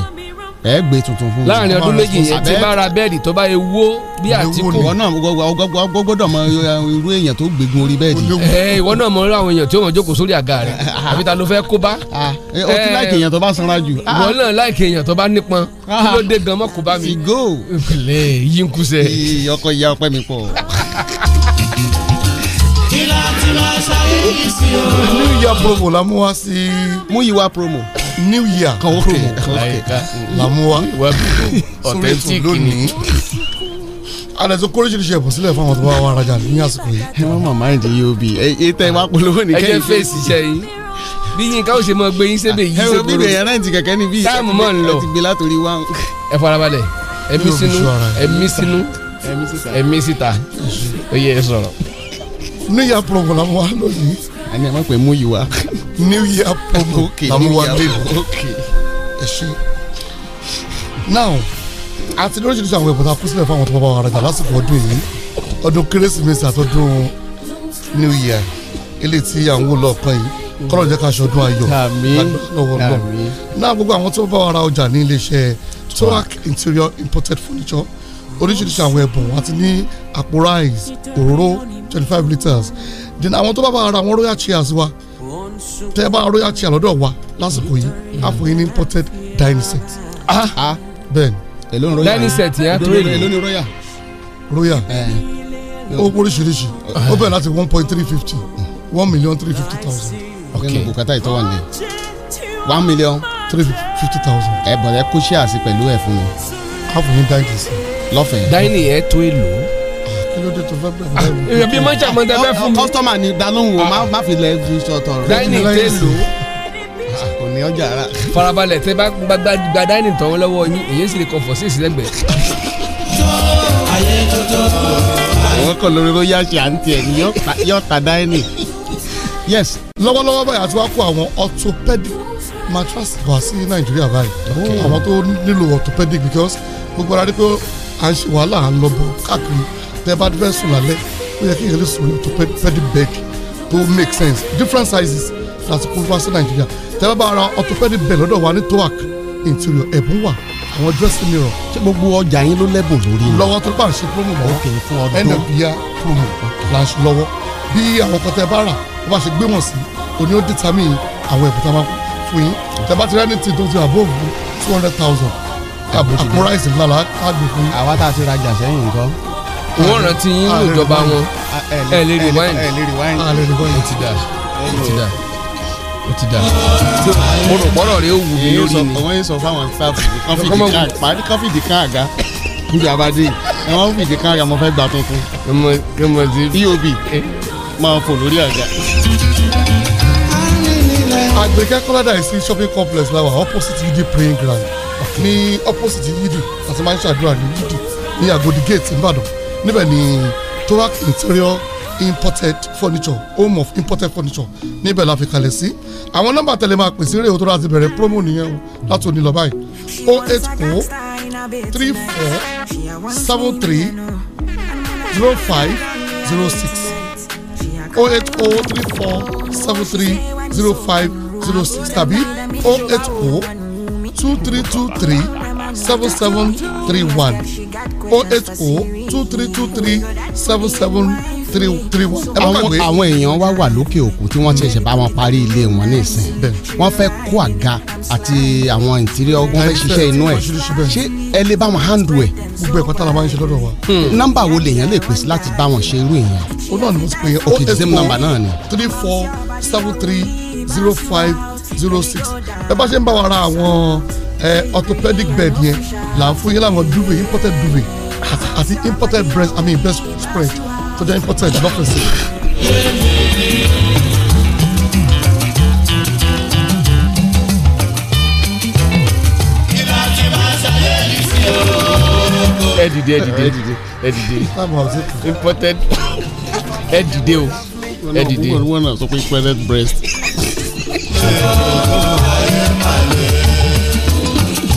ẹ gbé tuntun fún mi. láàrin ọdún méjì yẹn tí bá ra bẹ́ẹ̀dì tó bá yẹ wó bí àtìkù. ìwọ náà gbọ́dọ̀ mọ irú èèyàn tó gbégun orí bẹ́ẹ̀dì. ẹ ìwọ náà mọ irú àwọn èèyàn tí ó mọ jókòó sórí àga rẹ *laughs* àbí ta ló fẹ́ kó bá. o ah, ti láìkì èèyàn tó bá sanra jù. Ah. ìwọ náà láìkì èèyàn tó bá nípọn ah. kí ló dé gan mọ́ kó bá mi. ti go. ìpìlẹ̀ *laughs* yín kúsẹ̀. ọkọ ìyá ọpẹ́ mi pọ̀. *laughs* new year promo la mú wá sí. mú yìí wá promo. new year promo la mú wá sórí *laughs* ètò lónìí alẹ́sọ kórìṣìṣì ẹ̀bùn sílẹ̀ fún àwọn tó bá wà rajà ní àsìkò yìí. ẹ má màmá ẹ̀ jẹ́ yóò bí ẹ tẹ́ ẹ wá polówó ní ẹ jẹ́ fèsì iṣẹ́ yìí bí yín ká ṣe mọ gbé yín sébè yìí sébòrò. ẹ wo bíbẹ̀ yàrá ìtì kẹ̀kẹ́ níbí táàmù mọ̀ ń ẹ ti gbé látòrí wá. ẹ farabalẹ̀ ẹ̀mí sínú ẹ̀mí sínú ẹ̀mí síta ó yẹ ẹ sọ̀rọ̀ new year promo la mú wa lónìí. a ní pè mú yìí wá. new year promo *laughs* la mú wa lónìí. ẹ ṣe now àti lóríṣiríṣi àwọn ẹ̀bùn tá a kú sílẹ̀ fún àwọn tó bá wà rajà lásìkò ọdún yìí ọdún kérésìmesì àtọdún new year eléyìí tí à ń wò lọ́ọ̀kan yìí kọ́lọ̀ jẹ́ ká ṣọdún ayọ̀ lọ́wọ́ lọ. náà gbogbo àwọn tó bá wa ra ọjà ní iléeṣẹ́ storac interior imported furniture oríṣiríṣi àwọn ẹ̀bùn àti ní àpò rice òróró twenty five litres then àwọn tó bá bá ara wọn royal chairs wa tẹ́ bá royal chair lọ́dọ̀ wa lásìkò yìí àfòyín ní imported dining set. Ah. Ah, bẹ́ẹ̀ni dining set yẹn tóyè lóní royal. royal eh. ó oríṣiríṣi ó bẹ̀rẹ̀ láti one point three fifty one million three fifty thousand. ok ẹnu bùkátà ìtọ́ wà ní one million three fifty thousand. ẹ eh, bọ̀dẹ̀ kó ṣe àṣì pẹ̀lú ẹ̀ fún mi. àfòyín dining set. lọ́fẹ̀ẹ́. dining yẹn tó èlò kí ló dé tó fẹ́ bẹ̀rẹ̀. Ah, èyàn bíi mọ́ṣà mọ́ tẹ́ fún mi. kọ́sítọ́mà ni dalóhùn o ah. má fi lẹ́ fi sọ̀tọ̀ rẹ̀. dining table ah, kò ní ọjà rà. farabalẹ̀ tẹ bá gba dining tán lọ́wọ́ yín èyí sì lè kọ fọ̀ sí ìsílẹ̀gbẹ̀. àwọn kan lórí royal ṣe à ń tiẹ̀ ni yóò ta dining. yes lọ́wọ́lọ́wọ́ báyìí àti wá kó àwọn orthopedic mattress wá sí nàìjíríà báyìí àwọn tó nílò orthopedic because gbogbo ara rí pé à ń ṣe wàhálà à ń lọ bọ káàkiri tẹ́ bá fẹ́ sùn lálẹ́ ó yẹ kí èèyàn lè sùn ní ọ̀tún fẹ́ẹ́dì bẹ́ẹ̀kì tó make sense different sizes lásìkò wá sí nàìjíríà tẹ́ bá bá ara orthopedic bẹ́ẹ̀ lọ́dọ̀ wa ní toac interior ẹ̀bùn wà àwọn dressing mirror. ṣé gbogbo ọjà yín ló lẹ́bùn lórí rẹ̀. lọ́wọ́ tó bá ń ṣe promo lọ́wọ́ ok fún ọdún end of year promo launch lọ́wọ́ bí àwọn kan tẹ́ bá rà ó bá ṣe gbé wọn sí òní ó determine àwọn ẹ̀bùn tá a máa fún yín tẹ́ bá ti rẹ́ ní ti tó ti above two hundred thousand àkúráìsì ńlá la á gbé fún yín. àwa tá a ti rajà sẹ́yìn nǹkan wọ́n rántí yín wò jọba ah, wọn ẹ ah, eh, eh, eh, lè rewind ẹ ah, lè rewind ó ti dà ó ti dà ó ti dà mo rò pọ́nrọ̀ rẹ ó wù mí lórí mi. wọ́n yóò sọ fáwọn staff pàdé kọ́fìdì kan àga níbi àbádé ẹ wọ́n fìdí kan àga mo fẹ́ gbà tuntun. eob máa fò lórí àga. Àgbẹ̀kẹ́ Kọ́ládà ìsí shopping complex làwà opposite yídì praying ground ní opposite yídì àti máa ń ṣàdúrà ní yídì ní Àgòdì gate Ìbàdàn níbẹ̀ ni torac interior imported furniture home of imported furniture níbẹ̀ la fi kalẹ̀ sí àwọn nọ́mbà tẹ̀lé máa pèsè eré òtún láti bẹ̀rẹ̀ promo nìyẹn o láti òní lọ báyìí o oh eight o oh three four seven three zero five zero six o oh eight o three four seven three zero five zero six tàbí o eight o two three two three seven seven three one oh eight oh two three two three seven seven three three one. àwọn àwọn èèyàn wá wà lókè òkun tí wọ́n ṣẹ̀ṣẹ̀ bá wọn parí ilé wọn ní ìsìn wọ́n fẹ́ kó àga àti àwọn ìtìrí ọgbọ́n fẹ́ ṣiṣẹ́ inú ẹ̀ ṣé ẹ lè bá wọn handle ẹ̀. gbogbo ẹ̀kọ́ tá a máa ń ṣe lọ́dọ̀ wa. Hmm. nọ́mbà wo lèèyàn lè pèsè láti bá wọn ṣe irú èèyàn. ó náà ni mo ti pè é ok the same number náà ni. Oh oh three four seven three zero five zero six ẹ bá ṣe ń bá wa ra àwọn orthopedic bed yẹn là ń fún yín láwọn duvet imported duvet àti imported breast i mean breast spread tó jẹ́ imported lọ́fẹ̀ẹ́sì. ẹ dìde ẹ dìde ẹ dìde imported ẹ dìde o ẹ dìde. wọ́n náà sọ pé imported breast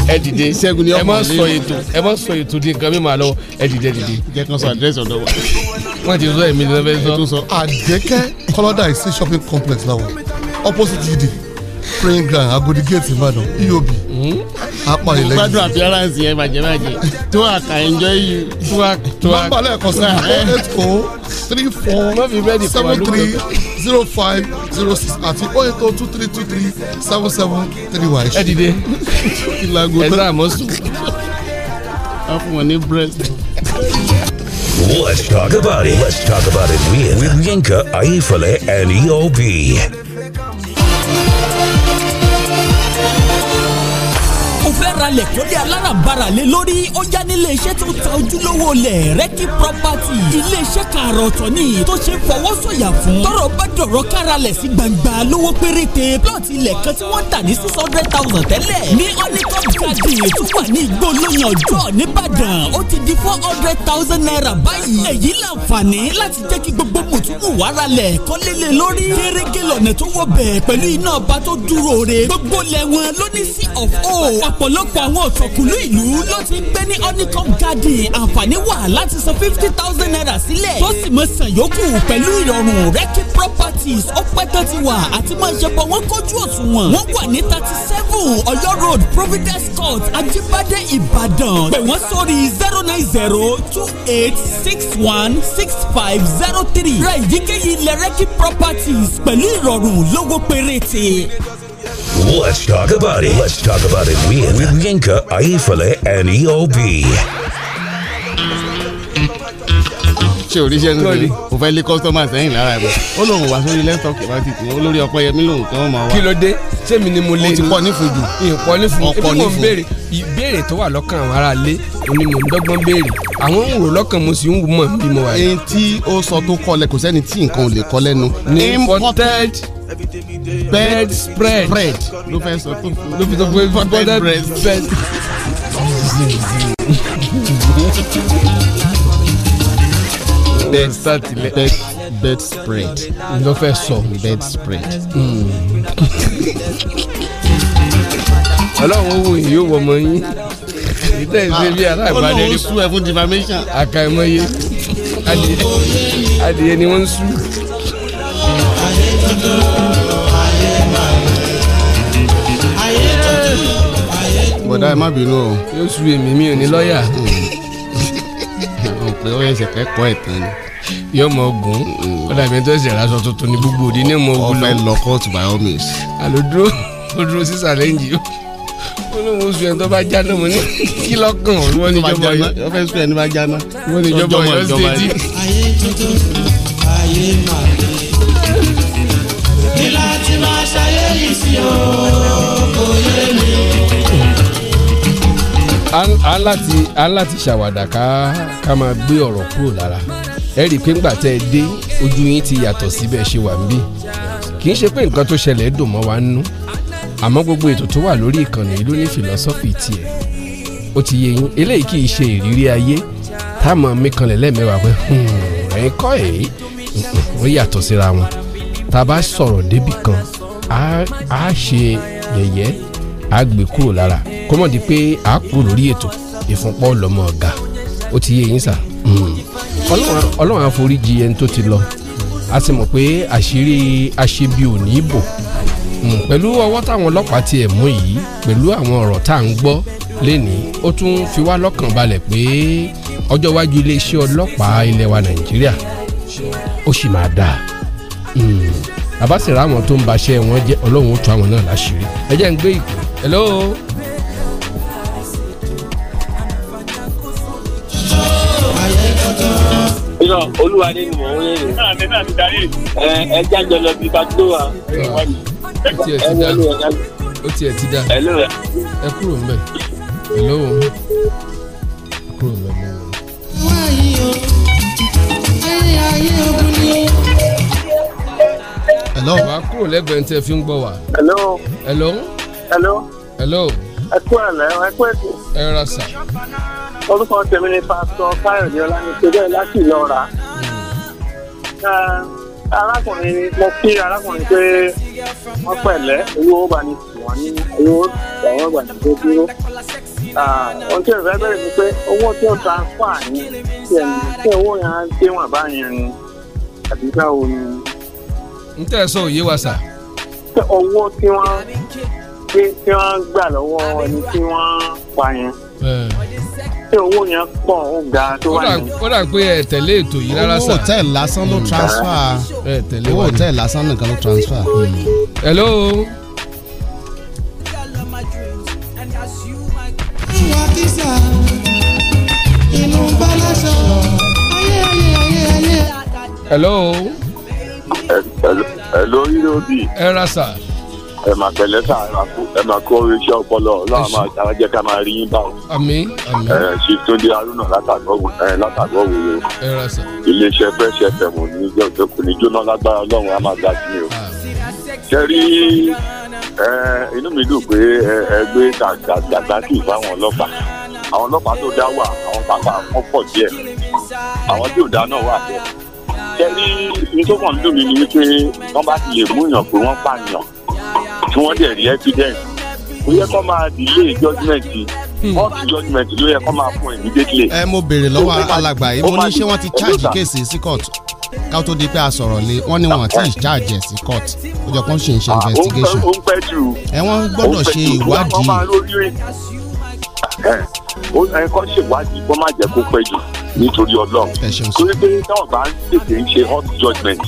ẹ dìde ṣẹ́gun ni ọmọ mi ẹ má sọ ètò ẹ má sọ ètò di nǹkan mi máa lọ ẹ dìde dìde. jẹ́ kan sọ àdírẹ́sì ọ̀dọ̀ wa. wọ́n ti sọ èmi lọ́wọ́ fẹ́ sọ. ètò sọ àjẹkẹ́ kọ́lọ́dà ìsí shopping complex làwọn opposite gidi praying ground agodi gate ìbàdàn eob hmm? apọ̀ ilẹ̀ yìí. gbádùn appearance yẹn bàjẹ́ bàjẹ́ twerk enjoy you twerk twerk. nọ́mbà lẹ́ẹ̀kan sí ah, eh. eight four three four seven three zero five zero six àti oh eight oh two three two three seven seven three one. ẹ dìde ẹ sá àmọ́ sùn wọ́n fún wọn ní breast. Let's talk about it. Let's talk about it with, with Yinka Ayefele and EOB. ralẹ̀ kólé aláràbarà lé lórí ó yá nílé iṣẹ́ tó ta ojúlówó lẹ̀ rẹ́kí property ilé iṣẹ́ kààrọ̀ ọ̀tọ̀ ni tó ṣe fọwọ́sọ̀yà fún tọ́rọ̀ bá dọ̀rọ̀ káralẹ̀ sí gbangba lówó péréte plot ilẹ̀ kan tí wọ́n tà ní six hundred thousand tẹ́lẹ̀ ní honeycomb garden tó wà ní igbó lóyún ọjọ́ nìbàdàn ó ti di four hundred thousand naira báyìí èyí láǹfààní láti jẹ́ kí gbogbo mùtúmù wà ralẹ̀ kọ́lélẹ̀ lórí kéréke lọ́nà tó wọ bẹ̀ pẹ̀lú iná ọba tó dúró re gbogbo lẹ̀ wọn ló ní sí of o ọ̀pọ̀lọ ọ̀pọ̀lọpọ̀ àwọn òtòkùlú ìlú ló ti ń gbé ní honeycomb garden àǹfààní wà láti san fifty thousand naira sílẹ̀ tó sì mọ san yòókù pẹ̀lú ìrọ̀rùn rẹ́kì properties ó pẹ́ tó ti wà àti máa ṣe bọ̀ wọ́n kójú òṣùwọ̀n wọ́n wà ní thirty seven ọ̀yọ́ road providence court ajibade ìbàdàn pè wọ́n sórí zero nine zero two eight six one six five zero three rẹ̀ èyíkéyìí ilẹ̀ rẹ́kì properties pẹ̀lú ìrọ̀rùn lówó péréte. Let's talk about it. Let's talk about it with, with Yinka, Aifale, and EOB. ṣé o rí iṣẹ́ nínú mi kò fẹ́ lé kọ́sítọ́mà sẹ́yìn lára ẹ̀ ó lóun wá sórí lẹ́tọ̀ọ̀kì bá ti tì ó lórí ọkọ yẹmi lòun tó ń mọ̀ wá. kí ló dé sẹ́mi ni mo lé ní. o ti kọ́ nífun jù. ìkọ́ nífun ebi mo ń béèrè ìbéèrè tó wà lọ́kàn àwọn ará ilé èmi mò ń dọ́gbọ́n béèrè àwọn ń rò lọ́kàn mo sì ń wù mọ̀ bí mo wà. èyí tí ó sọ tó kọ́ lẹ kò sẹ́ni tí nǹkan ò lè kọ́ lẹ́nu. imported bed spread ló fẹ́ sọ fún mi ló fi sọ fún mi for bed spread. bed satile bed bed spread ló fẹ́ sọ bed spread. Hmm. ọlọ́run wo yìí yóò wọ̀ ọmọ yín ìtẹ́ ìṣe bí aláìbáde rí olóhùn sùn ẹ̀ fún defamation. àkàìmọye adìyẹ ni wọ́n ń sùn. bọ̀dá ẹ má bínú o. yóò su èmi mi ò ní lọ́ọ̀yà. *laughs* àwọn òpè ọ̀rẹ́ ẹ̀sẹ̀ kẹ́kọ̀ọ́ ìtàn ni. yóò mọ ogun mm. ó dàbí tó ṣẹ̀ṣẹ̀ raṣọ tuntun ní gbogbo òde ní mọ ogun lọ. ọfẹ lọ court by all means. àló dúró ó dúró sí sàlẹ́ǹjì ó ó lóun oṣù ẹni tó bá jáná mo ní kí lọ́kàn wọ́n ní jọba yọ. ọfẹ sùn ẹni bá jáná. wọ́n ní jọba yọ ṣèjì. ayé tuntun ayé màlẹ́ aláti aláti ṣàwàdà ká ká máa gbé ọ̀rọ̀ kúrò lára ẹ rí i pé ńgbà tẹ́ ẹ dé ojú yín ti yàtọ̀ síbẹ̀ ṣe wà níbí kì í ṣe pé nǹkan tó ṣẹlẹ̀ dùn mọ́ wa nínú àmọ́ gbogbo ètò tó wà lórí ìkànnì yìí ló ní fìlọ́sọ́fì tiẹ̀ ó ti yé yín eléyìí kì í ṣe ìrírí ayé táàmù mẹ́kànlẹ̀ lẹ́mẹ̀wá pé hmm, ẹ̀yin kọ́ èyí wọ́n *laughs* yàtọ̀ síra wọn tá a bá sọ̀rọ̀ débì kan á ṣe yẹ̀yẹ́ á gbé kúrò lára kó mọ̀ di pé à á kúrò lórí ètò ìfúnpọ̀ lọ́mọ ọ̀gá ó ti yé yín sà hmm. ọlọ́run àforíjì ẹni tó ti lọ a sì mọ̀ pé àṣírí aṣebi ò ní bò hmm, pẹ̀lú ọwọ́ táwọn ọlọ́pàá ti ẹ̀ mú yìí pẹ̀lú àwọn ọ̀rọ̀ tá à ń gbọ́ lẹ́ni ó tún fi wá lọ́kàn balẹ̀ pé ọjọ́ iwájú iléeṣẹ́ ọlọ́pàá ilẹ̀ wa nàìjíríà ó sì máa dáa hmm. àbá sì ra àwọn tó ń baṣẹ́ wọn jẹ́ ọlọ́run ó tú àwọn náà láṣìírí ẹ jẹ́ ń gbé ìpè hello. irọ́ olúwa ni mò ń rìn rìn ẹ jájọ lọ bí mi. ẹ kúrò ńbẹ̀ kúrò lẹ́gbẹ̀ẹ́ ní fi ń gbọ́ wa. hello. hello hello. hello. ẹ kú ẹ̀lẹ́ ẹ kú ẹ̀sìn. ẹ rà sà. orúkọ tèmi ni pásítọ̀ káyọ̀dé ọlánìkejì láti ìlọra. Hmm. arákùnrin mo kí arákùnrin pé wọ́n pẹ̀lẹ́ owó ó bá ní wọ́n ní owó ẹ̀wọ̀n ìgbà tó dúró. ohun tí ìfẹ́ bẹ̀rẹ̀ ni pé owó tí ó transfer ni tí owó yẹn á dé wọn bá yẹn ni àbí báwo ni. n tẹ́ ẹ sọ òye wa sà. owó tí wọ́n tí tí wọ́n gbà lọ́wọ́ ẹni tí wọ́n pa yẹn tí owó yẹn pọ̀ ó ga tó wà ní. ó pé ẹ tẹ̀lé ètò yìí rárá sà. owó hòtẹ́ẹ̀lì lásán ló transfer owó hòtẹ́ẹ̀lì lásán nìkan ló transfer. hello. hello. hello yìí ló bì. ẹ ra sà ẹ máa pẹ̀lẹ́ sà ẹ máa kó iṣẹ́ ọpọlọ Ọlọ́run máa ṣe àwọn jẹ ká máa rí yín báwo. àmín àmín. ẹ ṣe tó dé arúnà látàgbọ́ wòye o iléeṣẹ́ fresh fm ní ìjọ ìjọkùn ní jóná lágbára Ọlọ́run á máa ga sí i o. kẹrí ah. inú mi dùn pé ẹ gbé gàgàgàgàkì fáwọn ọlọ́pàá àwọn ọlọ́pàá tó dá wà àwọn pápá wọn pọ̀ díẹ̀ àwọn tí ò dá náà wà bẹ́ẹ̀ kẹrí nítorí wọn dùn mí ni wípé wọn bá ti lè mú yàn pé wọn pààyàn tí wọ́n dẹ̀ rí evidence kò yẹ kó máa delay judgement hmm. court judgement ló yẹ kó máa fún ẹ̀ immediately. ẹ mo béèrè lọ́wọ́ alàgbà yìí mo ní ṣé wọ́n ti charge kéèsì sí court ká tó di pé a sọ̀rọ̀ lé wọ́n ní wọn àti charge sí court ó jọ kó ń ṣe ṣe ah, investigation. ó ń pẹ́ jù ẹ wọ́n gbọ́dọ̀ ṣe ìwádìí. ẹ kọ́ ṣèwádìí kó má jẹ́ kó pẹ́ jù nítorí ọlọ́run torí pé táwọn bá ń tètè ń ṣe hot judgement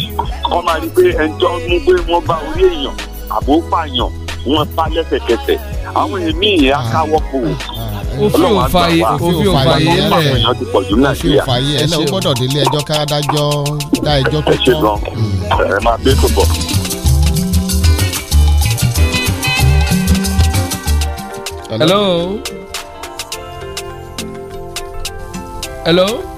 kọ́ máa rí pé ẹjọ́ mú pé wọ́n bá orí èèyàn àbò pààyàn wọ́n pa lẹ́sẹ̀kẹsẹ̀ àwọn èmi ìyá káwọ́ kò ah, ah, ah, òfin ò fààyè òfin ò fààyè lẹ òfin ò fààyè ẹ lẹ o gbọ́dọ̀ délé ẹjọ́ ká dájọ́ dá ẹjọ́ tó tọ́. ẹ máa dé kò bọ̀. hello. hello. hello?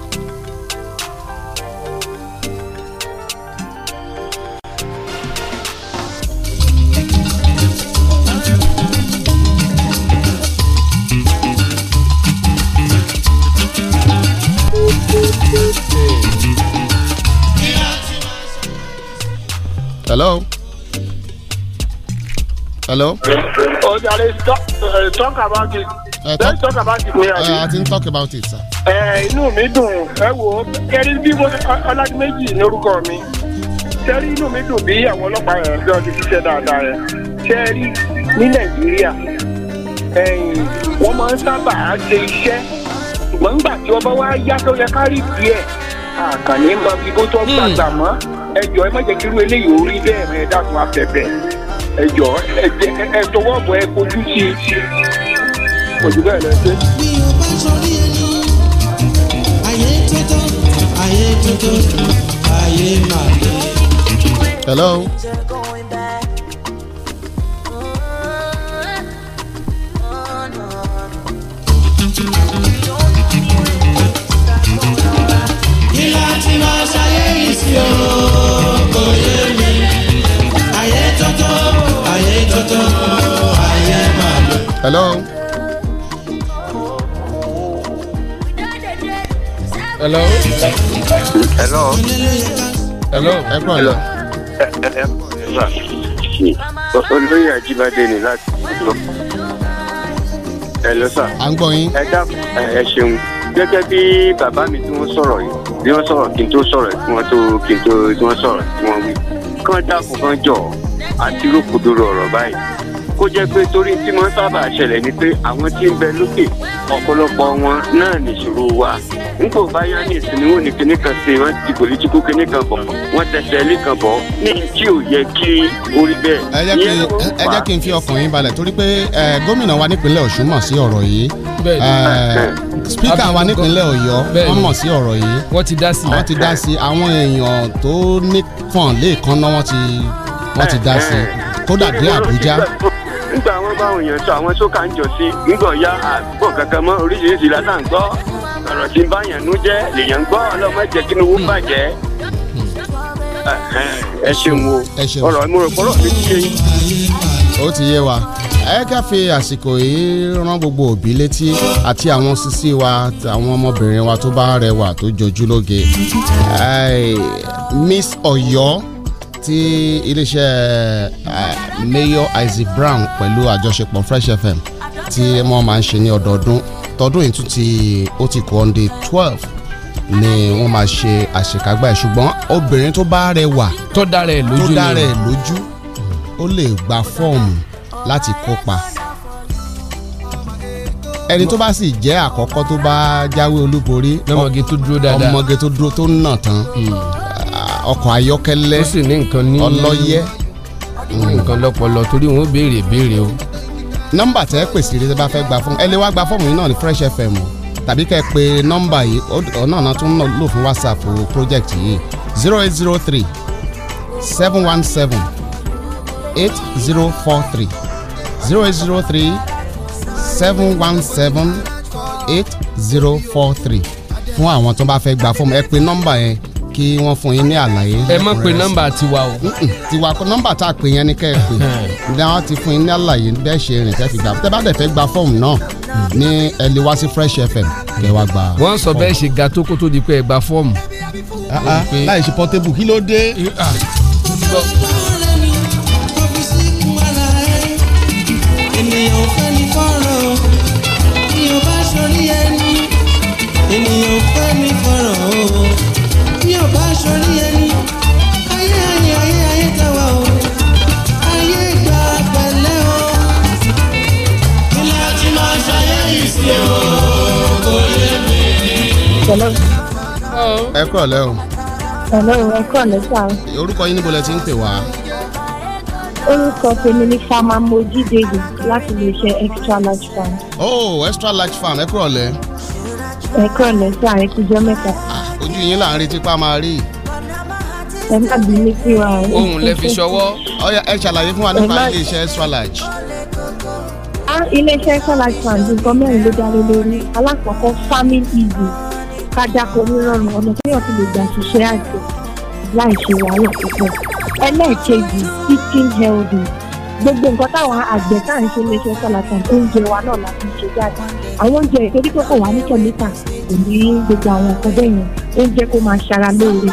hello. hello. o oh, jare uh, talk about it. Uh, let's talk about it. Uh, I think talk about it sir. ẹ eh, inú mi dùn ẹ wo kẹrin bí ọládìmẹjì lórúkọ mi sẹ́rí inú mi dùn bí àwọn ọlọ́pàá yẹn bí wọ́n ti ṣiṣẹ́ dáadáa rẹ̀ sẹ́rí ní nàìjíríà wọ́n máa ń sábà ṣe iṣẹ́ ṣùgbọ́n nígbà tí wọ́n bá wá yá tó yẹ ká rí díẹ̀ àkànní mọ ibo tó gbàgbà hmm. mọ́ ẹjọ́ ẹ má jẹ́ kí irú eléyìí orí bẹ́ẹ̀ rẹ dákun afẹ́fẹ́ ẹjọ́ ẹ tọwọ́ bọ̀ ẹ kojú sí i kò jù bẹ́ẹ̀ lọ sí. bí o bá sọrí ẹni ayé tuntun ayé tuntun ayé màlẹ. hello. Hello. Hello. Hello. Hello. Ẹ kúrò lọ. Olóyè Ajíbádé ni láti lọ. Ẹ À ń gbọ́ yín. Ẹ dákun ẹ ṣeun. Gẹ́gẹ́ bí bàbá mi tí wọ́n sọ̀rọ̀ yìí bí wọ́n sọ̀rọ̀ kí n tó sọ̀rọ̀ kí wọ́n tó kí n tó kí wọ́n sọ̀rọ̀ kí wọ́n wí kí wọ́n dákun kán jọ̀ àti rògbòdò rọ̀rọ̀ báyìí kó jẹ́ pé torí tí wọ́n sábà ṣẹlẹ̀ ni pé àwọn tí ń bẹ lókè ọ̀pọ̀lọpọ̀ wọn náà nìṣòro wa nípò báyá ní ìsinmi wọn ní kinní kan ṣe wọn ti kòlí jíkú kinní kan bọ̀ wọn tẹsẹ̀ ilé kan bọ̀ ní tí ò yẹ kí orí bẹ́ẹ̀. ẹ jẹ́ kí n fi ọkàn yín balẹ̀ torí pé gómìnà wa nípínlẹ̀ Ọ̀ṣun mọ̀ sí ọ̀rọ̀ yìí spíkà wa nípínlẹ̀ Ọ̀yọ́ wọ́n mọ̀ sí ọ̀rọ̀ yìí wọ́n ti dá sí i wọ́n ti dá sí i àwọn èèyàn tó nífọ̀n lẹ́ẹ̀kan náà wọ́n ti dá sí i kódà dé Àbújá nígbà wọn bá àwọn èèyàn sọ àwọn sókà ń jọ sí nígbà ya àgbọ̀ kankan mọ́ oríṣiríṣi látà ń gbọ́ ọ̀rọ̀ tí ń bá yàn nú jẹ́ lèèyàn ń gbọ́ ọlọ́mọ kí ni owó bàjẹ́ ẹ ṣeun o ọ̀rọ̀ mo rò pọ́rọ̀ mi ti yé yín. ó ti yé wa ẹ ká fi àsìkò yìí rán gbogbo òbí létí àti àwọn sisi wa àwọn ọmọbìnrin wa tó bá rẹwà tó jojú lóge Miss Ọ̀yọ́ tí iléeṣẹ́ mayor Isaac Brown pẹ̀lú àjọṣepọ̀ Fresh FM tí wọ́n máa ń ṣe ní ọdọọdún tọdún yìí tún ti ó ti kọ́ on the twelve ni wọ́n máa ṣe àṣekágbá ẹ̀ ṣùgbọ́n obìnrin tó bá rẹwà tó dá rẹ̀ lójú tó dá rẹ̀ lójú ó lè gba fọ́ọ̀mù láti kópa ẹni tó bá sì jẹ́ àkọ́kọ́ tó bá jáwé olúborí ọmọge tó dúró dáadáa ọmọge tó dúró tó nà tán hmm ọkọ̀ ayọ́kẹ́lẹ́ ó sì ní nǹkan ní ọlọ́yẹ. nǹkan lọ́pọlọ torí wọn béèrè béèrè o. nọ́mbà tẹ́ pè sí rẹ́sẹ̀ bá fẹ́ gba fọ́ọ̀mù ẹ lè wá gba fọ́ọ̀mù yìí náà ní Fresh FM o tàbí kẹ́ ẹ pè nọ́mbà yìí ọ̀nà náà tún lò fún WhatsApp project yìí zero eight zero three seven one seven eight zero four three zero eight zero three seven one seven eight zero four three fún àwọn tó bá fẹ́ gba fọ́ọ̀mù ẹ pè nọ́mbà yẹn kí wọ́n fún yín ní àlàyé. ẹ má pe nọ́mbà tiwa o. tiwa kọ nọ́mbà tá a pè yẹn ni kẹ́ ẹ pè ní wọ́n ti fún yín ní àlàyé bẹ́ẹ̀ ṣe rìn tẹ́ fi gbà tẹ́ bá dẹ̀ fẹ́ gba fọ́ọ̀mù náà ní ẹ lè wá sí Fresh FM kẹ́ wá gba. wọ́n sọ bẹ́ẹ̀ ṣe ga tó kó tó di pé ẹ gba fọ́ọ̀mù. Ah, ah, láì ṣe portable kí ló dé ènìyàn fẹ́ ní fọ́rọ̀ bí o bá sọ ènìyàn ò fẹ́ ní E ẹ kọ́ lẹ́ o. hello ẹ kọ́ lẹ́ sá. orúkọ yín níbo lẹ ti ń pè wá. orúkọ tèmi ni farmer mojí david láti lè ṣe extra large farm. oh extra large farm ẹ kúrọ̀ lẹ́. ẹ kúrọ̀ lẹ́ sá ẹ ti jẹ́ mẹ́ta. Ah, ojú yín là ń retí pa máa rí i ẹ má bínú sí wa. ohun lè fi ṣọwọ́ ẹ ṣàlàyé fún wa nípa iléeṣẹ́ Extralaje. iléeṣẹ́ Extralaje fund nǹkan mẹ́rin ló darí lórí alákọ̀ọ́kọ́ family easy kájàkọ nírọ̀rùn ọ̀nà tí yóò fi lè gbà ṣiṣẹ́ àgbẹ̀ láì ṣe wàhálà púpọ̀ ẹlẹ́ẹ̀kejì eating healthy gbogbo nǹkan táwọn àgbẹ̀ tá à ń ṣe léṣe sọ́làtà tó ń jẹ wa náà la fi ṣe jáde àwọn oúnjẹ ìtorí pé kò wá ní kẹ̀míkà kò ní gbogbo àwọn nǹkan bẹ́ẹ̀ yẹn oúnjẹ kó máa ṣara lóore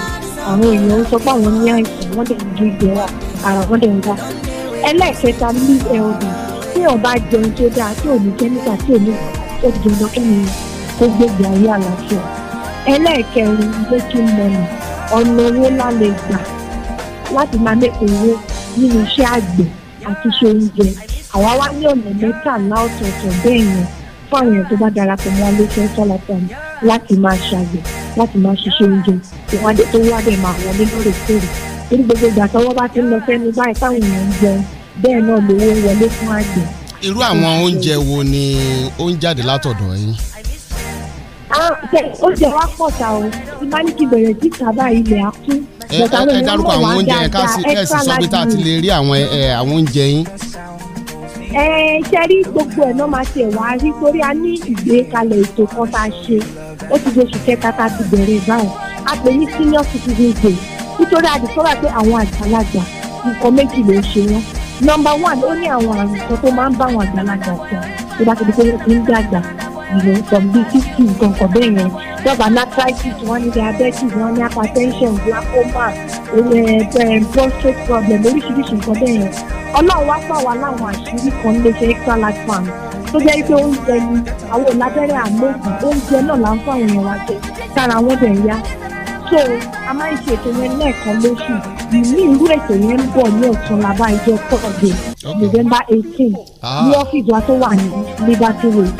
àwọn èèyàn sọ pé àwọn ní àìsàn wọ́n dẹ̀ ń gbé ìgbéra ara wọ́n dẹ̀ ń ga ẹlẹ́ẹ̀kẹta leave healthy tí ò jẹun tó dáa tí ò ní kẹ́míkà tí ò ní ó di tó gbégbé ayé àlàáfíà ẹlẹ́ẹ̀kẹrin making money ọ̀nà owó lálẹ́ gbà láti máa mé owó nínú iṣẹ́ àgbẹ̀ àti iṣẹ́ oúnjẹ àwa wá ní ọ̀nà mẹ́tàlá ọ̀tọ̀ọ̀tọ̀ bẹ́ẹ̀ yẹn fún àwọn èèyàn tó bá darapọ̀ mọ́ láti máa ṣiṣẹ́ oúnjẹ ìwádìí tó wá bẹ́ẹ̀ máa wọlé lóòrèkóòrè torí gbogbo ìgbà tọwọ́ bá ti ń lọ fẹ́ni báyìí táwọn èèyàn ń jẹun bẹ́ẹ̀ náà lówó ń wọlé fún àgbẹ̀. irú àwọn oúnjẹ wo ni ó ń jáde látọ̀dọ̀ yín. oúnjẹ wa pọ̀ ta o ìmáníkì bẹ̀rẹ̀ sí kaba ilẹ̀ akú. ẹ dárúkọ àwọn oúnjẹ ká sì sọ pé tá a ti lè rí àwọn oúnjẹ yín ṣe rí gbogbo ẹ̀ náà máa ṣe wá rí torí a ní ìgbékalẹ̀ ètò kan tá a ṣe ó ti di oṣù kẹta tá a ti bẹ̀rẹ̀ báyìí a pè ní senior citizen day nítorí àdìsọ́wà pé àwọn àgbàlagbà nǹkan méjì ló ń ṣe wọn number one ó ní àwọn àrùn kan tó máa ń bá àwọn àgbàlagbà sọ ìdàkejì pé ó ti ń dàgbà you know diabetes nǹkan kan bẹ́ẹ̀ yẹn dọ́gba arthritis wọ́n ní diabetes wọ́n ní hypertension glaucoma prostate problem oríṣiríṣi nǹkan bẹ́ẹ̀ yẹn ọlọ́run wá pàwọ́ aláwọn àṣírí kan léṣe extra large fan tó jẹ́ pé oúnjẹ ni àwọn ìlábẹ́rẹ́ àmóògùn oúnjẹ náà là ń fún àwọn èèyàn wa jẹ tára wọn dẹ̀ ń yá so a máa ń ṣe ètò yẹn lẹ́ẹ̀kan lóṣù ìní irú ètò yẹn ń bọ̀ ní ọ̀tún labá ìjọ thursday november eighteen ah. ní ọ́fíìsì wa tó wà ní liberty road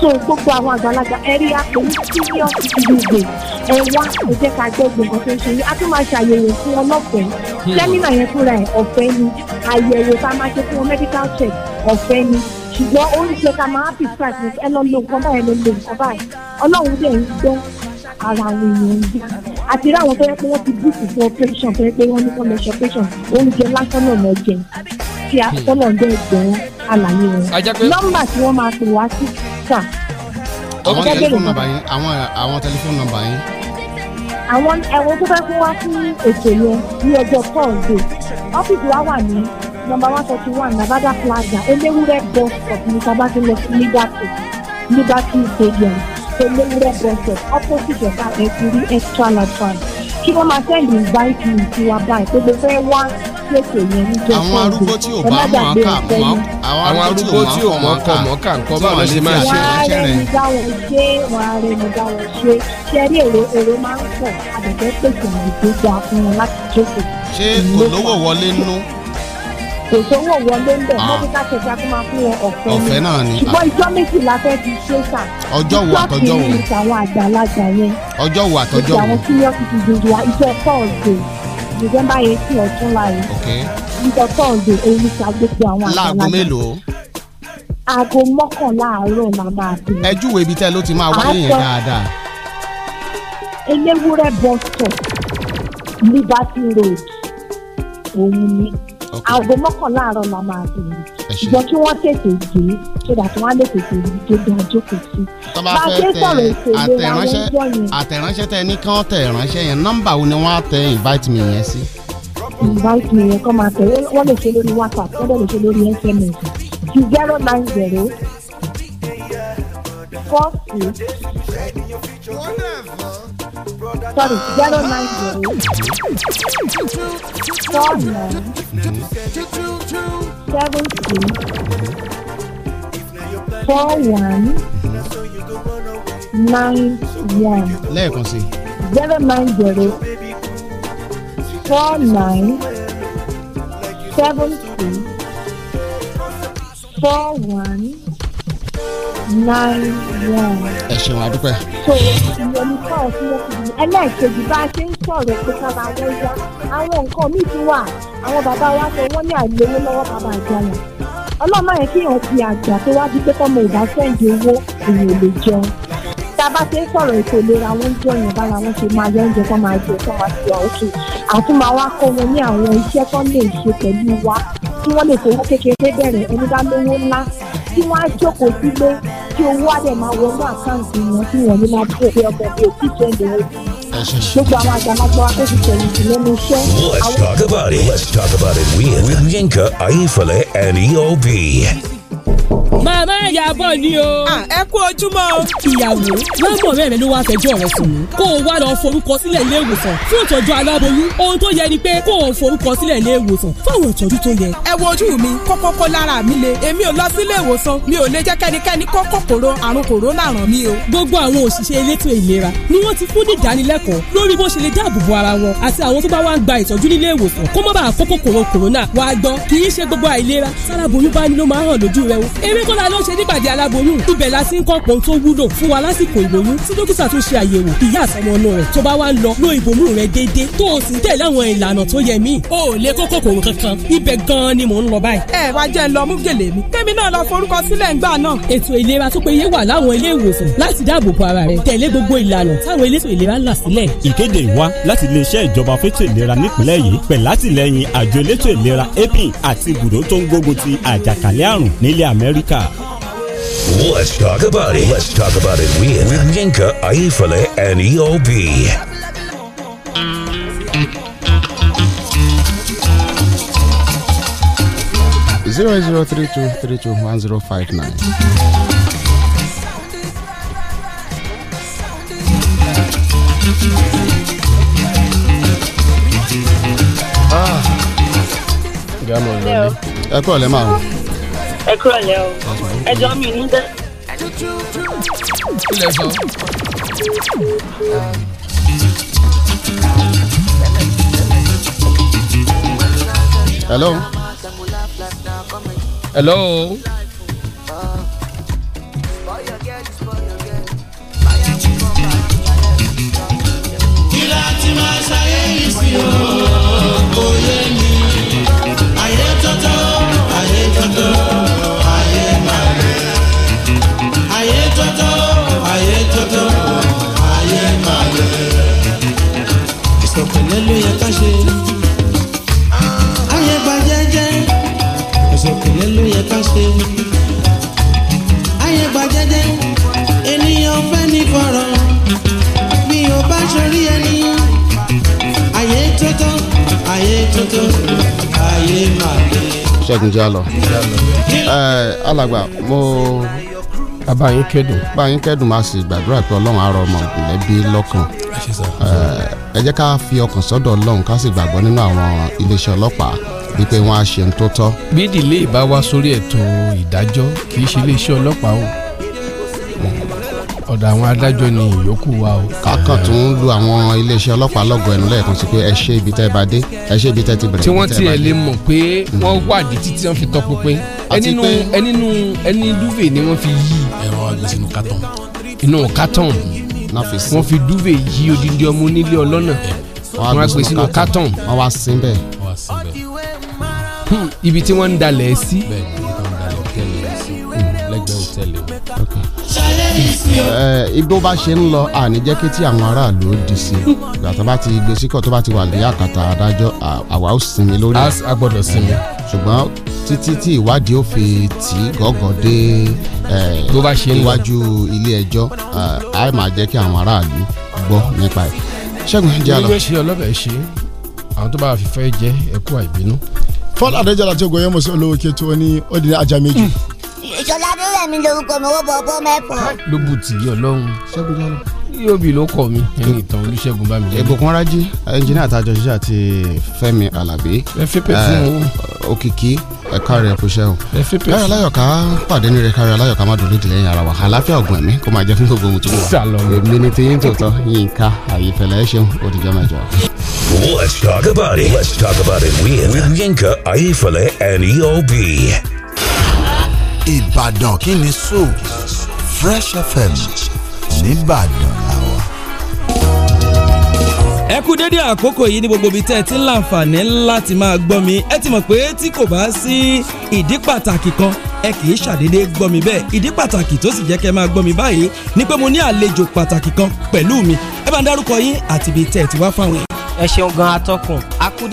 so gbogbo àwọn àgbàlagbà ẹ̀rí àpò ní senior citizen ẹ wá ẹ jẹ́ ká jẹ́ gbogbo nǹkan tó ń ṣe yìí a tún máa ṣàyẹ̀wò fún wọn lọ́fẹ̀ẹ́ hmm. sẹ́mínà yẹn fúnra ẹ̀ ọ̀fẹ́ ni àyẹ̀wò tá a máa ṣe fún wọn medical check ọ̀fẹ́ ni ṣùgbọ́n oúnjẹ ká máa fi strike ní ẹ lọ lo nǹkan báyìí lọ lo nǹkan báyìí ọlọ́run dẹ̀ ń gbọ́ ara àwọn èèyàn ń bí àti ráwọn tó yẹ pé wọ́n ti bùkù tí àtọ́lọ̀ jẹ́ ìgbẹ̀rún àlàyé wọn nọ́mbà tí wọ́n máa pè wá sí kà. àwọn tẹlifóònù nọ́mbà yín àwọn àwọn tẹlifóònù nọ́mbà yín. àwọn ẹ̀wọ̀n tó fẹ́ fún wa sí ètò yẹn ní ọjọ́ tọ́ọ̀dé ọ́fíìsì wa wà ní nọ́mbà one forty one Nabada Plaza eléwúrẹ́ bus stop ní tabati lọ sí liberty liberty stadium eléwúrẹ́ bus stop opposite ẹ̀ka ẹ̀kúrí extra large one kí wọ́n máa send invite me sí wa báyìí pé mo fẹ́ wá ṣètò yẹn ní jẹ́ fún mi. àwọn arúgbó tí ò bá mọ̀ ọ́n kà àwọn arúgbó tí ò mọ̀ kọ́ mọ́ kà nǹkan báwọn ṣe máa ṣe iṣẹ́ rẹ̀. wàá rẹ̀ mi dáwọ̀ ṣe wàá rẹ̀ mi dáwọ̀ ṣe ṣe rí èrò èrò máa ń pọ̀ àbẹ̀fẹ́ pèsè ìgbéga fún wọn láti jókòó. ṣé kò lówó wọlé nú kò sówó wọlé ń ah. mọ́tíkà ṣẹ̀ṣẹ̀ kó máa fún wọn ọ̀fẹ́ ọ̀fẹ́ náà ni ah. ṣùgbọ́n ìjọ méjì la fẹ́ fi ṣe sà ọjọ́ wo àtọjọ́ wo ìjọ kìíní àwọn àgbàlagbà yẹn ọjọ́ wo àtọjọ́ wo ìjọ àwọn senior citizens wa iṣẹ́ tọ́ọ̀dẹ̀ December eighteen ọ̀tún láàyè ìjọ tọ́ọ̀dẹ̀ òun ni ṣàgbéṣe àwọn àgbàlagbà aago mọ́kànlá àárọ̀ la máa bẹ̀rẹ̀. ẹ júwèé ibi tẹ́ ló ti máa wáyé yẹn dáadáa. eléwúrẹ́ bus Liberty Road òun ni aago mọ́kànlá àárọ̀ la máa bèrè ṣùgbọ́n kí wọ́n tètè dé so that wọ́n á lè tètè dé gan jókòó sí. tó bá fẹ́ tẹ àtẹ̀ránṣẹ́ àtẹ̀ránṣẹ́ tẹ ní kí wọ́n tẹ ìránṣẹ́ yẹn nọ́mbà wo ni wọ́n á tẹ invite me yẹn sí. invite me yẹn kọ́ máa tẹ wọ́n lè ṣe lórí whatsapp wọ́n lè ṣe lórí sms ju zero nine zero four two. Sorry, yellow nine zero. Four Nine Lẹ́ẹ̀kan sí. Zero Four nine one. ẹ ṣeun adúpẹ́. so ìyẹn ní káwọn tí wọ́n fi di ẹlẹ́ẹ̀kejì bá a ṣe ń sọ̀rọ̀ pé kábà lọ́jà àwọn nǹkan míì tún wà àwọn bàbá wa sọ wọ́n ní àìlówó lọ́wọ́ bàbá àjọyọ̀ ọlọ́mọ yẹn kí èèyàn fi àgbà tó wá di pé tọ́mọ ìbá sẹ́ǹdì owó èèyàn lè jẹun tá a ń sọ̀rọ̀ ètò ìlera wọn jọ yẹn bára wọn ṣe máa yọ oúnjẹ tó máa jẹ tó máa ṣe àwòkè àti máa wá kọ́ wọn ní àwọn iṣẹ́ tó lè ṣe pẹ̀lú wa kí wọ́n lè fowó kékeré bẹ̀rẹ̀ ẹni bá lówó ńlá tí wọ́n á jókòó sílé tí owó àdẹ̀ máa wọnú àkáǹtì wọn tí wọ́n ní máa bú òfin ọkọ̀ bí òkú ìjẹ́ǹdè wọn. Gbogbo àwọn àgbàlagbà wa tó ti tẹ̀yìn sí lẹ́nu iṣẹ́. Let's talk about it. Let's talk about it with, with Yinka Ayifale and EOB màmá ìyàbọ̀ ni o. ẹ kú ojúmọ́ o. ìyàwó lọ́mọ rẹ̀ ló wá fẹjọ́ rẹ̀ sùn. kó o wá lọ forúkọ sílẹ̀ ilé ìwòsàn fún ìtọ́jú aláboyún. ohun tó yẹ ni pé kó o forúkọ sílẹ̀ ilé ìwòsàn fáwọn ìtọ́jú tó yẹ. ẹ wo ojú mi kọ́kọ́kọ́ lára mi le èmi ò lọ sí ilé ìwòsàn mi ò lè jẹ́ kẹ́nikẹ́ni kó kòkòrò àrùn kòrónà ràn mí o. gbogbo àwọn òṣìṣẹ́ elétò ìlera ni wọ́n ti fún ní ìdánilẹ́kọ̀ọ́ lórí bó ṣe lè dáàbòbo ara wọn àti àwọn tó bá wá ń gba ìtọ́jú nílé ìwòsàn kó má bàa kó kòkòrò kòrónà wàá gbọ́ kì í ṣe gbogbo àìlera sálábòyún bá ní ló máa hàn lójú rẹ o. eré eré tó la ló ṣe nígbàdí aláboyún ibẹ̀ la ti ń kọ́ pọ̀ tó wúlò fún wa lásìkò ìlóyún tí dókítà tó ṣe àyẹ̀wò ìyá àsọmọnú rẹ̀ tó bá wá lọ lo ìbomú rẹ̀ déédéé tó o sì ń tẹ̀lé àwọn ìlànà tó yẹ mí. o ò lè kó kòkòrò kankan ibẹ̀ gan-an ni mò ń lọ báyìí. ẹ wá jẹ́ ń lọ mú gèlè mi. kémi náà lọ forúkọ sílẹ̀ ńgbà náà. ètò ìlera tó péye wà láwọn ilé ìwòsàn láti dáàbò ara rẹ tẹ̀lé gbogbo ìlànà táwọn elétò ìlera ń là sílẹ̀. ìkéde wa láti iléeṣẹ́ ìjọba fẹ́tò ìlera nípìnlẹ̀ yìí pẹ̀ látìlẹ́yìn àjọ elétò ìlera apin àti ibùdó tó ń gbógun ti àjàkálẹ̀ àrùn nílẹ̀ Amẹ́ríkà Let's talk about it. Let's talk about it with, with Yinka, Aifale, and EOB. Zero zero three two three two one zero five nine. Ah. Hello. Ẹ ẹ kúrò lẹ o ẹ jọ mi ní dẹ. ilẹ̀ hello. hello. yẹ ká ṣe. ayébàjẹ́jẹ́ eh, alàgbà mo bàbá yín kẹ́dùn bàbá yín kẹ́dùn máa sì gbàdúrà pé ọlọ́run á rọ ọmọ ìpínlẹ̀ bí lọ́kàn ẹ jẹ́ ká fi ọkàn sọ́dọ̀ ọlọ́run ká sì gbàgbọ́ nínú àwọn iléeṣẹ́ ọlọ́pàá wípé wọ́n á ṣe ohun tó tọ́. bí ìdílé ìbá wá sórí ètò ìdájọ́ kì í ṣe iléeṣẹ́ ọlọ́pàá o ọ̀dọ̀ àwọn adájọ́ ni ìyókù wa o. kákan tún lu àwọn iléeṣẹ́ ọlọ́pàá lọ́gọ̀ ẹnu lẹ́ẹ̀kan sí pé ẹ ṣe ibi tẹ́ ẹ bá dé ẹ ṣe ibi tẹ́ ti bẹ̀rẹ̀ ibi tẹ́ ẹ bá dé. tí wọ́n tiẹ̀ lè mọ̀ pé wọ́n wádìí títí wọ́n fi tọpinpin ẹnínú ẹnínú dúvè ni wọ́n fi yí. ẹ̀rọ àgbèsínú kátọ̀n. inú kátọ̀n wọ́n fi dúvè yí odindi ọmọ onílé ọlọ́nà wọ́n á sínú kátọ̀n hmm, ibi tí wọ́n ń dalẹ̀ sí. bẹ́ẹ̀ igbó bá ṣe ń lọ àní tí àwọn aráàlú di sí i gbàtà bá ti gbé síkọ̀ tó bá ti wà ní àkàtà adájọ́ àwa ó sinmi lórí ẹ̀ a sinmi. ṣùgbọ́n títí tí ìwádìí ó fi tì í gọ́gọ́ dé iwájú ilé ẹjọ́ a máa jẹ́ kí àwọn aráàlú gbọ́ nípa ẹ̀. ṣẹ́gun jẹ́ àlọ́. ìwé ọlọ́bẹ̀ ṣe àwọn tó bá fi fẹ́ jẹ́ ẹ̀kú àìbínú. fọlá adéjọ́lá ìṣọlá adúlẹ̀ mi lorúkọ mi owó bọ̀ ọ̀bọ̀ ló bù tí ọlọ́run ṣẹ́gun ló kọ mi ẹni ìtàn olùṣègùn bá mi jẹ́. ìbùkún rájí ẹnjìnìá àtàjọ ṣíṣe àti fẹ́mi alábí. ẹ fi pé fún wọn. òkìkí ẹ̀ka rẹ̀ kò ṣẹ́ o. ẹ fi pé fún wọn. káyọ̀ láyọ̀ká pàdé ní rẹ̀ káyọ̀ láyọ̀ká má dòdò ìdílé yàrá wa àláfíà ògùn ẹ̀mí kó máa jẹ́ fún gbogbo ohun tó wà. sàlọ mi. èmi ni tiyín tòótọ́ yínká àyífẹ́lẹ́ ẹ ṣeun òdìjọ́ mẹ́jọ. Let's talk about it. with, Yinka Ayefele and EOB. Ìbàdàn kí ni so Fresh FM nìbàdàn làwà. ẹ kú dédé àkókò yìí ní gbogbo ibi tẹ́ ẹ ti ń láǹfààní láti máa gbọ́ mi ẹ ti mọ̀ pé tí kò bá sí ìdí pàtàkì kan ẹ kì í ṣàdédé gbọ́ mi bẹ́ẹ̀ ìdí pàtàkì tó sì jẹ́ kẹ́ máa gbọ́ mi báyìí ni pé mo ní àlejò pàtàkì kan pẹ̀lú mi ẹ bá ń dárúkọ yín àti ibi tẹ́ ẹ ti wá fáwọn ẹ ṣeun gan atọ́kùn a kú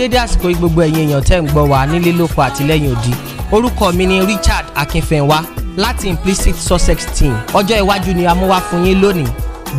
gbogbo ẹ̀yin èèyàn tẹ́ ń gbọ́ wá nílé lóko àtìlẹ́yìn òdì orúkọ mi ni Richard Akínfẹ́nwá láti Implicit Sussex Team ọjọ́ iwájú ni a mú wá fún yín lónìí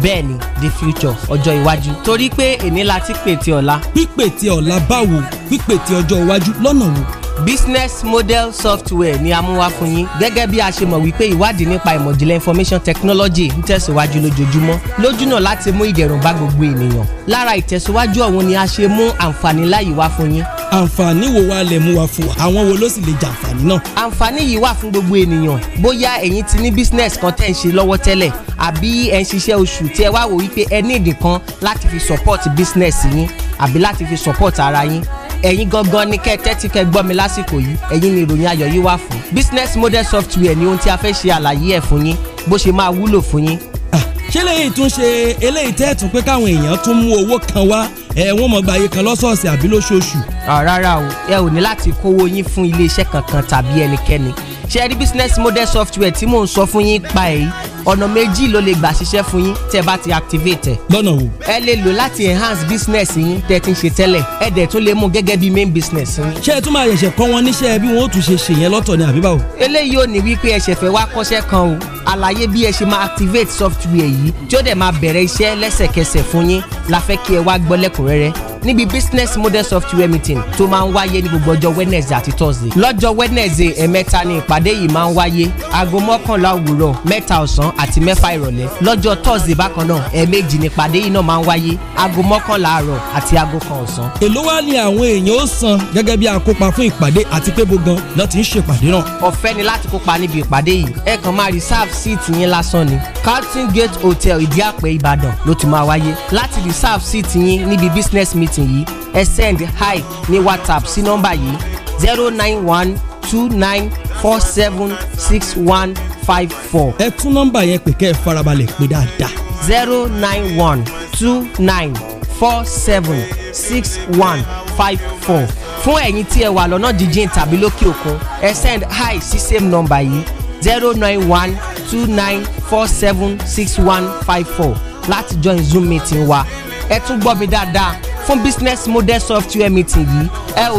bẹ́ẹ̀ ni the future ọjọ́ iwájú torí pé èní la ti pète ọ̀la. pípète ọ̀la báwo pípète ọjọ́ iwájú lọ́nà wo business model software ni a mú wá fún yín gẹ́gẹ́ bí a ṣe mọ̀ wípé ìwádìí nípa ìmọ̀jìnlẹ̀ information technology ń tẹ̀síwájú lójoojúmọ́ lójúnà láti mú ìdẹ̀rùn bá gbogbo ènìyàn lára ìtẹ̀síwájú ọ̀hún ni a ṣe mú àǹfààní láyìí wá fún yín àǹfààní wo wá lè mú wa fún wa àwọn wo ló sì lè jẹ àǹfààní náà. àǹfààní yìí wà fún gbogbo ènìyàn bóyá ẹ̀yin ti ní business kan tẹ́ ń ṣe lọ́wọ́ tẹ́lẹ̀ àbí ẹ̀ ń ṣiṣẹ́ oṣù tí ẹ wá wò wípé ẹ ní ìdí láti fi support business yín àbí láti fi support ara yín ẹ̀yin gangan ni kẹ́ tẹ́tí kẹ́ gbọ́ mi lásìkò yìí ẹ̀yin ni ìròyìn ayọ̀ yìí wà fún business model software ni ohun tí a fẹ́ ṣe àlàyé ẹ̀ fún yín bó ṣe máa wúlò fún yín. Ah, ṣé lèyí tún ṣe eléyìí tẹ́ẹ̀tún pé káwọn èèyàn tún mú owó kan wá ẹ wọ́n mọ̀ kan lọ́sọ̀ọ̀sẹ̀ àbí lóṣooṣù. Ah, rárá o ẹ ò ní láti kówó yín fún iléeṣẹ́ kankan tàbí ẹnikẹ́ni ṣe rí business model software tí mò ń sọ fún yín pa èyí ọ̀nà méjì ló lè gbà ṣiṣẹ́ fún yín tẹ́ bá ti activate ẹ̀. lọ́nà wo. ẹ lè lò láti enhance business yín tẹ́ ti ń ṣe tẹ́lẹ̀ ẹ dẹ̀ tún lè mú gẹ́gẹ́ bí main business yín. ṣé ẹ tún máa yẹ̀ṣẹ̀ kọ́ wọn níṣẹ́ bí wọ́n ó tún ṣe ṣe yẹn lọ́tọ̀ ni àbí báwo. eléyìí ò ní wípé ẹ ṣẹ̀fẹ̀ wá kọ́ṣẹ́ kan o àlàyé bí ẹ ṣe máa activate software yìí tí ó dẹ̀ máa bẹ̀rẹ̀ iṣẹ́ lẹ́sẹ̀kẹsẹ̀ fún yín la fẹ́ kí ẹ wá gbọ́ lẹ́kùnrẹ́rẹ́ níbi business model software meeting tó máa ń wáyé ní gbogbo ọjọ́ wednesday àti thursday lọ́jọ́ wednesday ẹ̀mẹ́ta ni ìpàdé yìí máa ń wáyé aago mọ́kànlá òwúrọ̀ mẹ́ta ọ̀sán àti mẹ́fà ìrọ̀lẹ́ lọ́jọ́ Thursday bákan náà ẹ̀ẹ̀mejì nípàdé yìí náà máa ń wáyé aago mọ́kànlá àárọ̀ àti aago kan ọ̀sán. èló wá ni àwọn èèyàn ó san gẹ́gẹ́ bí akópa fún ìpàdé àti pé bo gan lọ́ọ́ ti ń ṣèpàdé náà. ọ̀fẹ́ ni láti kópa níbi ìpàdé yìí ẹ kàn máa reserve seat yín lásán ni Carlton Gate Hotel Ìdíàpẹ́ Ìbàdàn ló ti máa wáyé láti reserve seat yín níbi business meeting yìí ẹ send hi ní WhatsApp sí nọ́mbà yìí zero nine one two nine four seven six one five four. ẹ tún nọ́mbà yẹn pè kẹ́ ẹ farabalẹ̀ pé dáadáa. zero nine one two nine four seven six one five four fún ẹ̀yin tí ẹ wà lọ́nà jíjìn tàbí lókè òkun ẹ send hi sí same number yìí zero nine one two nine four seven six one five four láti join zoom meeting wa ẹ tún gbọ́ mi dáadáa fún business model software meeting yìí ẹ ò